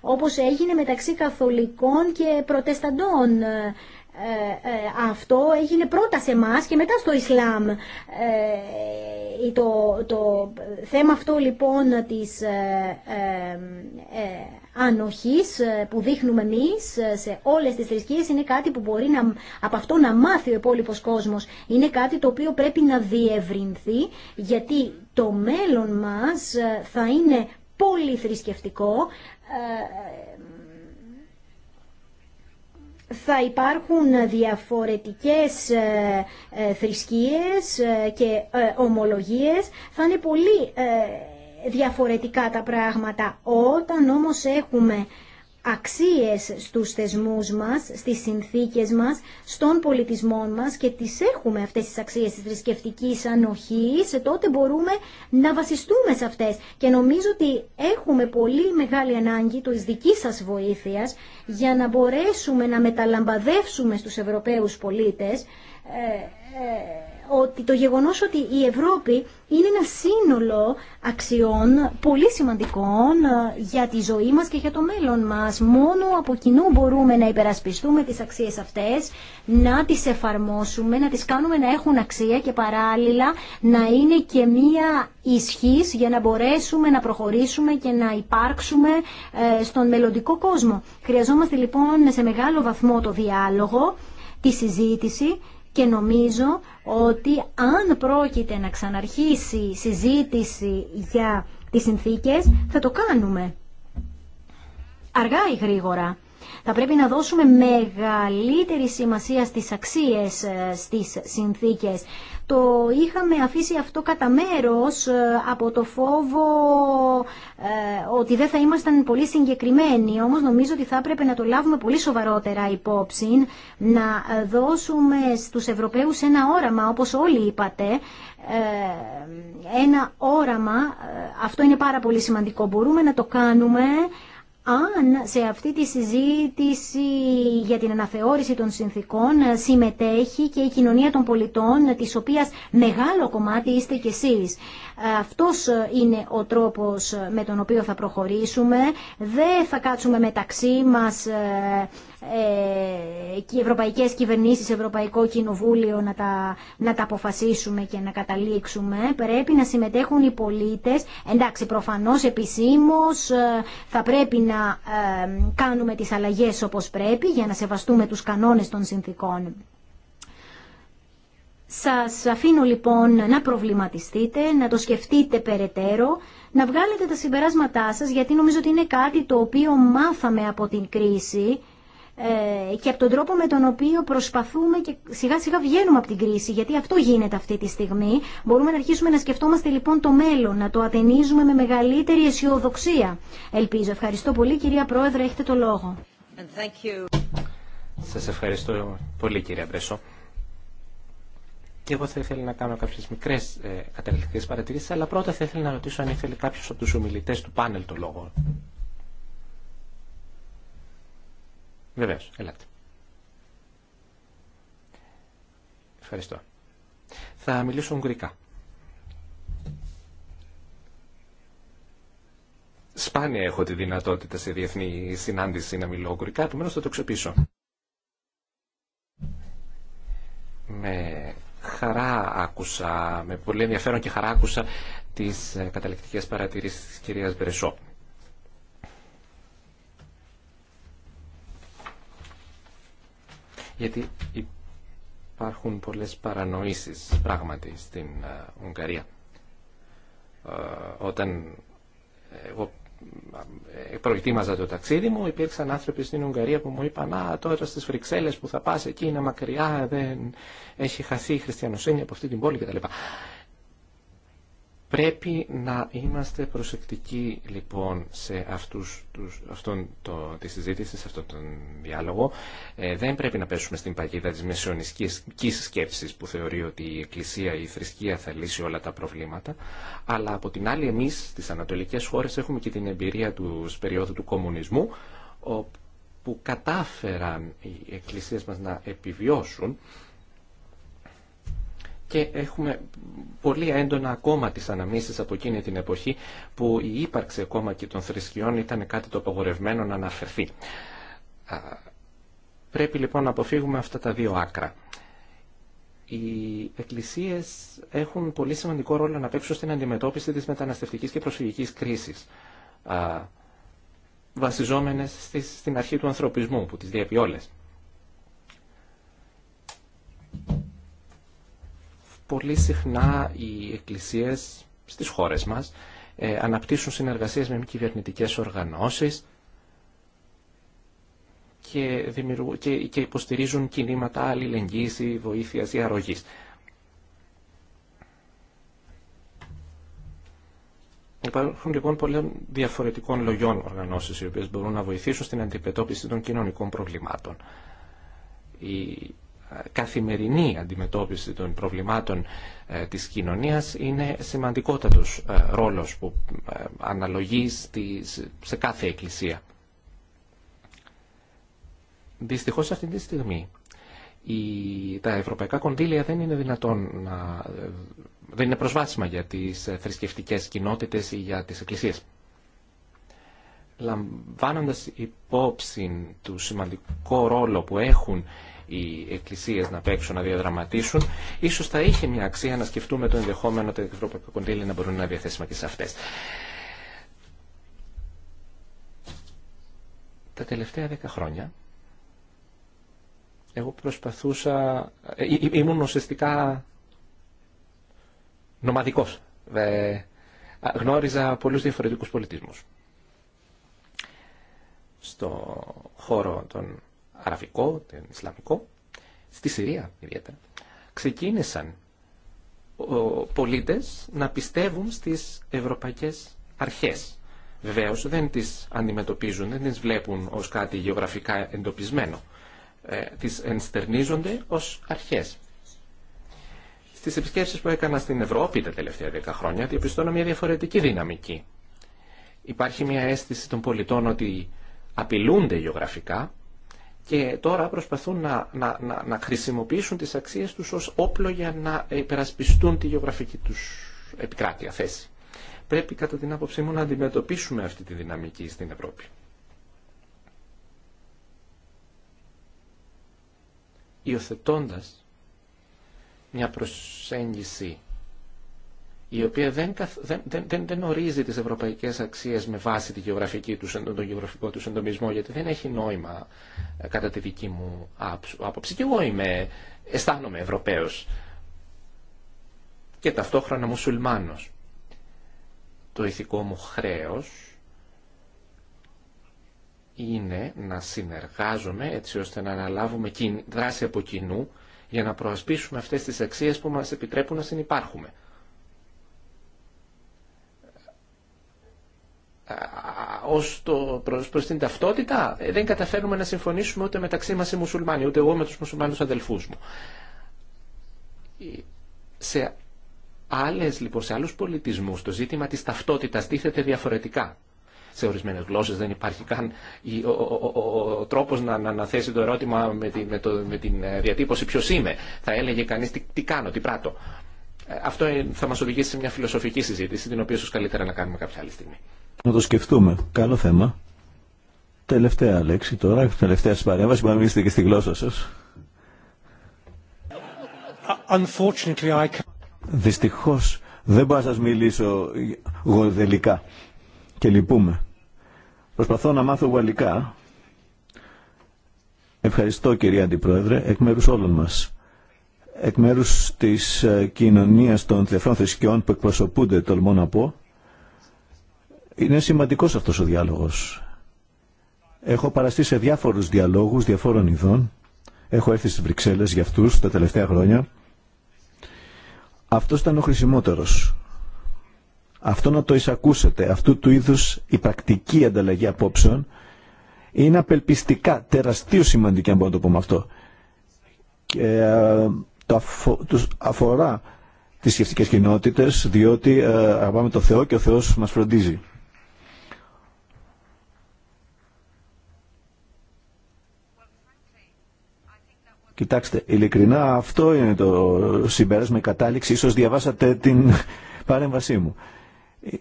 όπως έγινε μεταξύ Καθολικών και Προτεσταντών ε, ε, αυτό έγινε πρώτα σε εμά και μετά στο Ισλάμ. Ε, το, το θέμα αυτό λοιπόν της ανοχής που δείχνουμε εμείς σε όλες τις θρησκείες είναι κάτι που μπορεί να, από αυτό να μάθει ο υπόλοιπο κόσμος. Είναι κάτι το οποίο πρέπει να διευρυνθεί γιατί το μέλλον μας θα είναι πολύ θρησκευτικό θα υπάρχουν διαφορετικές ε, ε, θρησκείες ε, και ομολογίες. Θα είναι πολύ διαφορετικά τα πράγματα. Όταν όμως έχουμε αξίες στους θεσμούς μας, στις συνθήκες μας, στον πολιτισμό μας και τις έχουμε αυτές τις αξίες της θρησκευτική ανοχής, ε, τότε μπορούμε να βασιστούμε σε αυτές. Και νομίζω ότι έχουμε πολύ μεγάλη ανάγκη του δική σας βοήθειας για να μπορέσουμε να μεταλαμπαδεύσουμε στους Ευρωπαίους πολίτες ε, ε, ότι το γεγονός ότι η Ευρώπη είναι ένα σύνολο αξιών πολύ σημαντικών ε, για τη ζωή μας και για το μέλλον μας. Μόνο από κοινού μπορούμε να υπερασπιστούμε τις αξίες αυτές, να τις εφαρμόσουμε, να τις κάνουμε να έχουν αξία και παράλληλα να είναι και μία ισχύς για να μπορέσουμε να προχωρήσουμε και να υπάρξουμε ε, στον μελλοντικό κόσμο. Χρειαζόμαστε λοιπόν σε μεγάλο βαθμό το διάλογο, τη συζήτηση και νομίζω ότι αν πρόκειται να ξαναρχίσει συζήτηση για τις συνθήκες θα το κάνουμε. Αργά ή γρήγορα. Θα πρέπει να δώσουμε μεγαλύτερη σημασία στις αξίες, ε, στις συνθήκες το είχαμε αφήσει αυτό κατά μέρο ε, από το φόβο ε, ότι δεν θα ήμασταν πολύ συγκεκριμένοι. Όμως νομίζω ότι θα έπρεπε να το λάβουμε πολύ σοβαρότερα υπόψη, να ε, δώσουμε στου Ευρωπαίους ένα όραμα, όπως όλοι είπατε, ένα όραμα, αυτό είναι πάρα πολύ σημαντικό, μπορούμε να το κάνουμε αν σε αυτή τη συζήτηση για την αναθεώρηση των συνθήκων συμμετέχει και η κοινωνία των πολιτών, της οποίας μεγάλο κομμάτι είστε κι εσείς. Αυτός είναι ο τρόπος με τον οποίο θα προχωρήσουμε. Δεν θα κάτσουμε μεταξύ μας ε, ε, και οι ευρωπαϊκές κυβερνήσεις, Ευρωπαϊκό Κοινοβούλιο να τα, να τα αποφασίσουμε και να καταλήξουμε. Πρέπει να συμμετέχουν οι πολίτες. Εντάξει, προφανώς επισήμως ε, θα πρέπει να ε, κάνουμε τις αλλαγές όπως πρέπει για να σεβαστούμε τους κανόνες των συνθήκων. Σας αφήνω λοιπόν να προβληματιστείτε, να το σκεφτείτε περαιτέρω, να βγάλετε τα συμπεράσματά σας, γιατί νομίζω ότι είναι κάτι το οποίο μάθαμε από την κρίση ε, και από τον τρόπο με τον οποίο προσπαθούμε και σιγά σιγά βγαίνουμε από την κρίση, γιατί αυτό γίνεται αυτή τη στιγμή. Μπορούμε να αρχίσουμε να σκεφτόμαστε λοιπόν το μέλλον, να το ατενίζουμε με μεγαλύτερη αισιοδοξία. Ελπίζω. Ευχαριστώ πολύ κυρία Πρόεδρε, έχετε το λόγο. Σα ευχαριστώ πολύ κυρία Μπρέσο. Και εγώ θα ήθελα να κάνω κάποιε μικρέ ε, καταληκτικές παρατηρήσεις, αλλά πρώτα θα ήθελα να ρωτήσω αν ήθελε κάποιο από του ομιλητέ του πάνελ το λόγο. Βεβαίω. ελάτε. Ευχαριστώ. Θα μιλήσω ουγγρικά. Σπάνια έχω τη δυνατότητα σε διεθνή συνάντηση να μιλώ ουγγρικά, επομένως θα το ξεπίσω. Με χαρά άκουσα, με πολύ ενδιαφέρον και χαρά άκουσα τις ε, καταληκτικές παρατηρήσεις της κυρίας Μπερεσό. γιατί υπάρχουν πολλές παρανοήσεις πράγματι στην ε, Ουγγαρία. Ε, όταν εγώ ε, προετοίμαζα το ταξίδι μου, υπήρξαν άνθρωποι στην Ουγγαρία που μου είπαν «Α, τώρα στις Φρυξέλλες που θα πας εκεί είναι μακριά, δεν έχει χαθεί η χριστιανοσύνη από αυτή την πόλη» κτλ. Πρέπει να είμαστε προσεκτικοί λοιπόν σε αυτούς, τους, αυτόν το, τη συζήτηση, σε αυτόν τον διάλογο. Ε, δεν πρέπει να πέσουμε στην παγίδα της μεσαιωνικής σκέψης που θεωρεί ότι η Εκκλησία ή η θρησκεία θα λύσει όλα τα προβλήματα. Αλλά από την άλλη εμείς στις ανατολικές χώρες έχουμε και την εμπειρία του περίοδου του κομμουνισμού που κατάφεραν οι εκκλησίες μας να επιβιώσουν και έχουμε πολύ έντονα ακόμα τις αναμνήσεις από εκείνη την εποχή που η ύπαρξη ακόμα και των θρησκειών ήταν κάτι το απαγορευμένο να αναφερθεί. Πρέπει λοιπόν να αποφύγουμε αυτά τα δύο άκρα. Οι εκκλησίες έχουν πολύ σημαντικό ρόλο να παίξουν στην αντιμετώπιση της μεταναστευτικής και προσφυγικής κρίσης βασιζόμενες στην αρχή του ανθρωπισμού που τις διέπει όλες πολύ συχνά οι εκκλησίες στις χώρες μας ε, αναπτύσσουν συνεργασίες με μη κυβερνητικές οργανώσεις και, και, και υποστηρίζουν κινήματα αλληλεγγύης ή βοήθειας ή αρρωγής. Υπάρχουν λοιπόν πολλών διαφορετικών λογιών οργανώσεις οι οποίες μπορούν να βοηθήσουν στην αντιμετώπιση των κοινωνικών προβλημάτων. η βοηθειας η αρρωγης υπαρχουν λοιπον πολλων διαφορετικων λογιων οργανωσεις οι οποιες μπορουν να βοηθησουν στην αντιπετώπιση των κοινωνικων προβληματων η καθημερινή αντιμετώπιση των προβλημάτων ε, της κοινωνίας είναι σημαντικότατος ε, ρόλος που ε, αναλογεί σε κάθε εκκλησία. Δυστυχώς αυτή τη στιγμή τα ευρωπαϊκά κονδύλια δεν είναι δυνατόν να, δεν είναι προσβάσιμα για τις θρησκευτικές κοινότητες ή για τις εκκλησίες. Λαμβάνοντας υπόψη του σημαντικό ρόλο που έχουν οι εκκλησίες να παίξουν, να διαδραματίσουν, ίσως θα είχε μια αξία να σκεφτούμε το ενδεχόμενο ότι τα ευρωπαϊκά κονδύλια να μπορούν να διαθέσιμα και σε αυτές. Τα τελευταία δέκα χρόνια εγώ προσπαθούσα, ε, ήμουν ουσιαστικά νομαδικός. Ε, γνώριζα πολλούς διαφορετικούς πολιτισμούς. Στο χώρο των αραβικό, τον ισλαμικό, στη Συρία ιδιαίτερα, ξεκίνησαν πολίτες να πιστεύουν στις ευρωπαϊκές αρχές. Βεβαίως δεν τις αντιμετωπίζουν, δεν τις βλέπουν ως κάτι γεωγραφικά εντοπισμένο. Ε, τις ενστερνίζονται ως αρχές. Στις επισκέψεις που έκανα στην Ευρώπη τα τελευταία δέκα χρόνια διαπιστώνω μια διαφορετική δυναμική. Υπάρχει μια αίσθηση των πολιτών ότι απειλούνται γεωγραφικά και τώρα προσπαθούν να, χρησιμοποιήσουν τις αξίες τους ως όπλο για να υπερασπιστούν τη γεωγραφική τους επικράτεια θέση. Πρέπει κατά την άποψή μου να αντιμετωπίσουμε αυτή τη δυναμική στην Ευρώπη. Υιοθετώντα μια προσέγγιση η οποία δεν, δεν, δεν, δεν ορίζει τις ευρωπαϊκές αξίες με βάση τη γεωγραφική τους, τον γεωγραφικό του εντομισμό, γιατί δεν έχει νόημα ε, κατά τη δική μου άποψη. Και εγώ είμαι, αισθάνομαι Ευρωπαίος και ταυτόχρονα μουσουλμάνος. Το ηθικό μου χρέος είναι να συνεργάζομαι έτσι ώστε να αναλάβουμε δράση από κοινού για να προασπίσουμε αυτές τις αξίες που μας επιτρέπουν να συνεπάρχουμε. ως το, προς, την ταυτότητα ε, δεν καταφέρνουμε να συμφωνήσουμε ούτε μεταξύ μας οι μουσουλμάνοι, ούτε εγώ με τους μουσουλμάνους αδελφούς μου. Ε, σε, άλλες, λοιπόν, σε άλλους πολιτισμούς το ζήτημα της ταυτότητας τίθεται διαφορετικά. Σε ορισμένες γλώσσες δεν υπάρχει καν ο, ο, τρόπος να, να, να, θέσει το ερώτημα με την, με, το, με την ε, διατύπωση ποιος είμαι. Θα έλεγε κανείς τι, τι κάνω, τι πράττω. Αυτό θα μας οδηγήσει σε μια φιλοσοφική συζήτηση, την οποία ίσως καλύτερα να κάνουμε κάποια άλλη στιγμή. Να το σκεφτούμε. Καλό θέμα. Τελευταία λέξη τώρα, τελευταία σας παρέμβαση, Μπορείτε να μιλήσετε και στη γλώσσα σας. Δυστυχώς δεν μπορώ να σας μιλήσω γοδελικά και λυπούμε. Προσπαθώ να μάθω γαλλικά. Ευχαριστώ κυρία Αντιπρόεδρε, εκ μέρους όλων μας. Εκ μέρους της ε, κοινωνίας των τελευταίων θρησκειών που εκπροσωπούνται, τολμώ να πω, είναι σημαντικός αυτός ο διάλογος. Έχω παραστεί σε διάφορους διαλόγους διαφόρων ειδών. Έχω έρθει στις Βρυξέλλες για αυτούς τα τελευταία χρόνια. Αυτός ήταν ο χρησιμότερος. Αυτό να το εισακούσετε, αυτού του είδους η πρακτική ανταλλαγή απόψεων είναι απελπιστικά, τεραστίως σημαντική αν μπορώ να το πούμε αυτό. Και ε, το αφορά τις σκεφτικές κοινότητες διότι ε, αγαπάμε το Θεό και ο Θεός μας φροντίζει. Κοιτάξτε, ειλικρινά αυτό είναι το συμπέρασμα, η κατάληξη. Ίσως διαβάσατε την παρέμβασή μου. Ε,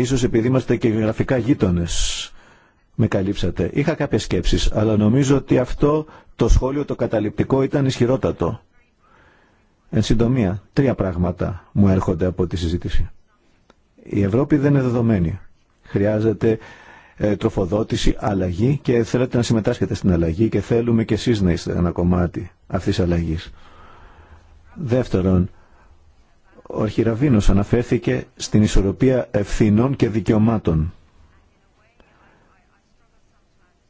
ίσως επειδή είμαστε και γραφικά γείτονες με καλύψατε. Είχα κάποιες σκέψεις, αλλά νομίζω ότι αυτό το σχόλιο το καταληπτικό ήταν ισχυρότατο. Εν συντομία, τρία πράγματα μου έρχονται από τη συζήτηση. Η Ευρώπη δεν είναι δεδομένη. Χρειάζεται ε, τροφοδότηση, αλλαγή και θέλετε να συμμετάσχετε στην αλλαγή και θέλουμε και εσείς να είστε ένα κομμάτι αυτής αλλαγής. Δεύτερον, ο Αρχιραβίνος αναφέρθηκε στην ισορροπία ευθυνών και δικαιωμάτων.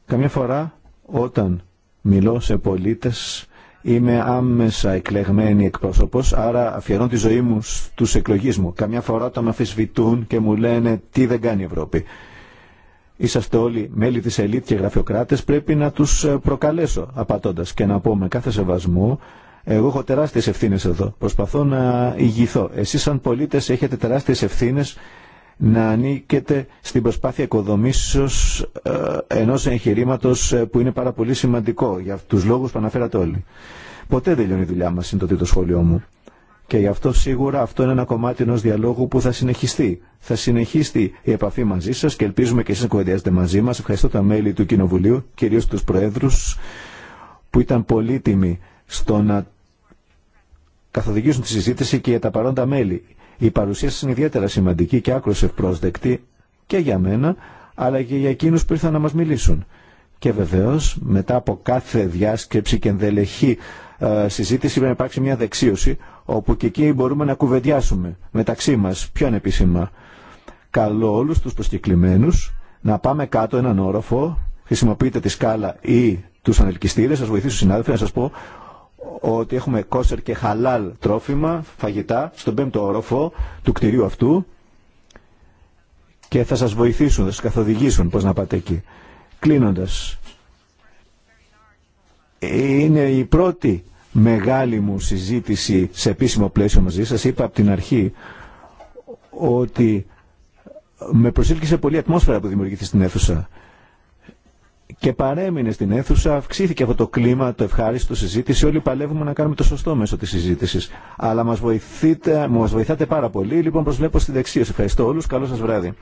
Καμιά φορά όταν μιλώ σε πολίτες είμαι άμεσα εκλεγμένη εκπρόσωπος, άρα αφιερώνω τη ζωή μου στους εκλογείς μου. Καμιά φορά όταν με αφισβητούν και μου λένε τι δεν κάνει η Ευρώπη είσαστε όλοι μέλη της ελίτ και γραφειοκράτες, πρέπει να τους ε, προκαλέσω απατώντας και να πω με κάθε σεβασμό εγώ έχω τεράστιες ευθύνες εδώ. Προσπαθώ να ηγηθώ. Εσείς σαν πολίτες έχετε τεράστιες ευθύνες να ανήκετε στην προσπάθεια οικοδομήσεως ε, ενός εγχειρήματο ε, που είναι πάρα πολύ σημαντικό για τους λόγους που αναφέρατε όλοι. Ποτέ δεν λιώνει η δουλειά μας, είναι το τρίτο σχόλιο μου. Και γι' αυτό σίγουρα αυτό είναι ένα κομμάτι ενό διαλόγου που θα συνεχιστεί. Θα συνεχίσει η επαφή μαζί σα και ελπίζουμε και εσεί να κοβεντιάσετε μαζί μα. Ευχαριστώ τα μέλη του Κοινοβουλίου, κυρίω του Προέδρου, που ήταν πολύτιμοι στο να καθοδηγήσουν τη συζήτηση και για τα παρόντα μέλη. Η παρουσία σα είναι ιδιαίτερα σημαντική και άκρο ευπρόσδεκτη και για μένα, αλλά και για εκείνου που ήρθαν να μα μιλήσουν. Και βεβαίω, μετά από κάθε διάσκεψη και ενδελεχή ε, συζήτηση πρέπει να υπάρξει μια δεξίωση όπου και εκεί μπορούμε να κουβεντιάσουμε μεταξύ μα πιο ανεπίσημα. καλό όλους τους προσκεκλημένου να πάμε κάτω έναν όροφο, χρησιμοποιείτε τη σκάλα ή του ανελκυστήρες, σα βοηθήσω συνάδελφοι να σα πω ότι έχουμε κόσερ και χαλάλ τρόφιμα, φαγητά, στον πέμπτο όροφο του κτηρίου αυτού και θα σας βοηθήσουν, θα σας καθοδηγήσουν πώς να πάτε εκεί. Κλείνοντας, είναι η πρώτη μεγάλη μου συζήτηση σε επίσημο πλαίσιο μαζί σας. Είπα από την αρχή ότι με προσήλκησε πολύ ατμόσφαιρα που δημιουργήθηκε στην αίθουσα και παρέμεινε στην αίθουσα, αυξήθηκε αυτό το κλίμα, το ευχάριστο συζήτηση. Όλοι παλεύουμε να κάνουμε το σωστό μέσω τη συζήτηση. Αλλά μα βοηθάτε πάρα πολύ. Λοιπόν, προσβλέπω στην δεξίωση. Ευχαριστώ όλου. Καλό σα βράδυ.